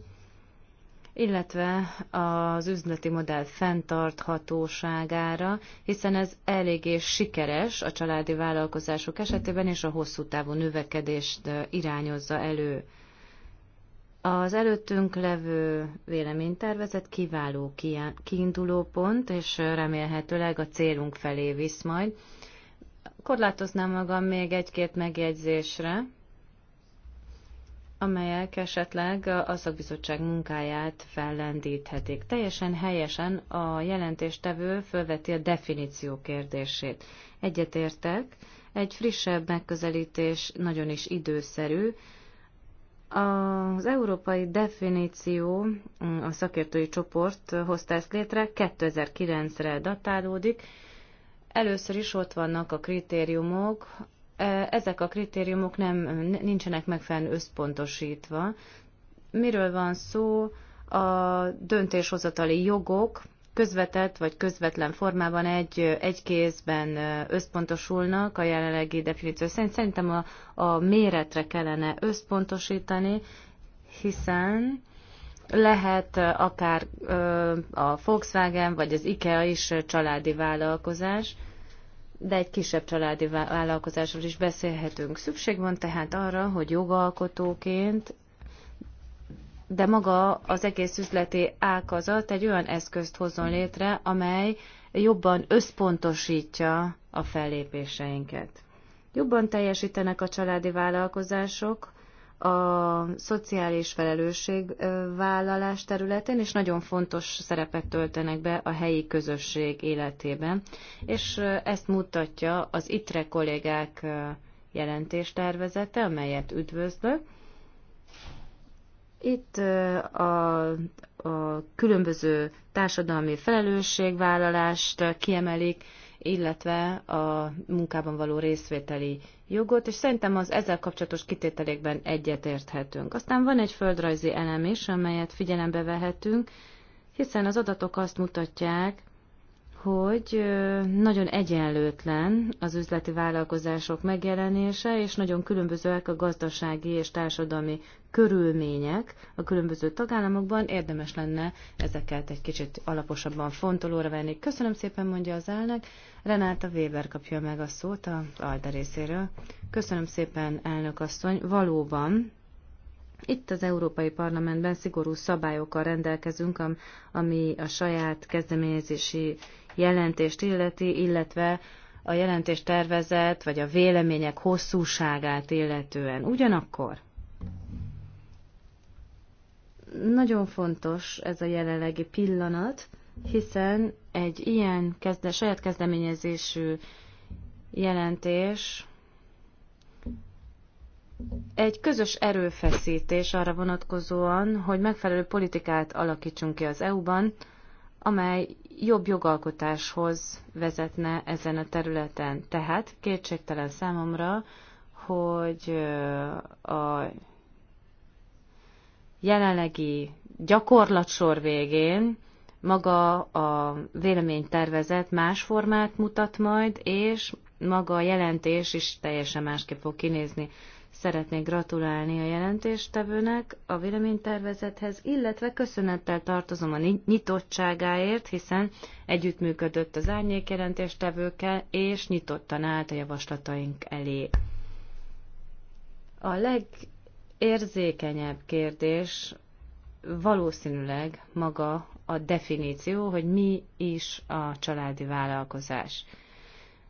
illetve az üzleti modell fenntarthatóságára, hiszen ez eléggé sikeres a családi vállalkozások esetében, és a hosszú távú növekedést irányozza elő. Az előttünk levő véleménytervezet kiváló kiinduló pont, és remélhetőleg a célunk felé visz majd. Korlátoznám magam még egy-két megjegyzésre, amelyek esetleg a szakbizottság munkáját fellendíthetik. Teljesen helyesen a jelentéstevő felveti a definíció kérdését. Egyetértek, egy frissebb megközelítés nagyon is időszerű, az európai definíció, a szakértői csoport hozta ezt létre, 2009-re datálódik. Először is ott vannak a kritériumok, e, ezek a kritériumok nem, nincsenek megfelelően összpontosítva. Miről van szó? A döntéshozatali jogok közvetett vagy közvetlen formában egy, egy kézben összpontosulnak a jelenlegi definíció szerint. Szerintem a, a méretre kellene összpontosítani, hiszen lehet akár a Volkswagen vagy az IKEA is családi vállalkozás, de egy kisebb családi vállalkozásról is beszélhetünk. Szükség van tehát arra, hogy jogalkotóként de maga az egész üzleti ágazat egy olyan eszközt hozzon létre, amely jobban összpontosítja a fellépéseinket. Jobban teljesítenek a családi vállalkozások, a szociális felelősségvállalás területén, és nagyon fontos szerepet töltenek be a helyi közösség életében, és ezt mutatja az ITRE kollégák jelentéstervezete, amelyet üdvözlök, itt a, a különböző társadalmi felelősségvállalást kiemelik, illetve a munkában való részvételi jogot, és szerintem az ezzel kapcsolatos kitételékben egyetérthetünk. Aztán van egy földrajzi elem is, amelyet figyelembe vehetünk, hiszen az adatok azt mutatják, hogy nagyon egyenlőtlen az üzleti vállalkozások megjelenése, és nagyon különbözőek a gazdasági és társadalmi körülmények a különböző tagállamokban. Érdemes lenne ezeket egy kicsit alaposabban fontolóra venni. Köszönöm szépen, mondja az elnök. Renáta Weber kapja meg a szót a Alda részéről. Köszönöm szépen, elnök asszony. Valóban itt az Európai Parlamentben szigorú szabályokkal rendelkezünk, ami a saját kezdeményezési jelentést illeti, illetve a jelentés tervezet vagy a vélemények hosszúságát illetően. Ugyanakkor nagyon fontos ez a jelenlegi pillanat, hiszen egy ilyen kezde, saját kezdeményezésű jelentés egy közös erőfeszítés arra vonatkozóan, hogy megfelelő politikát alakítsunk ki az EU-ban, amely jobb jogalkotáshoz vezetne ezen a területen. Tehát kétségtelen számomra, hogy a jelenlegi gyakorlatsor végén maga a véleménytervezet más formát mutat majd, és maga a jelentés is teljesen másképp fog kinézni. Szeretnék gratulálni a jelentéstevőnek a véleménytervezethez, illetve köszönettel tartozom a nyitottságáért, hiszen együttműködött az árnyék jelentéstevőkkel, és nyitottan állt a javaslataink elé. A legérzékenyebb kérdés valószínűleg maga a definíció, hogy mi is a családi vállalkozás.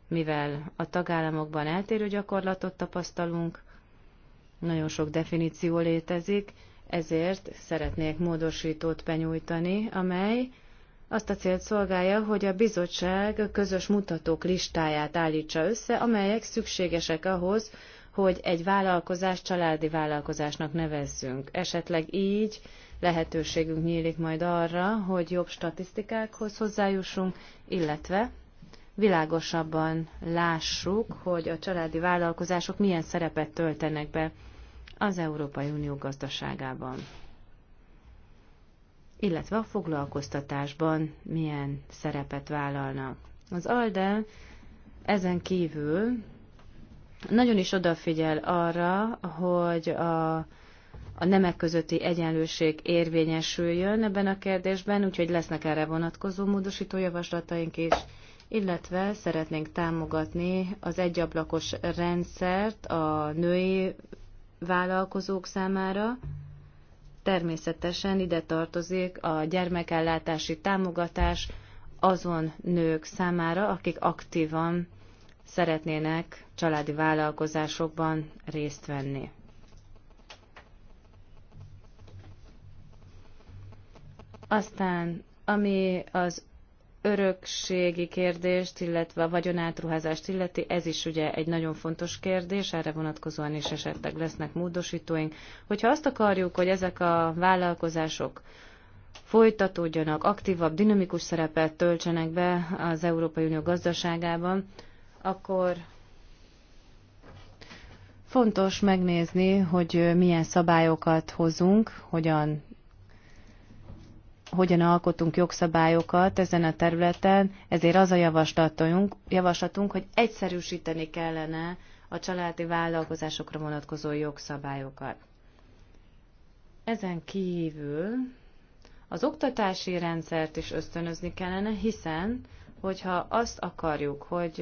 Mivel a tagállamokban eltérő gyakorlatot tapasztalunk, nagyon sok definíció létezik, ezért szeretnék módosítót benyújtani, amely azt a célt szolgálja, hogy a bizottság közös mutatók listáját állítsa össze, amelyek szükségesek ahhoz, hogy egy vállalkozás családi vállalkozásnak nevezzünk. Esetleg így lehetőségünk nyílik majd arra, hogy jobb statisztikákhoz hozzájussunk, illetve világosabban lássuk, hogy a családi vállalkozások milyen szerepet töltenek be az Európai Unió gazdaságában, illetve a foglalkoztatásban milyen szerepet vállalnak. Az ALDE ezen kívül nagyon is odafigyel arra, hogy a a nemek közötti egyenlőség érvényesüljön ebben a kérdésben, úgyhogy lesznek erre vonatkozó módosító javaslataink is, illetve szeretnénk támogatni az egyablakos rendszert a női vállalkozók számára. Természetesen ide tartozik a gyermekellátási támogatás azon nők számára, akik aktívan szeretnének családi vállalkozásokban részt venni. Aztán, ami az örökségi kérdést, illetve a vagyonátruházást illeti, ez is ugye egy nagyon fontos kérdés, erre vonatkozóan is esetleg lesznek módosítóink. Hogyha azt akarjuk, hogy ezek a vállalkozások folytatódjanak, aktívabb, dinamikus szerepet töltsenek be az Európai Unió gazdaságában, akkor fontos megnézni, hogy milyen szabályokat hozunk, hogyan hogyan alkotunk jogszabályokat ezen a területen, ezért az a javaslatunk, javaslatunk hogy egyszerűsíteni kellene a családi vállalkozásokra vonatkozó jogszabályokat. Ezen kívül az oktatási rendszert is ösztönözni kellene, hiszen, hogyha azt akarjuk, hogy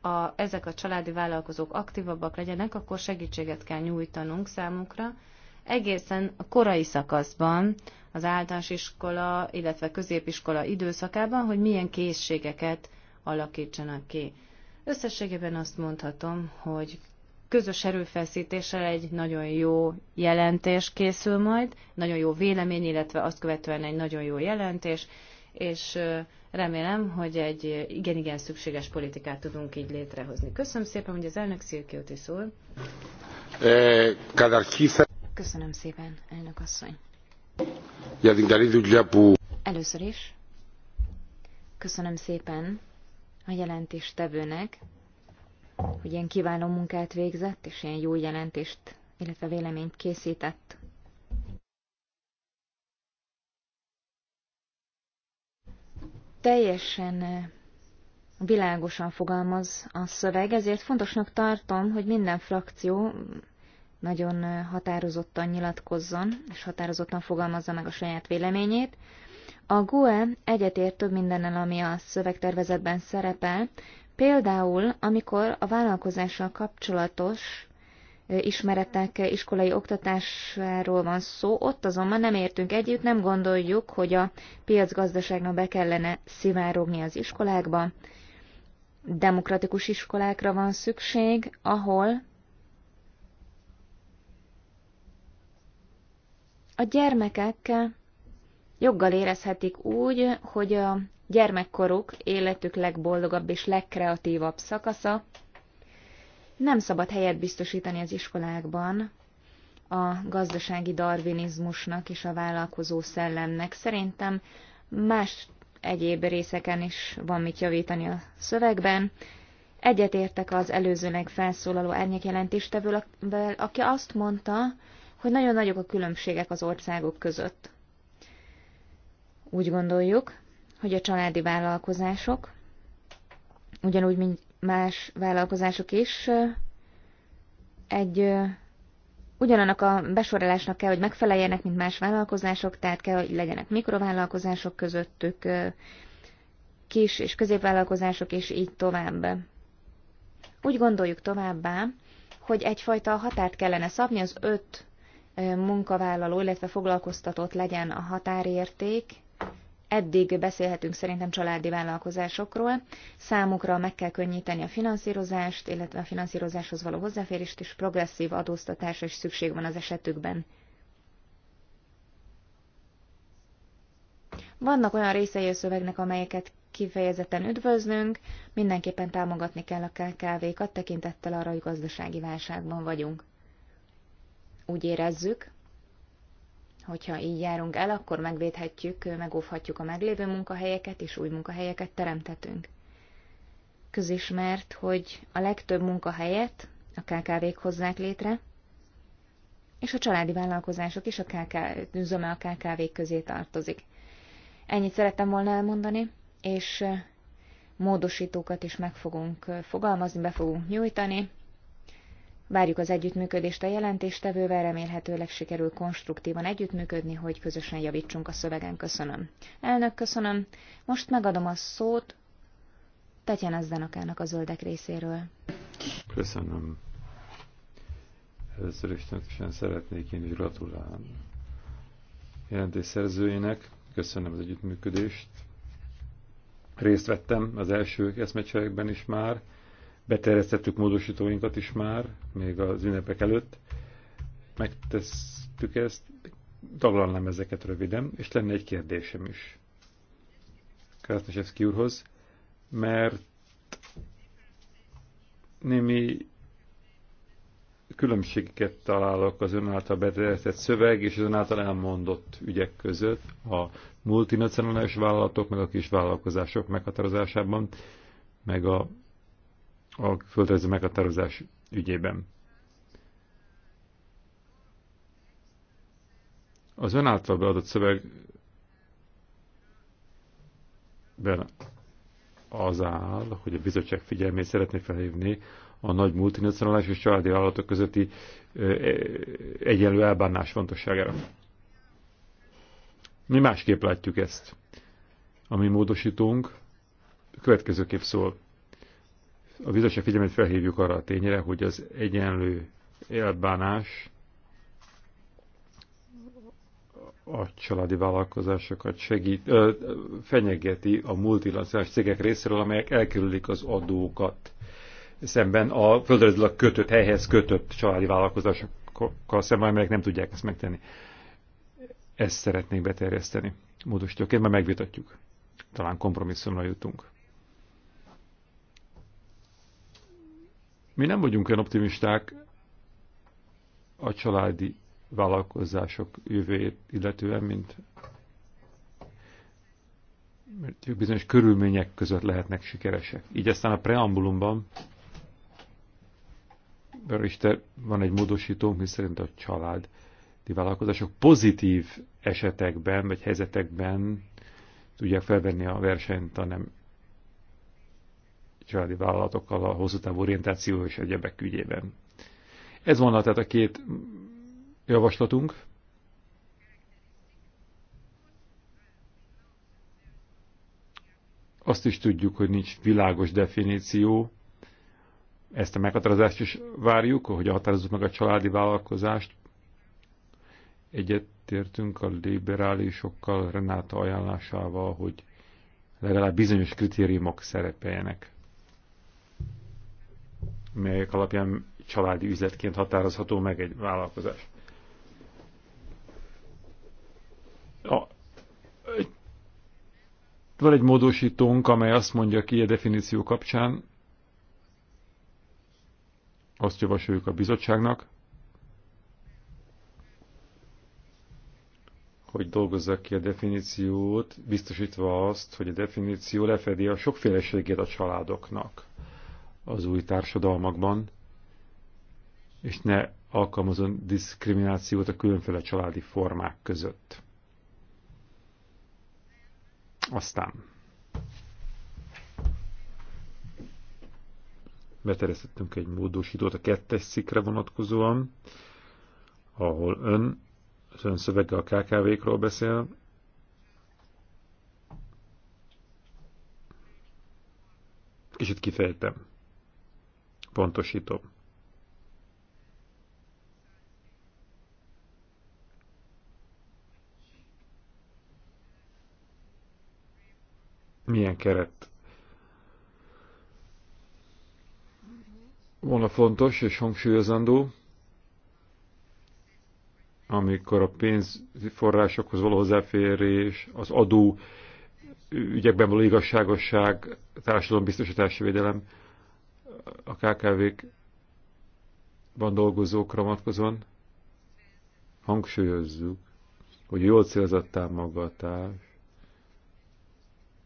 a, ezek a családi vállalkozók aktívabbak legyenek, akkor segítséget kell nyújtanunk számukra, egészen a korai szakaszban, az általános iskola, illetve középiskola időszakában, hogy milyen készségeket alakítsanak ki. Összességében azt mondhatom, hogy közös erőfeszítéssel egy nagyon jó jelentés készül majd, nagyon jó vélemény, illetve azt követően egy nagyon jó jelentés, és remélem, hogy egy igen-igen szükséges politikát tudunk így létrehozni. Köszönöm szépen, hogy az elnök Szilkióti eh, szól. Köszönöm szépen, elnök asszony. Először is köszönöm szépen a jelentéstevőnek, hogy ilyen kiváló munkát végzett, és ilyen jó jelentést, illetve véleményt készített. Teljesen eh, világosan fogalmaz a szöveg, ezért fontosnak tartom, hogy minden frakció nagyon határozottan nyilatkozzon, és határozottan fogalmazza meg a saját véleményét. A GUE egyetért több mindennel, ami a szövegtervezetben szerepel, például amikor a vállalkozással kapcsolatos ismeretek iskolai oktatásáról van szó, ott azonban nem értünk együtt, nem gondoljuk, hogy a piacgazdaságnak be kellene szivárogni az iskolákba. Demokratikus iskolákra van szükség, ahol A gyermekek joggal érezhetik úgy, hogy a gyermekkoruk életük legboldogabb és legkreatívabb szakasza. Nem szabad helyet biztosítani az iskolákban a gazdasági darvinizmusnak és a vállalkozó szellemnek. Szerintem más egyéb részeken is van mit javítani a szövegben. Egyetértek az előzőleg felszólaló árnyékjelentéstevől, aki azt mondta, hogy nagyon nagyok a különbségek az országok között. Úgy gondoljuk, hogy a családi vállalkozások, ugyanúgy, mint más vállalkozások is, egy ugyanannak a besorolásnak kell, hogy megfeleljenek, mint más vállalkozások, tehát kell, hogy legyenek mikrovállalkozások közöttük, kis és középvállalkozások, és így tovább. Úgy gondoljuk továbbá, hogy egyfajta határt kellene szabni az öt munkavállaló, illetve foglalkoztatott legyen a határérték. Eddig beszélhetünk szerintem családi vállalkozásokról. Számukra meg kell könnyíteni a finanszírozást, illetve a finanszírozáshoz való hozzáférést, és progresszív adóztatásra is szükség van az esetükben. Vannak olyan részei a szövegnek, amelyeket kifejezetten üdvözlünk, mindenképpen támogatni kell a KKV-kat, tekintettel arra, hogy gazdasági válságban vagyunk úgy érezzük, hogyha így járunk el, akkor megvédhetjük, megóvhatjuk a meglévő munkahelyeket, és új munkahelyeket teremtetünk. Közismert, hogy a legtöbb munkahelyet a KKV-k hozzák létre, és a családi vállalkozások is a KKV, üzeme a KKV közé tartozik. Ennyit szerettem volna elmondani, és módosítókat is meg fogunk fogalmazni, be fogunk nyújtani. Várjuk az együttműködést a jelentéstevővel, remélhetőleg sikerül konstruktívan együttműködni, hogy közösen javítsunk a szövegen. Köszönöm. Elnök, köszönöm. Most megadom a szót Tatjana Zdanakának a zöldek részéről. Köszönöm. Először is szeretnék én is gratulálni jelentés szerzőjének. Köszönöm az együttműködést. Részt vettem az első eszmecserekben is már, Beterjesztettük módosítóinkat is már, még az ünnepek előtt. Megtesztük ezt, taglalnám ezeket röviden, és lenne egy kérdésem is. Krasznasevszki úrhoz, mert némi különbségeket találok az ön által beterjesztett szöveg és az ön által elmondott ügyek között a multinacionális vállalatok, meg a vállalkozások meghatározásában, meg a a földrajzi meghatározás ügyében. Az ön által beadott szövegben az áll, hogy a bizottság figyelmét szeretné felhívni a nagy multinacionális és családi állatok közötti e, egyenlő elbánás fontosságára. Mi másképp látjuk ezt. A mi módosítónk következőképp szól. A bizottság figyelmet felhívjuk arra a tényre, hogy az egyenlő elbánás a családi vállalkozásokat segít, ö, fenyegeti a multinacionális cégek részéről, amelyek elkerülik az adókat szemben a földrajzilag kötött, helyhez kötött családi vállalkozásokkal szemben, amelyek nem tudják ezt megtenni. Ezt szeretnék beterjeszteni. Módosítóként már megvitatjuk. Talán kompromisszumra jutunk. Mi nem vagyunk olyan optimisták a családi vállalkozások jövőjét illetően, mint mert bizonyos körülmények között lehetnek sikeresek. Így aztán a preambulumban Isten van egy módosítónk, mi szerint a családi vállalkozások pozitív esetekben vagy helyzetekben tudják felvenni a versenyt hanem nem családi vállalatokkal a hosszú távú orientáció és egyebek ügyében. Ez volna tehát a két javaslatunk. Azt is tudjuk, hogy nincs világos definíció. Ezt a meghatározást is várjuk, hogy határozzuk meg a családi vállalkozást. Egyetértünk a liberálisokkal, Renáta ajánlásával, hogy legalább bizonyos kritériumok szerepeljenek melyek alapján családi üzletként határozható meg egy vállalkozás. A, egy, van egy módosítónk, amely azt mondja ki a definíció kapcsán, azt javasoljuk a bizottságnak, hogy dolgozza ki a definíciót, biztosítva azt, hogy a definíció lefedi a sokféleségét a családoknak az új társadalmakban, és ne alkalmazon diszkriminációt a különféle családi formák között. Aztán beteresztettünk egy módosítót a kettes szikre vonatkozóan, ahol ön, az ön szövege a KKV-król beszél, kicsit kifejtem pontosítom. Milyen keret volna fontos és hangsúlyozandó, amikor a pénzforrásokhoz való hozzáférés, az adó ügyekben való igazságosság, társadalombiztosítási védelem a KKV-kban dolgozókra vonatkozóan hangsúlyozzuk, hogy jól célzott támogatás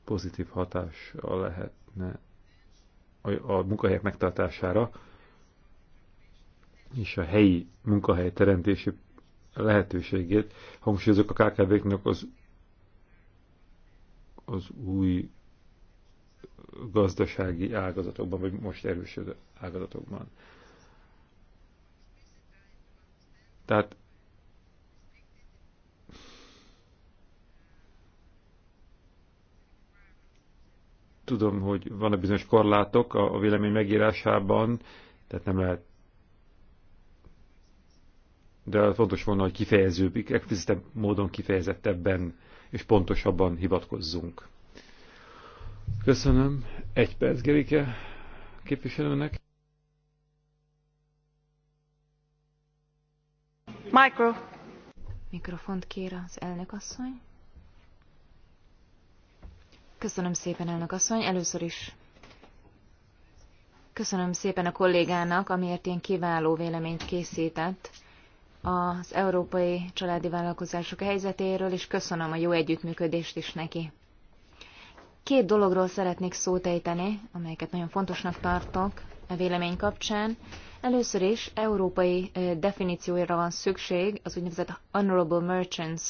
pozitív hatással lehetne a, a munkahelyek megtartására, és a helyi munkahely teremtési lehetőségét hangsúlyozok a KKV-knak az, az új gazdasági ágazatokban, vagy most erősödő ágazatokban. Tehát tudom, hogy van a bizonyos korlátok a, vélemény megírásában, tehát nem lehet de fontos volna, hogy kifejezőbb, módon kifejezettebben és pontosabban hivatkozzunk Köszönöm. Egy perc, Gerike képviselőnek. Micro. Mikrofont kér az elnök asszony. Köszönöm szépen, elnök asszony. Először is köszönöm szépen a kollégának, amiért ilyen kiváló véleményt készített az európai családi vállalkozások helyzetéről, és köszönöm a jó együttműködést is neki. Két dologról szeretnék szót ejteni, amelyeket nagyon fontosnak tartok a vélemény kapcsán. Először is európai definícióra van szükség, az úgynevezett honorable merchants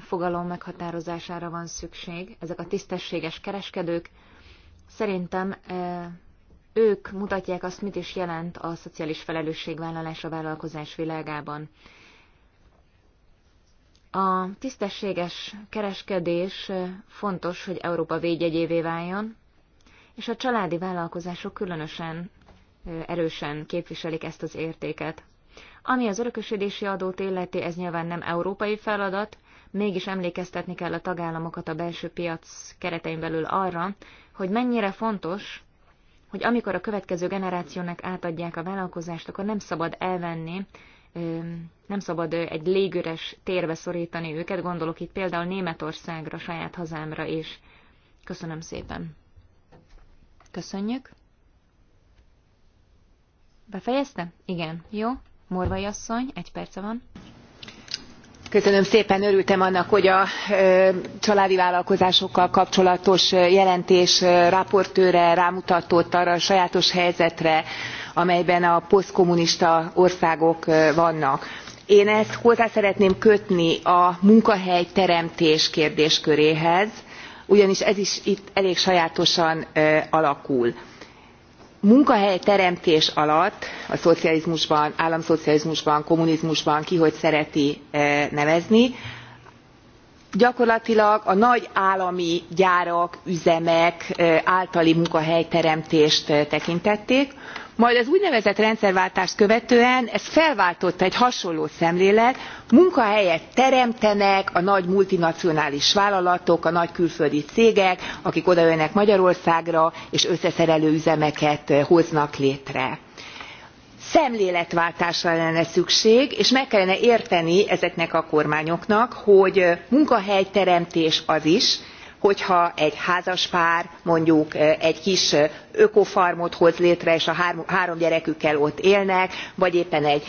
fogalom meghatározására van szükség. Ezek a tisztességes kereskedők. Szerintem ők mutatják azt, mit is jelent a szociális felelősségvállalás a vállalkozás világában. A tisztességes kereskedés fontos, hogy Európa védjegyévé váljon, és a családi vállalkozások különösen erősen képviselik ezt az értéket. Ami az örökösödési adót illeti, ez nyilván nem európai feladat, mégis emlékeztetni kell a tagállamokat a belső piac keretein belül arra, hogy mennyire fontos, hogy amikor a következő generációnak átadják a vállalkozást, akkor nem szabad elvenni nem szabad egy légüres térbe szorítani őket, gondolok itt például Németországra, saját hazámra is. Köszönöm szépen. Köszönjük. Befejezte? Igen. Jó. Morvai asszony, egy perce van. Köszönöm szépen, örültem annak, hogy a családi vállalkozásokkal kapcsolatos jelentés raportőre rámutatott arra a sajátos helyzetre, amelyben a posztkommunista országok vannak. én ezt hozzá szeretném kötni a munkahelyteremtés kérdésköréhez ugyanis ez is itt elég sajátosan alakul munkahelyteremtés alatt a szocializmusban államszocializmusban kommunizmusban ki hogy szereti nevezni gyakorlatilag a nagy állami gyárak üzemek általi munkahelyteremtést tekintették majd az úgynevezett rendszerváltást követően ezt felváltotta egy hasonló szemlélet munkahelyet teremtenek a nagy multinacionális vállalatok a nagy külföldi cégek akik odajönnek magyarországra és összeszerelő üzemeket hoznak létre szemléletváltásra lenne szükség és meg kellene érteni ezeknek a kormányoknak hogy munkahelyteremtés az is hogyha egy házaspár mondjuk egy kis ökofarmot hoz létre és a három gyerekükkel ott élnek vagy éppen egy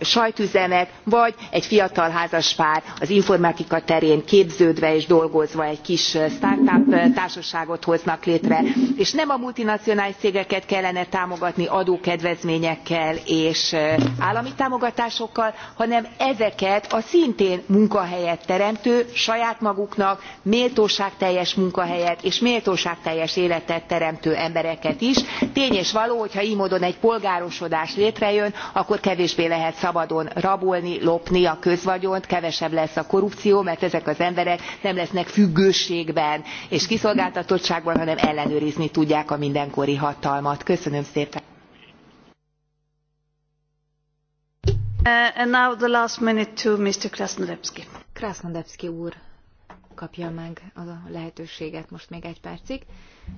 sajtüzemet vagy egy fiatal házaspár az informatika terén képződve és dolgozva egy kis start up társaságot hoznak létre és nem a multinacionális cégeket kellene támogatni adókedvezményekkel és állami támogatásokkal hanem ezeket a szintén munkahelyet teremtő saját maguknak méltóságteljes munkahelyet és méltóságteljes életet teremtő embereket embereket is. tény és való hogy ha ily módon egy polgárosodás létrejön akkor kevésbé lehet szabadon rabolni lopni a közvagyont kevesebb lesz a korrupció mert ezek az emberek nem lesznek függőségben és kiszolgáltatottságban hanem ellenőrizni tudják a mindenkori hatalmat. köszönöm szépen! Uh, and now the last minute to Mr. Krasnodebski úr kapja meg a lehetőséget most még egy percig.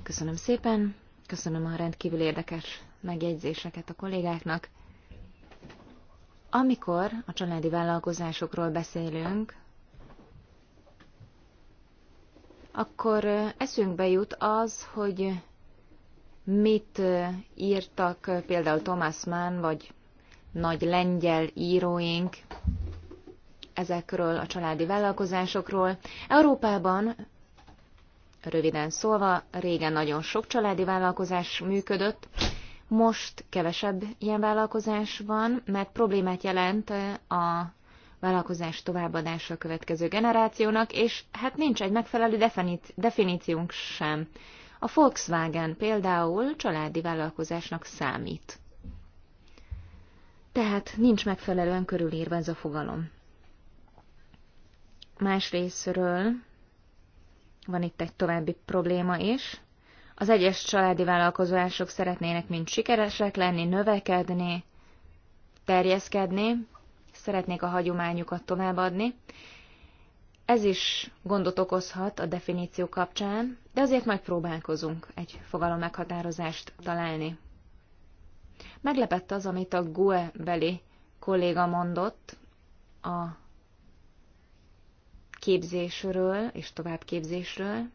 Köszönöm szépen köszönöm a rendkívül érdekes megjegyzéseket a kollégáknak. Amikor a családi vállalkozásokról beszélünk, akkor eszünkbe jut az, hogy mit írtak például Thomas Mann, vagy nagy lengyel íróink ezekről a családi vállalkozásokról. Európában Röviden szólva, régen nagyon sok családi vállalkozás működött, most kevesebb ilyen vállalkozás van, mert problémát jelent a vállalkozás továbbadása a következő generációnak, és hát nincs egy megfelelő definíciónk sem. A Volkswagen például családi vállalkozásnak számít. Tehát nincs megfelelően körülírva ez a fogalom. Másrésztről van itt egy további probléma is. Az egyes családi vállalkozások szeretnének mind sikeresek lenni, növekedni, terjeszkedni, szeretnék a hagyományukat továbbadni. Ez is gondot okozhat a definíció kapcsán, de azért majd próbálkozunk egy fogalom meghatározást találni. Meglepett az, amit a GUE beli kolléga mondott a képzésről és továbbképzésről.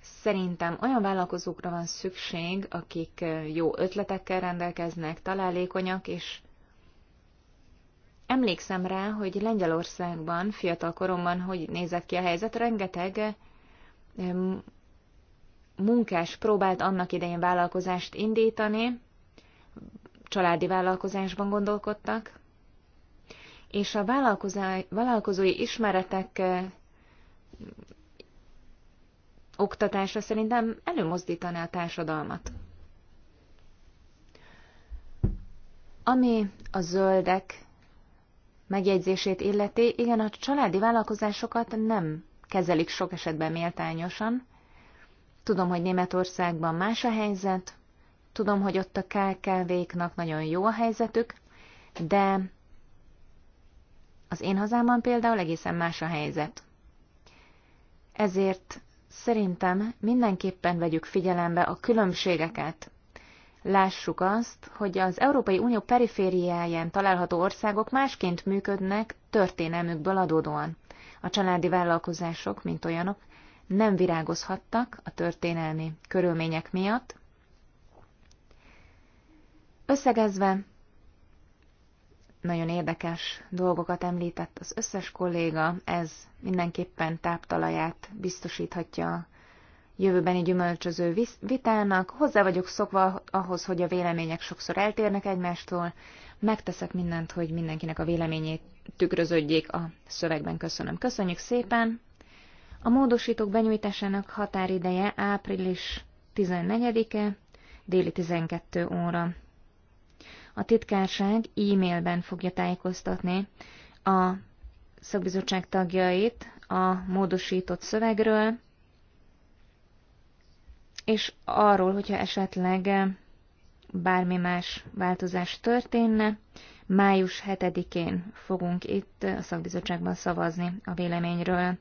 Szerintem olyan vállalkozókra van szükség, akik jó ötletekkel rendelkeznek, találékonyak, és emlékszem rá, hogy Lengyelországban, fiatal koromban, hogy nézett ki a helyzet, rengeteg munkás próbált annak idején vállalkozást indítani, családi vállalkozásban gondolkodtak, és a vállalkozói ismeretek oktatása szerintem előmozdítaná a társadalmat. Ami a zöldek megjegyzését illeti, igen, a családi vállalkozásokat nem kezelik sok esetben méltányosan. Tudom, hogy Németországban más a helyzet, Tudom, hogy ott a KKV-knak nagyon jó a helyzetük, de az én hazámban például egészen más a helyzet. Ezért szerintem mindenképpen vegyük figyelembe a különbségeket. Lássuk azt, hogy az Európai Unió perifériáján található országok másként működnek történelmükből adódóan. A családi vállalkozások, mint olyanok, nem virágozhattak a történelmi körülmények miatt, Összegezve, nagyon érdekes dolgokat említett az összes kolléga, ez mindenképpen táptalaját biztosíthatja a jövőbeni gyümölcsöző vitának. Hozzá vagyok szokva ahhoz, hogy a vélemények sokszor eltérnek egymástól. Megteszek mindent, hogy mindenkinek a véleményét tükröződjék a szövegben. Köszönöm. Köszönjük szépen! A módosítók benyújtásának határideje április 14-e, déli 12 óra a titkárság e-mailben fogja tájékoztatni a szakbizottság tagjait a módosított szövegről, és arról, hogyha esetleg bármi más változás történne, május 7-én fogunk itt a szakbizottságban szavazni a véleményről.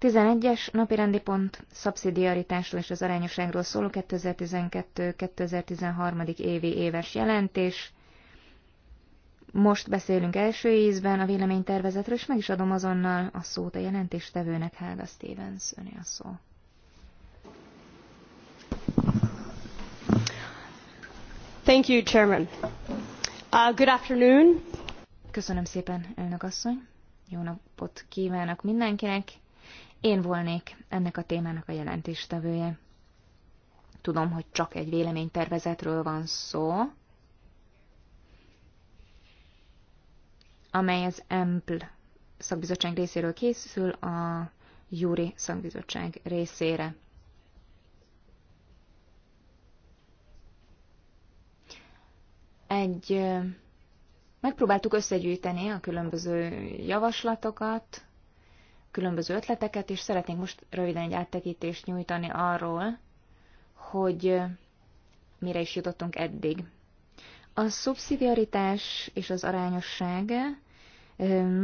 11-es napirendi pont szabszidiaritásról és az arányosságról szóló 2012-2013. évi éves jelentés. Most beszélünk első ízben a véleménytervezetről, és meg is adom azonnal a szót a jelentéstevőnek, Helga Stevens, öné a szó. Thank you, Chairman. Uh, good afternoon. Köszönöm szépen, elnök asszony. Jó napot kívánok mindenkinek. Én volnék ennek a témának a jelentéstevője. Tudom, hogy csak egy véleménytervezetről van szó, amely az EMPL szakbizottság részéről készül a Júri szakbizottság részére. Egy megpróbáltuk összegyűjteni a különböző javaslatokat, különböző ötleteket, és szeretnénk most röviden egy áttekintést nyújtani arról, hogy mire is jutottunk eddig. A szubszidiaritás és az arányosság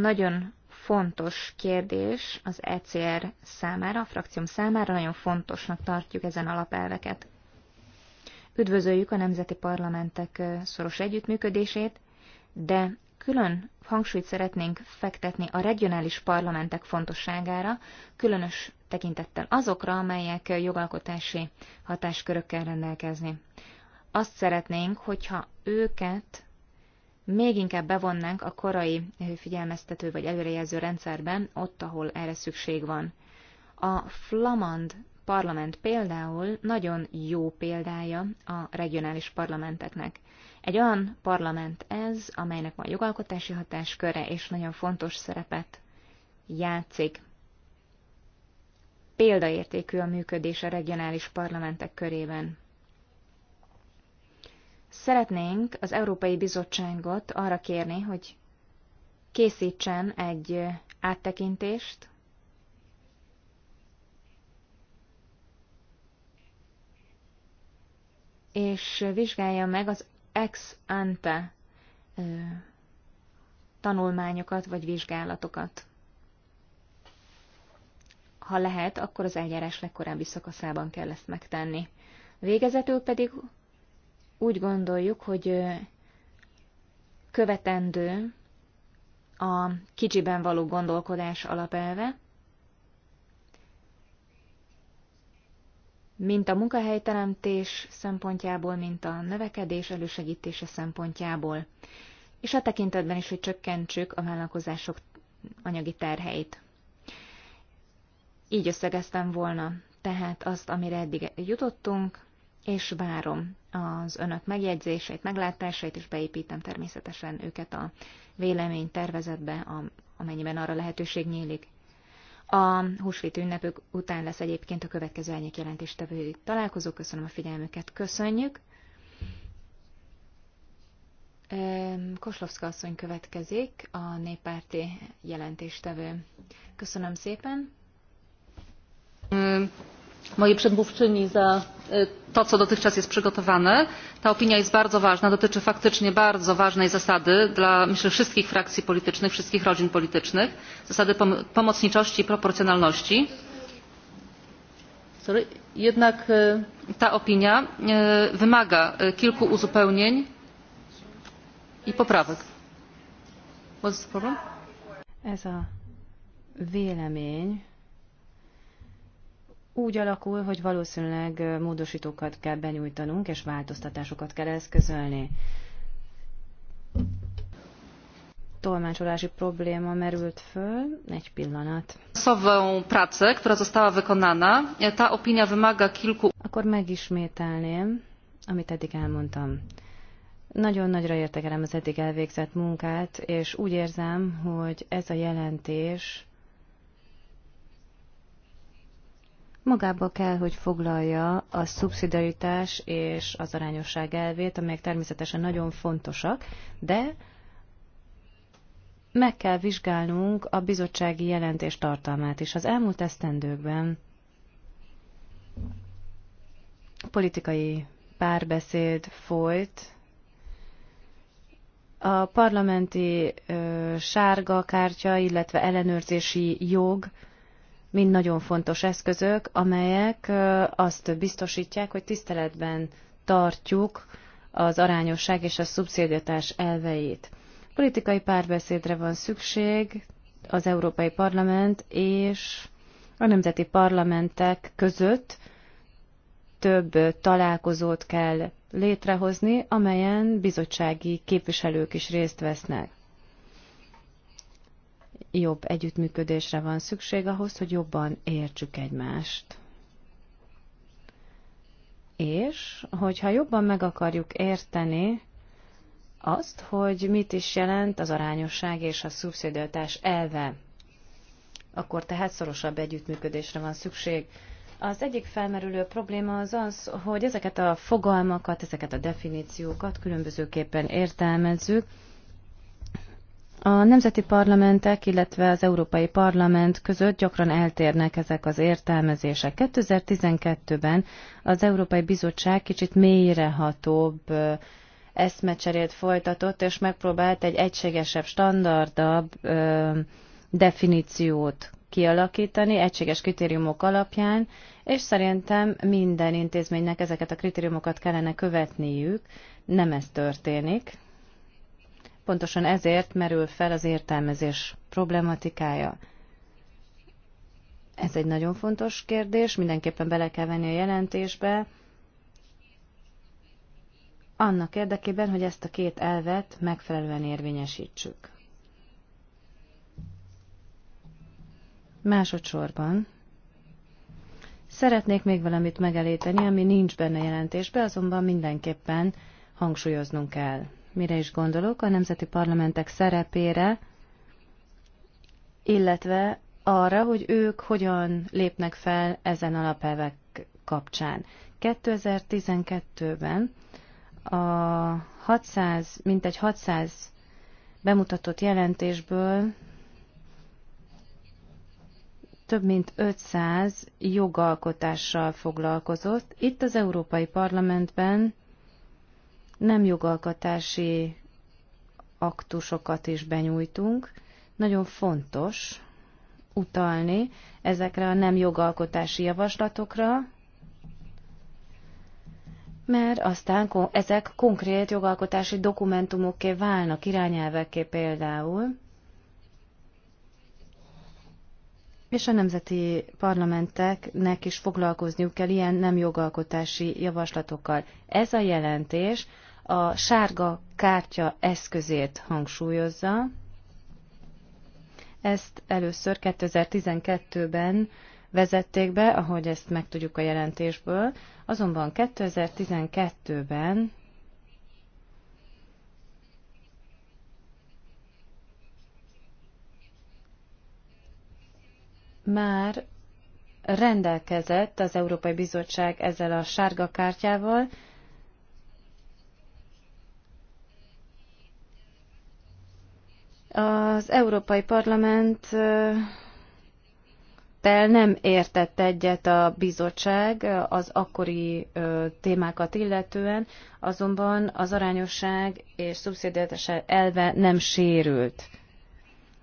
nagyon fontos kérdés az ECR számára, a frakcióm számára, nagyon fontosnak tartjuk ezen alapelveket. Üdvözöljük a nemzeti parlamentek szoros együttműködését, de Külön hangsúlyt szeretnénk fektetni a regionális parlamentek fontosságára, különös tekintettel azokra, amelyek jogalkotási hatáskörökkel rendelkezni. Azt szeretnénk, hogyha őket még inkább bevonnánk a korai figyelmeztető vagy előrejelző rendszerben, ott, ahol erre szükség van. A flamand parlament például nagyon jó példája a regionális parlamenteknek. Egy olyan parlament ez, amelynek van jogalkotási hatásköre, és nagyon fontos szerepet játszik. Példaértékű a működés a regionális parlamentek körében. Szeretnénk az Európai Bizottságot arra kérni, hogy készítsen egy áttekintést, és vizsgálja meg az ex ante tanulmányokat vagy vizsgálatokat. Ha lehet, akkor az eljárás legkorábbi szakaszában kell ezt megtenni. Végezetül pedig úgy gondoljuk, hogy követendő a kicsiben való gondolkodás alapelve, mint a munkahelyteremtés szempontjából, mint a növekedés elősegítése szempontjából, és a tekintetben is, hogy csökkentsük a vállalkozások anyagi terheit. Így összegeztem volna tehát azt, amire eddig jutottunk, és várom az önök megjegyzéseit, meglátásait, és beépítem természetesen őket a vélemény tervezetbe, amennyiben arra lehetőség nyílik. A húsvét ünnepök után lesz egyébként a következő elnyék jelentéstevői találkozó. Köszönöm a figyelmüket, köszönjük. Koslovszka asszony következik, a néppárti jelentéstevő. Köszönöm szépen. Mm mojej przedmówczyni za e, to co dotychczas jest przygotowane. ta opinia jest bardzo ważna dotyczy faktycznie bardzo ważnej zasady dla myślę wszystkich frakcji politycznych wszystkich rodzin politycznych zasady pomocniczości i proporcjonalności. jednak e, ta opinia e, wymaga kilku uzupełnień i poprawek. What's the problem? Ez a vélemény úgy alakul, hogy valószínűleg módosítókat kell benyújtanunk, és változtatásokat kell eszközölni. Tolmácsolási probléma merült föl. Egy pillanat. Szavą pracę, która została wykonana, e, ta opinia wymaga kilku... Akkor megismételném, amit eddig elmondtam. Nagyon nagyra értekelem az eddig elvégzett munkát, és úgy érzem, hogy ez a jelentés magába kell, hogy foglalja a szubszidaritás és az arányosság elvét, amelyek természetesen nagyon fontosak, de meg kell vizsgálnunk a bizottsági jelentés tartalmát is. Az elmúlt esztendőkben politikai párbeszéd folyt, a parlamenti ö, sárga kártya, illetve ellenőrzési jog, mind nagyon fontos eszközök, amelyek azt biztosítják, hogy tiszteletben tartjuk az arányosság és a szubszédiatás elveit. Politikai párbeszédre van szükség az Európai Parlament és a nemzeti parlamentek között több találkozót kell létrehozni, amelyen bizottsági képviselők is részt vesznek jobb együttműködésre van szükség ahhoz, hogy jobban értsük egymást. És hogyha jobban meg akarjuk érteni azt, hogy mit is jelent az arányosság és a szubszidiatás elve, akkor tehát szorosabb együttműködésre van szükség. Az egyik felmerülő probléma az az, hogy ezeket a fogalmakat, ezeket a definíciókat különbözőképpen értelmezzük, a nemzeti parlamentek, illetve az Európai Parlament között gyakran eltérnek ezek az értelmezések. 2012-ben az Európai Bizottság kicsit mélyrehatóbb eszmecserét folytatott, és megpróbált egy egységesebb, standardabb ö, definíciót kialakítani, egységes kritériumok alapján, és szerintem minden intézménynek ezeket a kritériumokat kellene követniük, nem ez történik, Pontosan ezért merül fel az értelmezés problematikája. Ez egy nagyon fontos kérdés, mindenképpen bele kell venni a jelentésbe, annak érdekében, hogy ezt a két elvet megfelelően érvényesítsük. Másodszorban szeretnék még valamit megelíteni, ami nincs benne jelentésbe, azonban mindenképpen hangsúlyoznunk kell mire is gondolok, a nemzeti parlamentek szerepére, illetve arra, hogy ők hogyan lépnek fel ezen alapelvek kapcsán. 2012-ben a 600, mintegy 600 bemutatott jelentésből több mint 500 jogalkotással foglalkozott. Itt az Európai Parlamentben nem jogalkatási aktusokat is benyújtunk. Nagyon fontos utalni ezekre a nem jogalkotási javaslatokra, mert aztán ezek konkrét jogalkotási dokumentumokké válnak, irányelvekké például. És a nemzeti parlamenteknek is foglalkozniuk kell ilyen nem jogalkotási javaslatokkal. Ez a jelentés a sárga kártya eszközét hangsúlyozza. Ezt először 2012-ben vezették be, ahogy ezt megtudjuk a jelentésből, azonban 2012-ben már rendelkezett az Európai Bizottság ezzel a sárga kártyával, Az Európai Parlament tel nem értett egyet a bizottság az akkori témákat illetően, azonban az arányosság és szubszidiáltás elve nem sérült.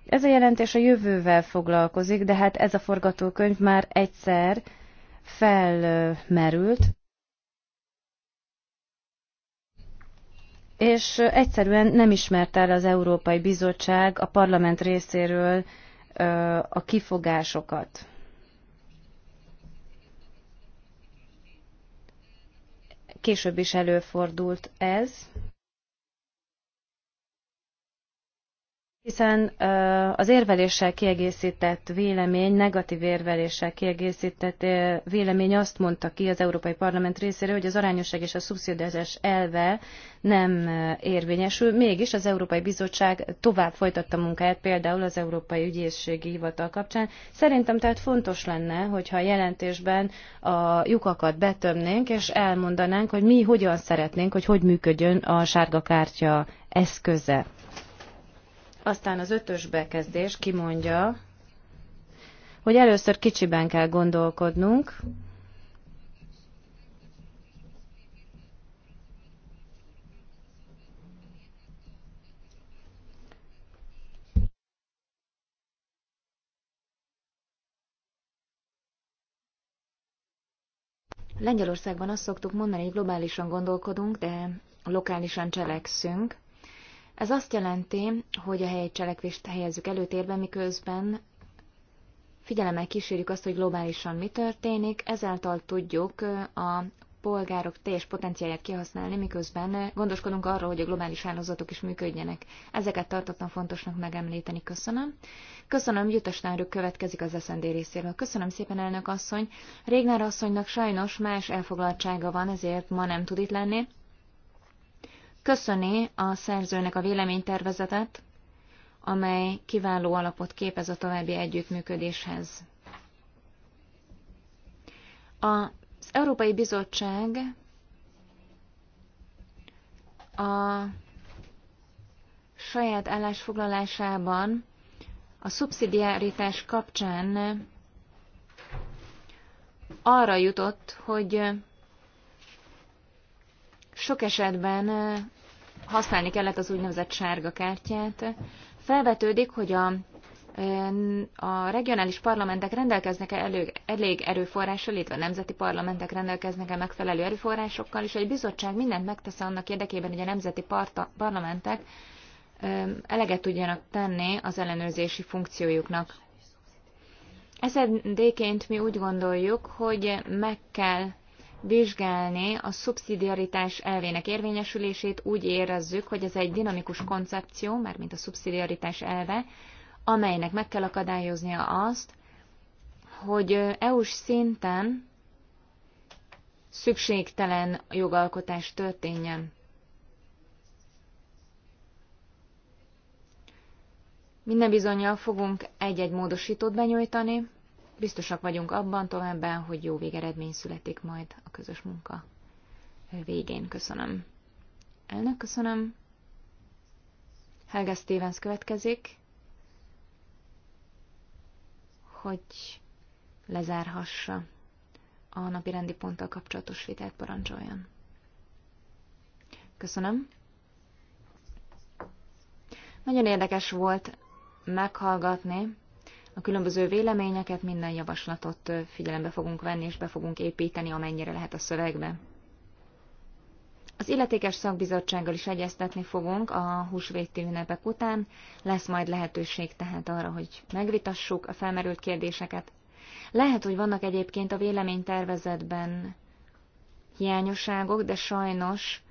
Ez a jelentés a jövővel foglalkozik, de hát ez a forgatókönyv már egyszer felmerült. és egyszerűen nem ismert el az Európai Bizottság a parlament részéről a kifogásokat. Később is előfordult ez. hiszen az érveléssel kiegészített vélemény, negatív érveléssel kiegészített vélemény azt mondta ki az Európai Parlament részéről, hogy az arányosság és a szubszidiázás elve nem érvényesül, mégis az Európai Bizottság tovább folytatta munkáját, például az Európai Ügyészségi Hivatal kapcsán. Szerintem tehát fontos lenne, hogyha a jelentésben a lyukakat betömnénk, és elmondanánk, hogy mi hogyan szeretnénk, hogy hogy működjön a sárga kártya eszköze. Aztán az ötös bekezdés kimondja, hogy először kicsiben kell gondolkodnunk, Lengyelországban azt szoktuk mondani, hogy globálisan gondolkodunk, de lokálisan cselekszünk. Ez azt jelenti, hogy a helyi cselekvést helyezzük előtérbe, miközben figyelemmel kísérjük azt, hogy globálisan mi történik, ezáltal tudjuk a polgárok teljes potenciáját kihasználni, miközben gondoskodunk arról, hogy a globális hálózatok is működjenek. Ezeket tartottam fontosnak megemlíteni. Köszönöm. Köszönöm, Jutas Náruk következik az SZND részéről. Köszönöm szépen, elnök asszony. Régnár asszonynak sajnos más elfoglaltsága van, ezért ma nem tud itt lenni köszöni a szerzőnek a véleménytervezetet, amely kiváló alapot képez a további együttműködéshez. Az Európai Bizottság a saját állásfoglalásában a szubszidiáritás kapcsán arra jutott, hogy sok esetben használni kellett az úgynevezett sárga kártyát. Felvetődik, hogy a, a regionális parlamentek rendelkeznek-e elő, elég erőforrással, illetve a nemzeti parlamentek rendelkeznek-e megfelelő erőforrásokkal, és egy bizottság mindent megtesz annak érdekében, hogy a nemzeti parta, parlamentek eleget tudjanak tenni az ellenőrzési funkciójuknak. déként mi úgy gondoljuk, hogy meg kell vizsgálni a szubszidiaritás elvének érvényesülését, úgy érezzük, hogy ez egy dinamikus koncepció, mert mint a szubszidiaritás elve, amelynek meg kell akadályoznia azt, hogy EU-s szinten szükségtelen jogalkotás történjen. Minden bizonyal fogunk egy-egy módosítót benyújtani, biztosak vagyunk abban továbbá, hogy jó végeredmény születik majd a közös munka végén. Köszönöm. Elnök, köszönöm. Helga Stevens következik, hogy lezárhassa a napi rendi ponttal kapcsolatos vitát parancsoljon. Köszönöm. Nagyon érdekes volt meghallgatni a különböző véleményeket, minden javaslatot figyelembe fogunk venni, és be fogunk építeni, amennyire lehet a szövegbe. Az illetékes szakbizottsággal is egyeztetni fogunk a húsvéti ünnepek után. Lesz majd lehetőség tehát arra, hogy megvitassuk a felmerült kérdéseket. Lehet, hogy vannak egyébként a véleménytervezetben hiányosságok, de sajnos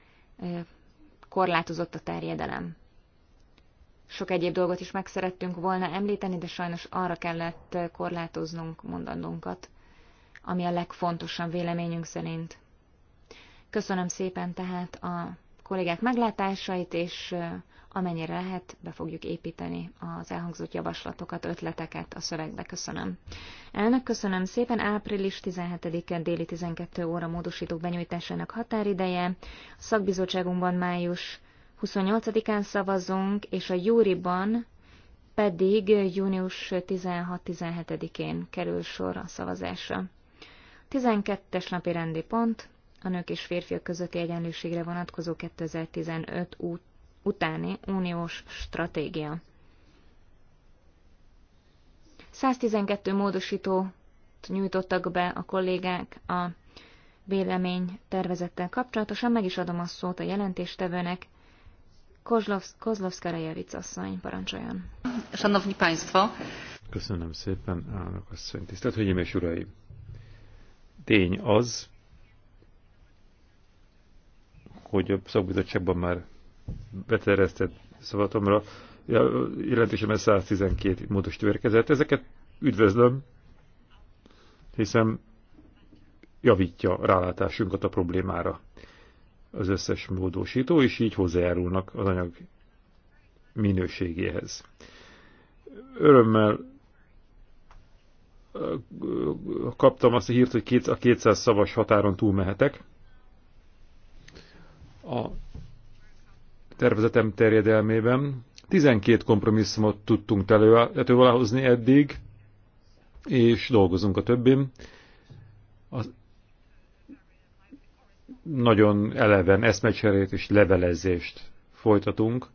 korlátozott a terjedelem. Sok egyéb dolgot is meg szerettünk volna említeni, de sajnos arra kellett korlátoznunk mondandónkat, ami a legfontosabb véleményünk szerint. Köszönöm szépen tehát a kollégák meglátásait, és amennyire lehet, be fogjuk építeni az elhangzott javaslatokat, ötleteket a szövegbe. Köszönöm. Elnök, köszönöm szépen. Április 17-e déli 12 óra módosítók benyújtásának határideje. A szakbizottságunkban május 28-án szavazunk, és a júriban pedig június 16-17-én kerül sor a szavazásra. 12-es napi rendi pont, a nők és férfiak közötti egyenlőségre vonatkozó 2015 út utáni uniós stratégia. 112 módosítót nyújtottak be a kollégák a vélemény tervezettel kapcsolatosan, meg is adom a szót a jelentéstevőnek, Kozlovska rejevic asszony, parancsoljon. Szanowni Państwo! Köszönöm szépen, állnak asszony. Tisztelt Hölgyeim és Uraim! Tény az, hogy a szakbizottságban már beterjesztett szavatomra jelentésemben 112 módosító érkezett. Ezeket üdvözlöm, hiszen javítja rálátásunkat a problémára az összes módosító, és így hozzájárulnak az anyag minőségéhez. Örömmel kaptam azt a hírt, hogy a 200 szavas határon túlmehetek. A tervezetem terjedelmében 12 kompromisszumot tudtunk előhozni eddig, és dolgozunk a többim. Az nagyon eleven eszmecserét és levelezést folytatunk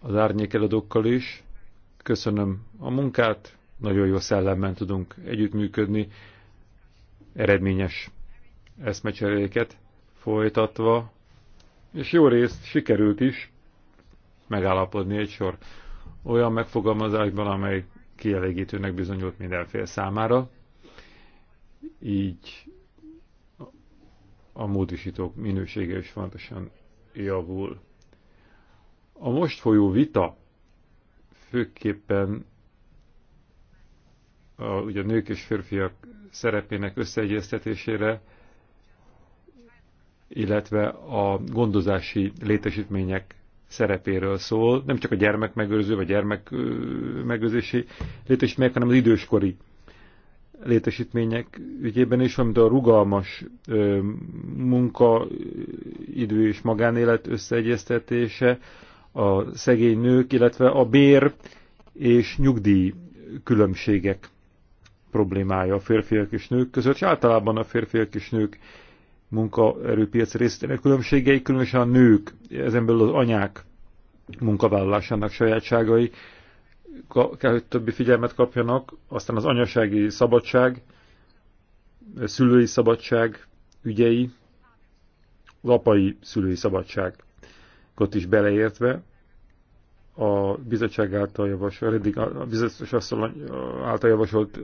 az árnyékeladókkal is. Köszönöm a munkát, nagyon jó szellemben tudunk együttműködni, eredményes eszmecseréket folytatva, és jó részt sikerült is megállapodni egy sor olyan megfogalmazásban, amely kielégítőnek bizonyult mindenfél számára. Így a módosítók minősége is fontosan javul. A most folyó vita főképpen a, ugye nők és férfiak szerepének összeegyeztetésére, illetve a gondozási létesítmények szerepéről szól, nem csak a gyermek megőrző vagy gyermek megőrzési létesítmények, hanem az időskori létesítmények ügyében is, amit a rugalmas munkaidő és magánélet összeegyeztetése, a szegény nők, illetve a bér és nyugdíj különbségek problémája a férfiak és nők között, és általában a férfiak és nők munkaerőpiac részének különbségei, különösen a nők, ezen belül az anyák munkavállalásának sajátságai kell, hogy többi figyelmet kapjanak, aztán az anyasági szabadság, szülői szabadság ügyei, az apai szülői ott is beleértve, a bizottság által javasolt, eddig a bizottság által javasolt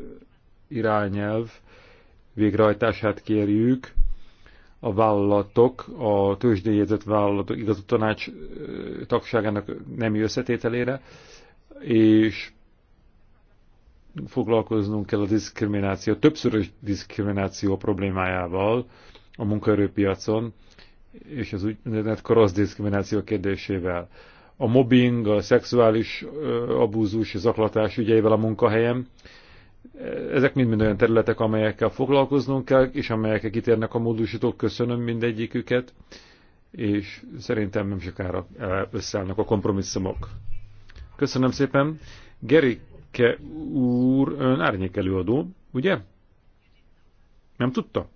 irányelv végrehajtását kérjük, a vállalatok, a tőzsdéjegyzett vállalatok tanács tagságának nemi összetételére, és foglalkoznunk kell a diszkrimináció, többszörös diszkrimináció problémájával a munkaerőpiacon, és az úgynevezett korosz diszkrimináció kérdésével. A mobbing, a szexuális abúzus, a zaklatás ügyeivel a munkahelyen, ezek mind-mind olyan területek, amelyekkel foglalkoznunk kell, és amelyekkel kitérnek a módusítók. Köszönöm mindegyiküket, és szerintem nem sokára összeállnak a kompromisszumok. Köszönöm szépen. Gerike úr, ön árnyék előadó, ugye? Nem tudta?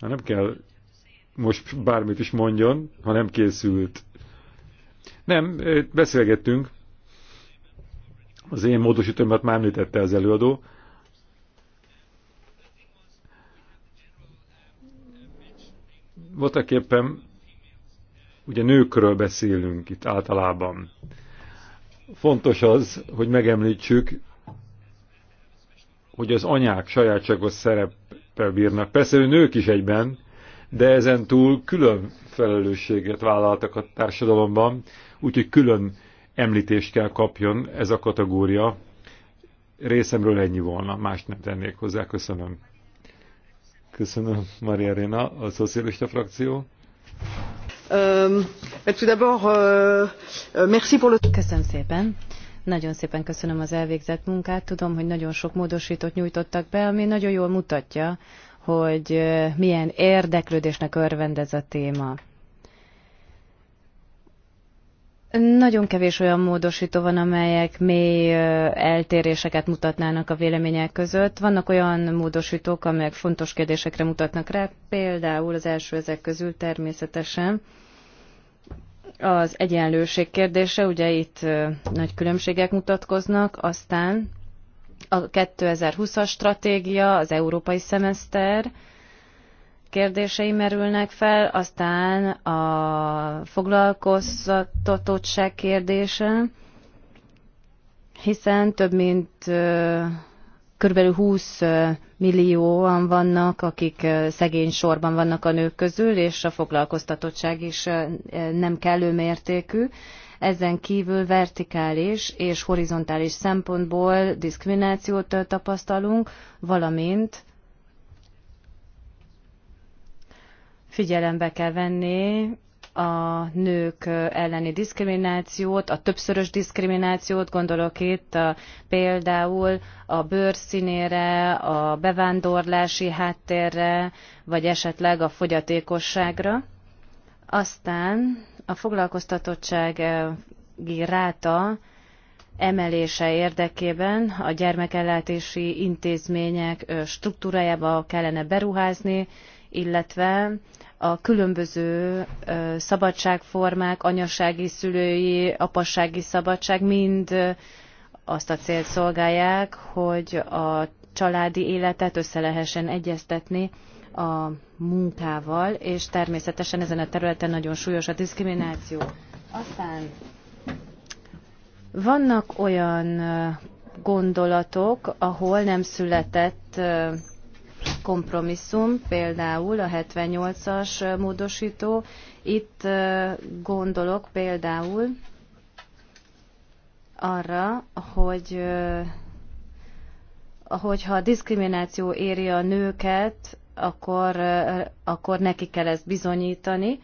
Hát nem kell most bármit is mondjon, ha nem készült. Nem, beszélgettünk. Az én módosítőmet már említette az előadó. Voltak éppen Ugye nőkről beszélünk itt általában. Fontos az, hogy megemlítsük, hogy az anyák sajátságos szereppel bírnak. Persze hogy nők is egyben, de ezen túl külön felelősséget vállaltak a társadalomban, úgyhogy külön említést kell kapjon ez a kategória. Részemről ennyi volna, mást nem tennék hozzá. Köszönöm. Köszönöm, Maria Réna, a szocialista frakció. Euh, euh, euh, köszönöm szépen. Nagyon szépen köszönöm az elvégzett munkát. Tudom, hogy nagyon sok módosítót nyújtottak be, ami nagyon jól mutatja, hogy milyen érdeklődésnek örvend ez a téma. Nagyon kevés olyan módosító van, amelyek mély eltéréseket mutatnának a vélemények között. Vannak olyan módosítók, amelyek fontos kérdésekre mutatnak rá, például az első ezek közül természetesen az egyenlőség kérdése, ugye itt nagy különbségek mutatkoznak, aztán a 2020-as stratégia, az európai szemeszter, kérdései merülnek fel, aztán a foglalkoztatottság kérdése, hiszen több mint kb. 20 millióan vannak, akik szegény sorban vannak a nők közül, és a foglalkoztatottság is nem kellő mértékű. Ezen kívül vertikális és horizontális szempontból diszkriminációt tapasztalunk, valamint Figyelembe kell venni a nők elleni diszkriminációt, a többszörös diszkriminációt, gondolok itt a, például a bőrszínére, a bevándorlási háttérre, vagy esetleg a fogyatékosságra. Aztán a foglalkoztatottság ráta emelése érdekében a gyermekellátési intézmények struktúrájába kellene beruházni, illetve a különböző szabadságformák, anyasági, szülői, apassági szabadság mind azt a célt szolgálják, hogy a családi életet össze lehessen egyeztetni a munkával, és természetesen ezen a területen nagyon súlyos a diszkrimináció. Aztán vannak olyan gondolatok, ahol nem született kompromisszum, például a 78-as módosító. Itt gondolok például arra, hogy hogyha a diszkrimináció éri a nőket, akkor, akkor neki kell ezt bizonyítani,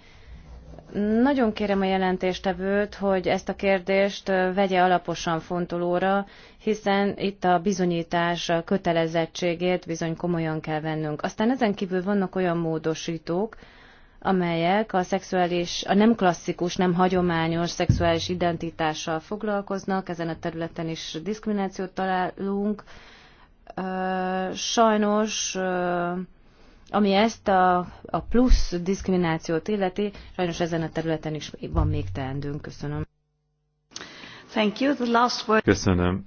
nagyon kérem a jelentéstevőt, hogy ezt a kérdést vegye alaposan fontolóra, hiszen itt a bizonyítás kötelezettségét bizony komolyan kell vennünk. Aztán ezen kívül vannak olyan módosítók, amelyek a szexuális, a nem klasszikus, nem hagyományos szexuális identitással foglalkoznak, ezen a területen is diszkriminációt találunk. Sajnos ami ezt a, a plusz diszkriminációt illeti, sajnos ezen a területen is van még teendőnk. Köszönöm. Thank you. The last word. Köszönöm.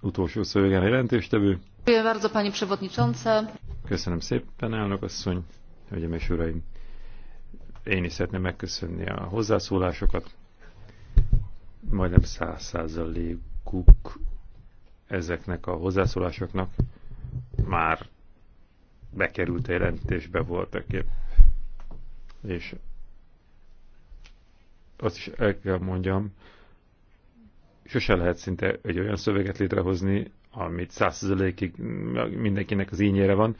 Utolsó szövegen jelentéstevő. Köszönöm szépen, elnök asszony, hölgyeim és uraim. Én is szeretném megköszönni a hozzászólásokat. Majdnem száz százalékuk ezeknek a hozzászólásoknak már bekerült a jelentésbe voltak épp. És azt is el kell mondjam, sose lehet szinte egy olyan szöveget létrehozni, amit százszerzelékig mindenkinek az ínyére van,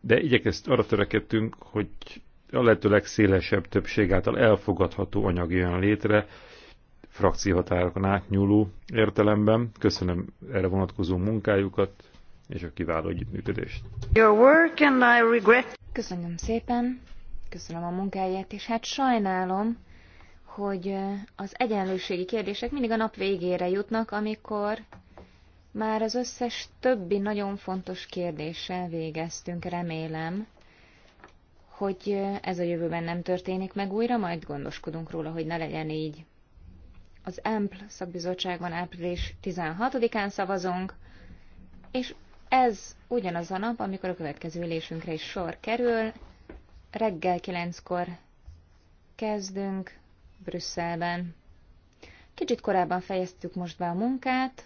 de igyekezt arra törekedtünk, hogy a lehető legszélesebb többség által elfogadható anyag jön létre, frakcióhatárokon átnyúló értelemben. Köszönöm erre vonatkozó munkájukat, és a kiváló együttműködést. Your work and I regret... Köszönöm szépen, köszönöm a munkáját, és hát sajnálom, hogy az egyenlőségi kérdések mindig a nap végére jutnak, amikor már az összes többi nagyon fontos kérdéssel végeztünk, remélem, hogy ez a jövőben nem történik meg újra, majd gondoskodunk róla, hogy ne legyen így. Az EMPL szakbizottságban április 16-án szavazunk, és ez ugyanaz a nap, amikor a következő ülésünkre is sor kerül. Reggel kilenckor kezdünk Brüsszelben. Kicsit korábban fejeztük most be a munkát,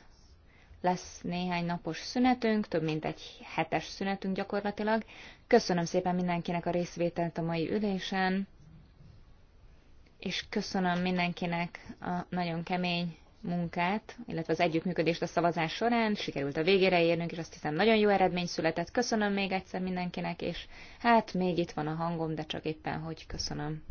lesz néhány napos szünetünk, több mint egy hetes szünetünk gyakorlatilag. Köszönöm szépen mindenkinek a részvételt a mai ülésen, és köszönöm mindenkinek a nagyon kemény munkát, illetve az együttműködést a szavazás során. Sikerült a végére érnünk, és azt hiszem nagyon jó eredmény született. Köszönöm még egyszer mindenkinek, és hát még itt van a hangom, de csak éppen hogy köszönöm.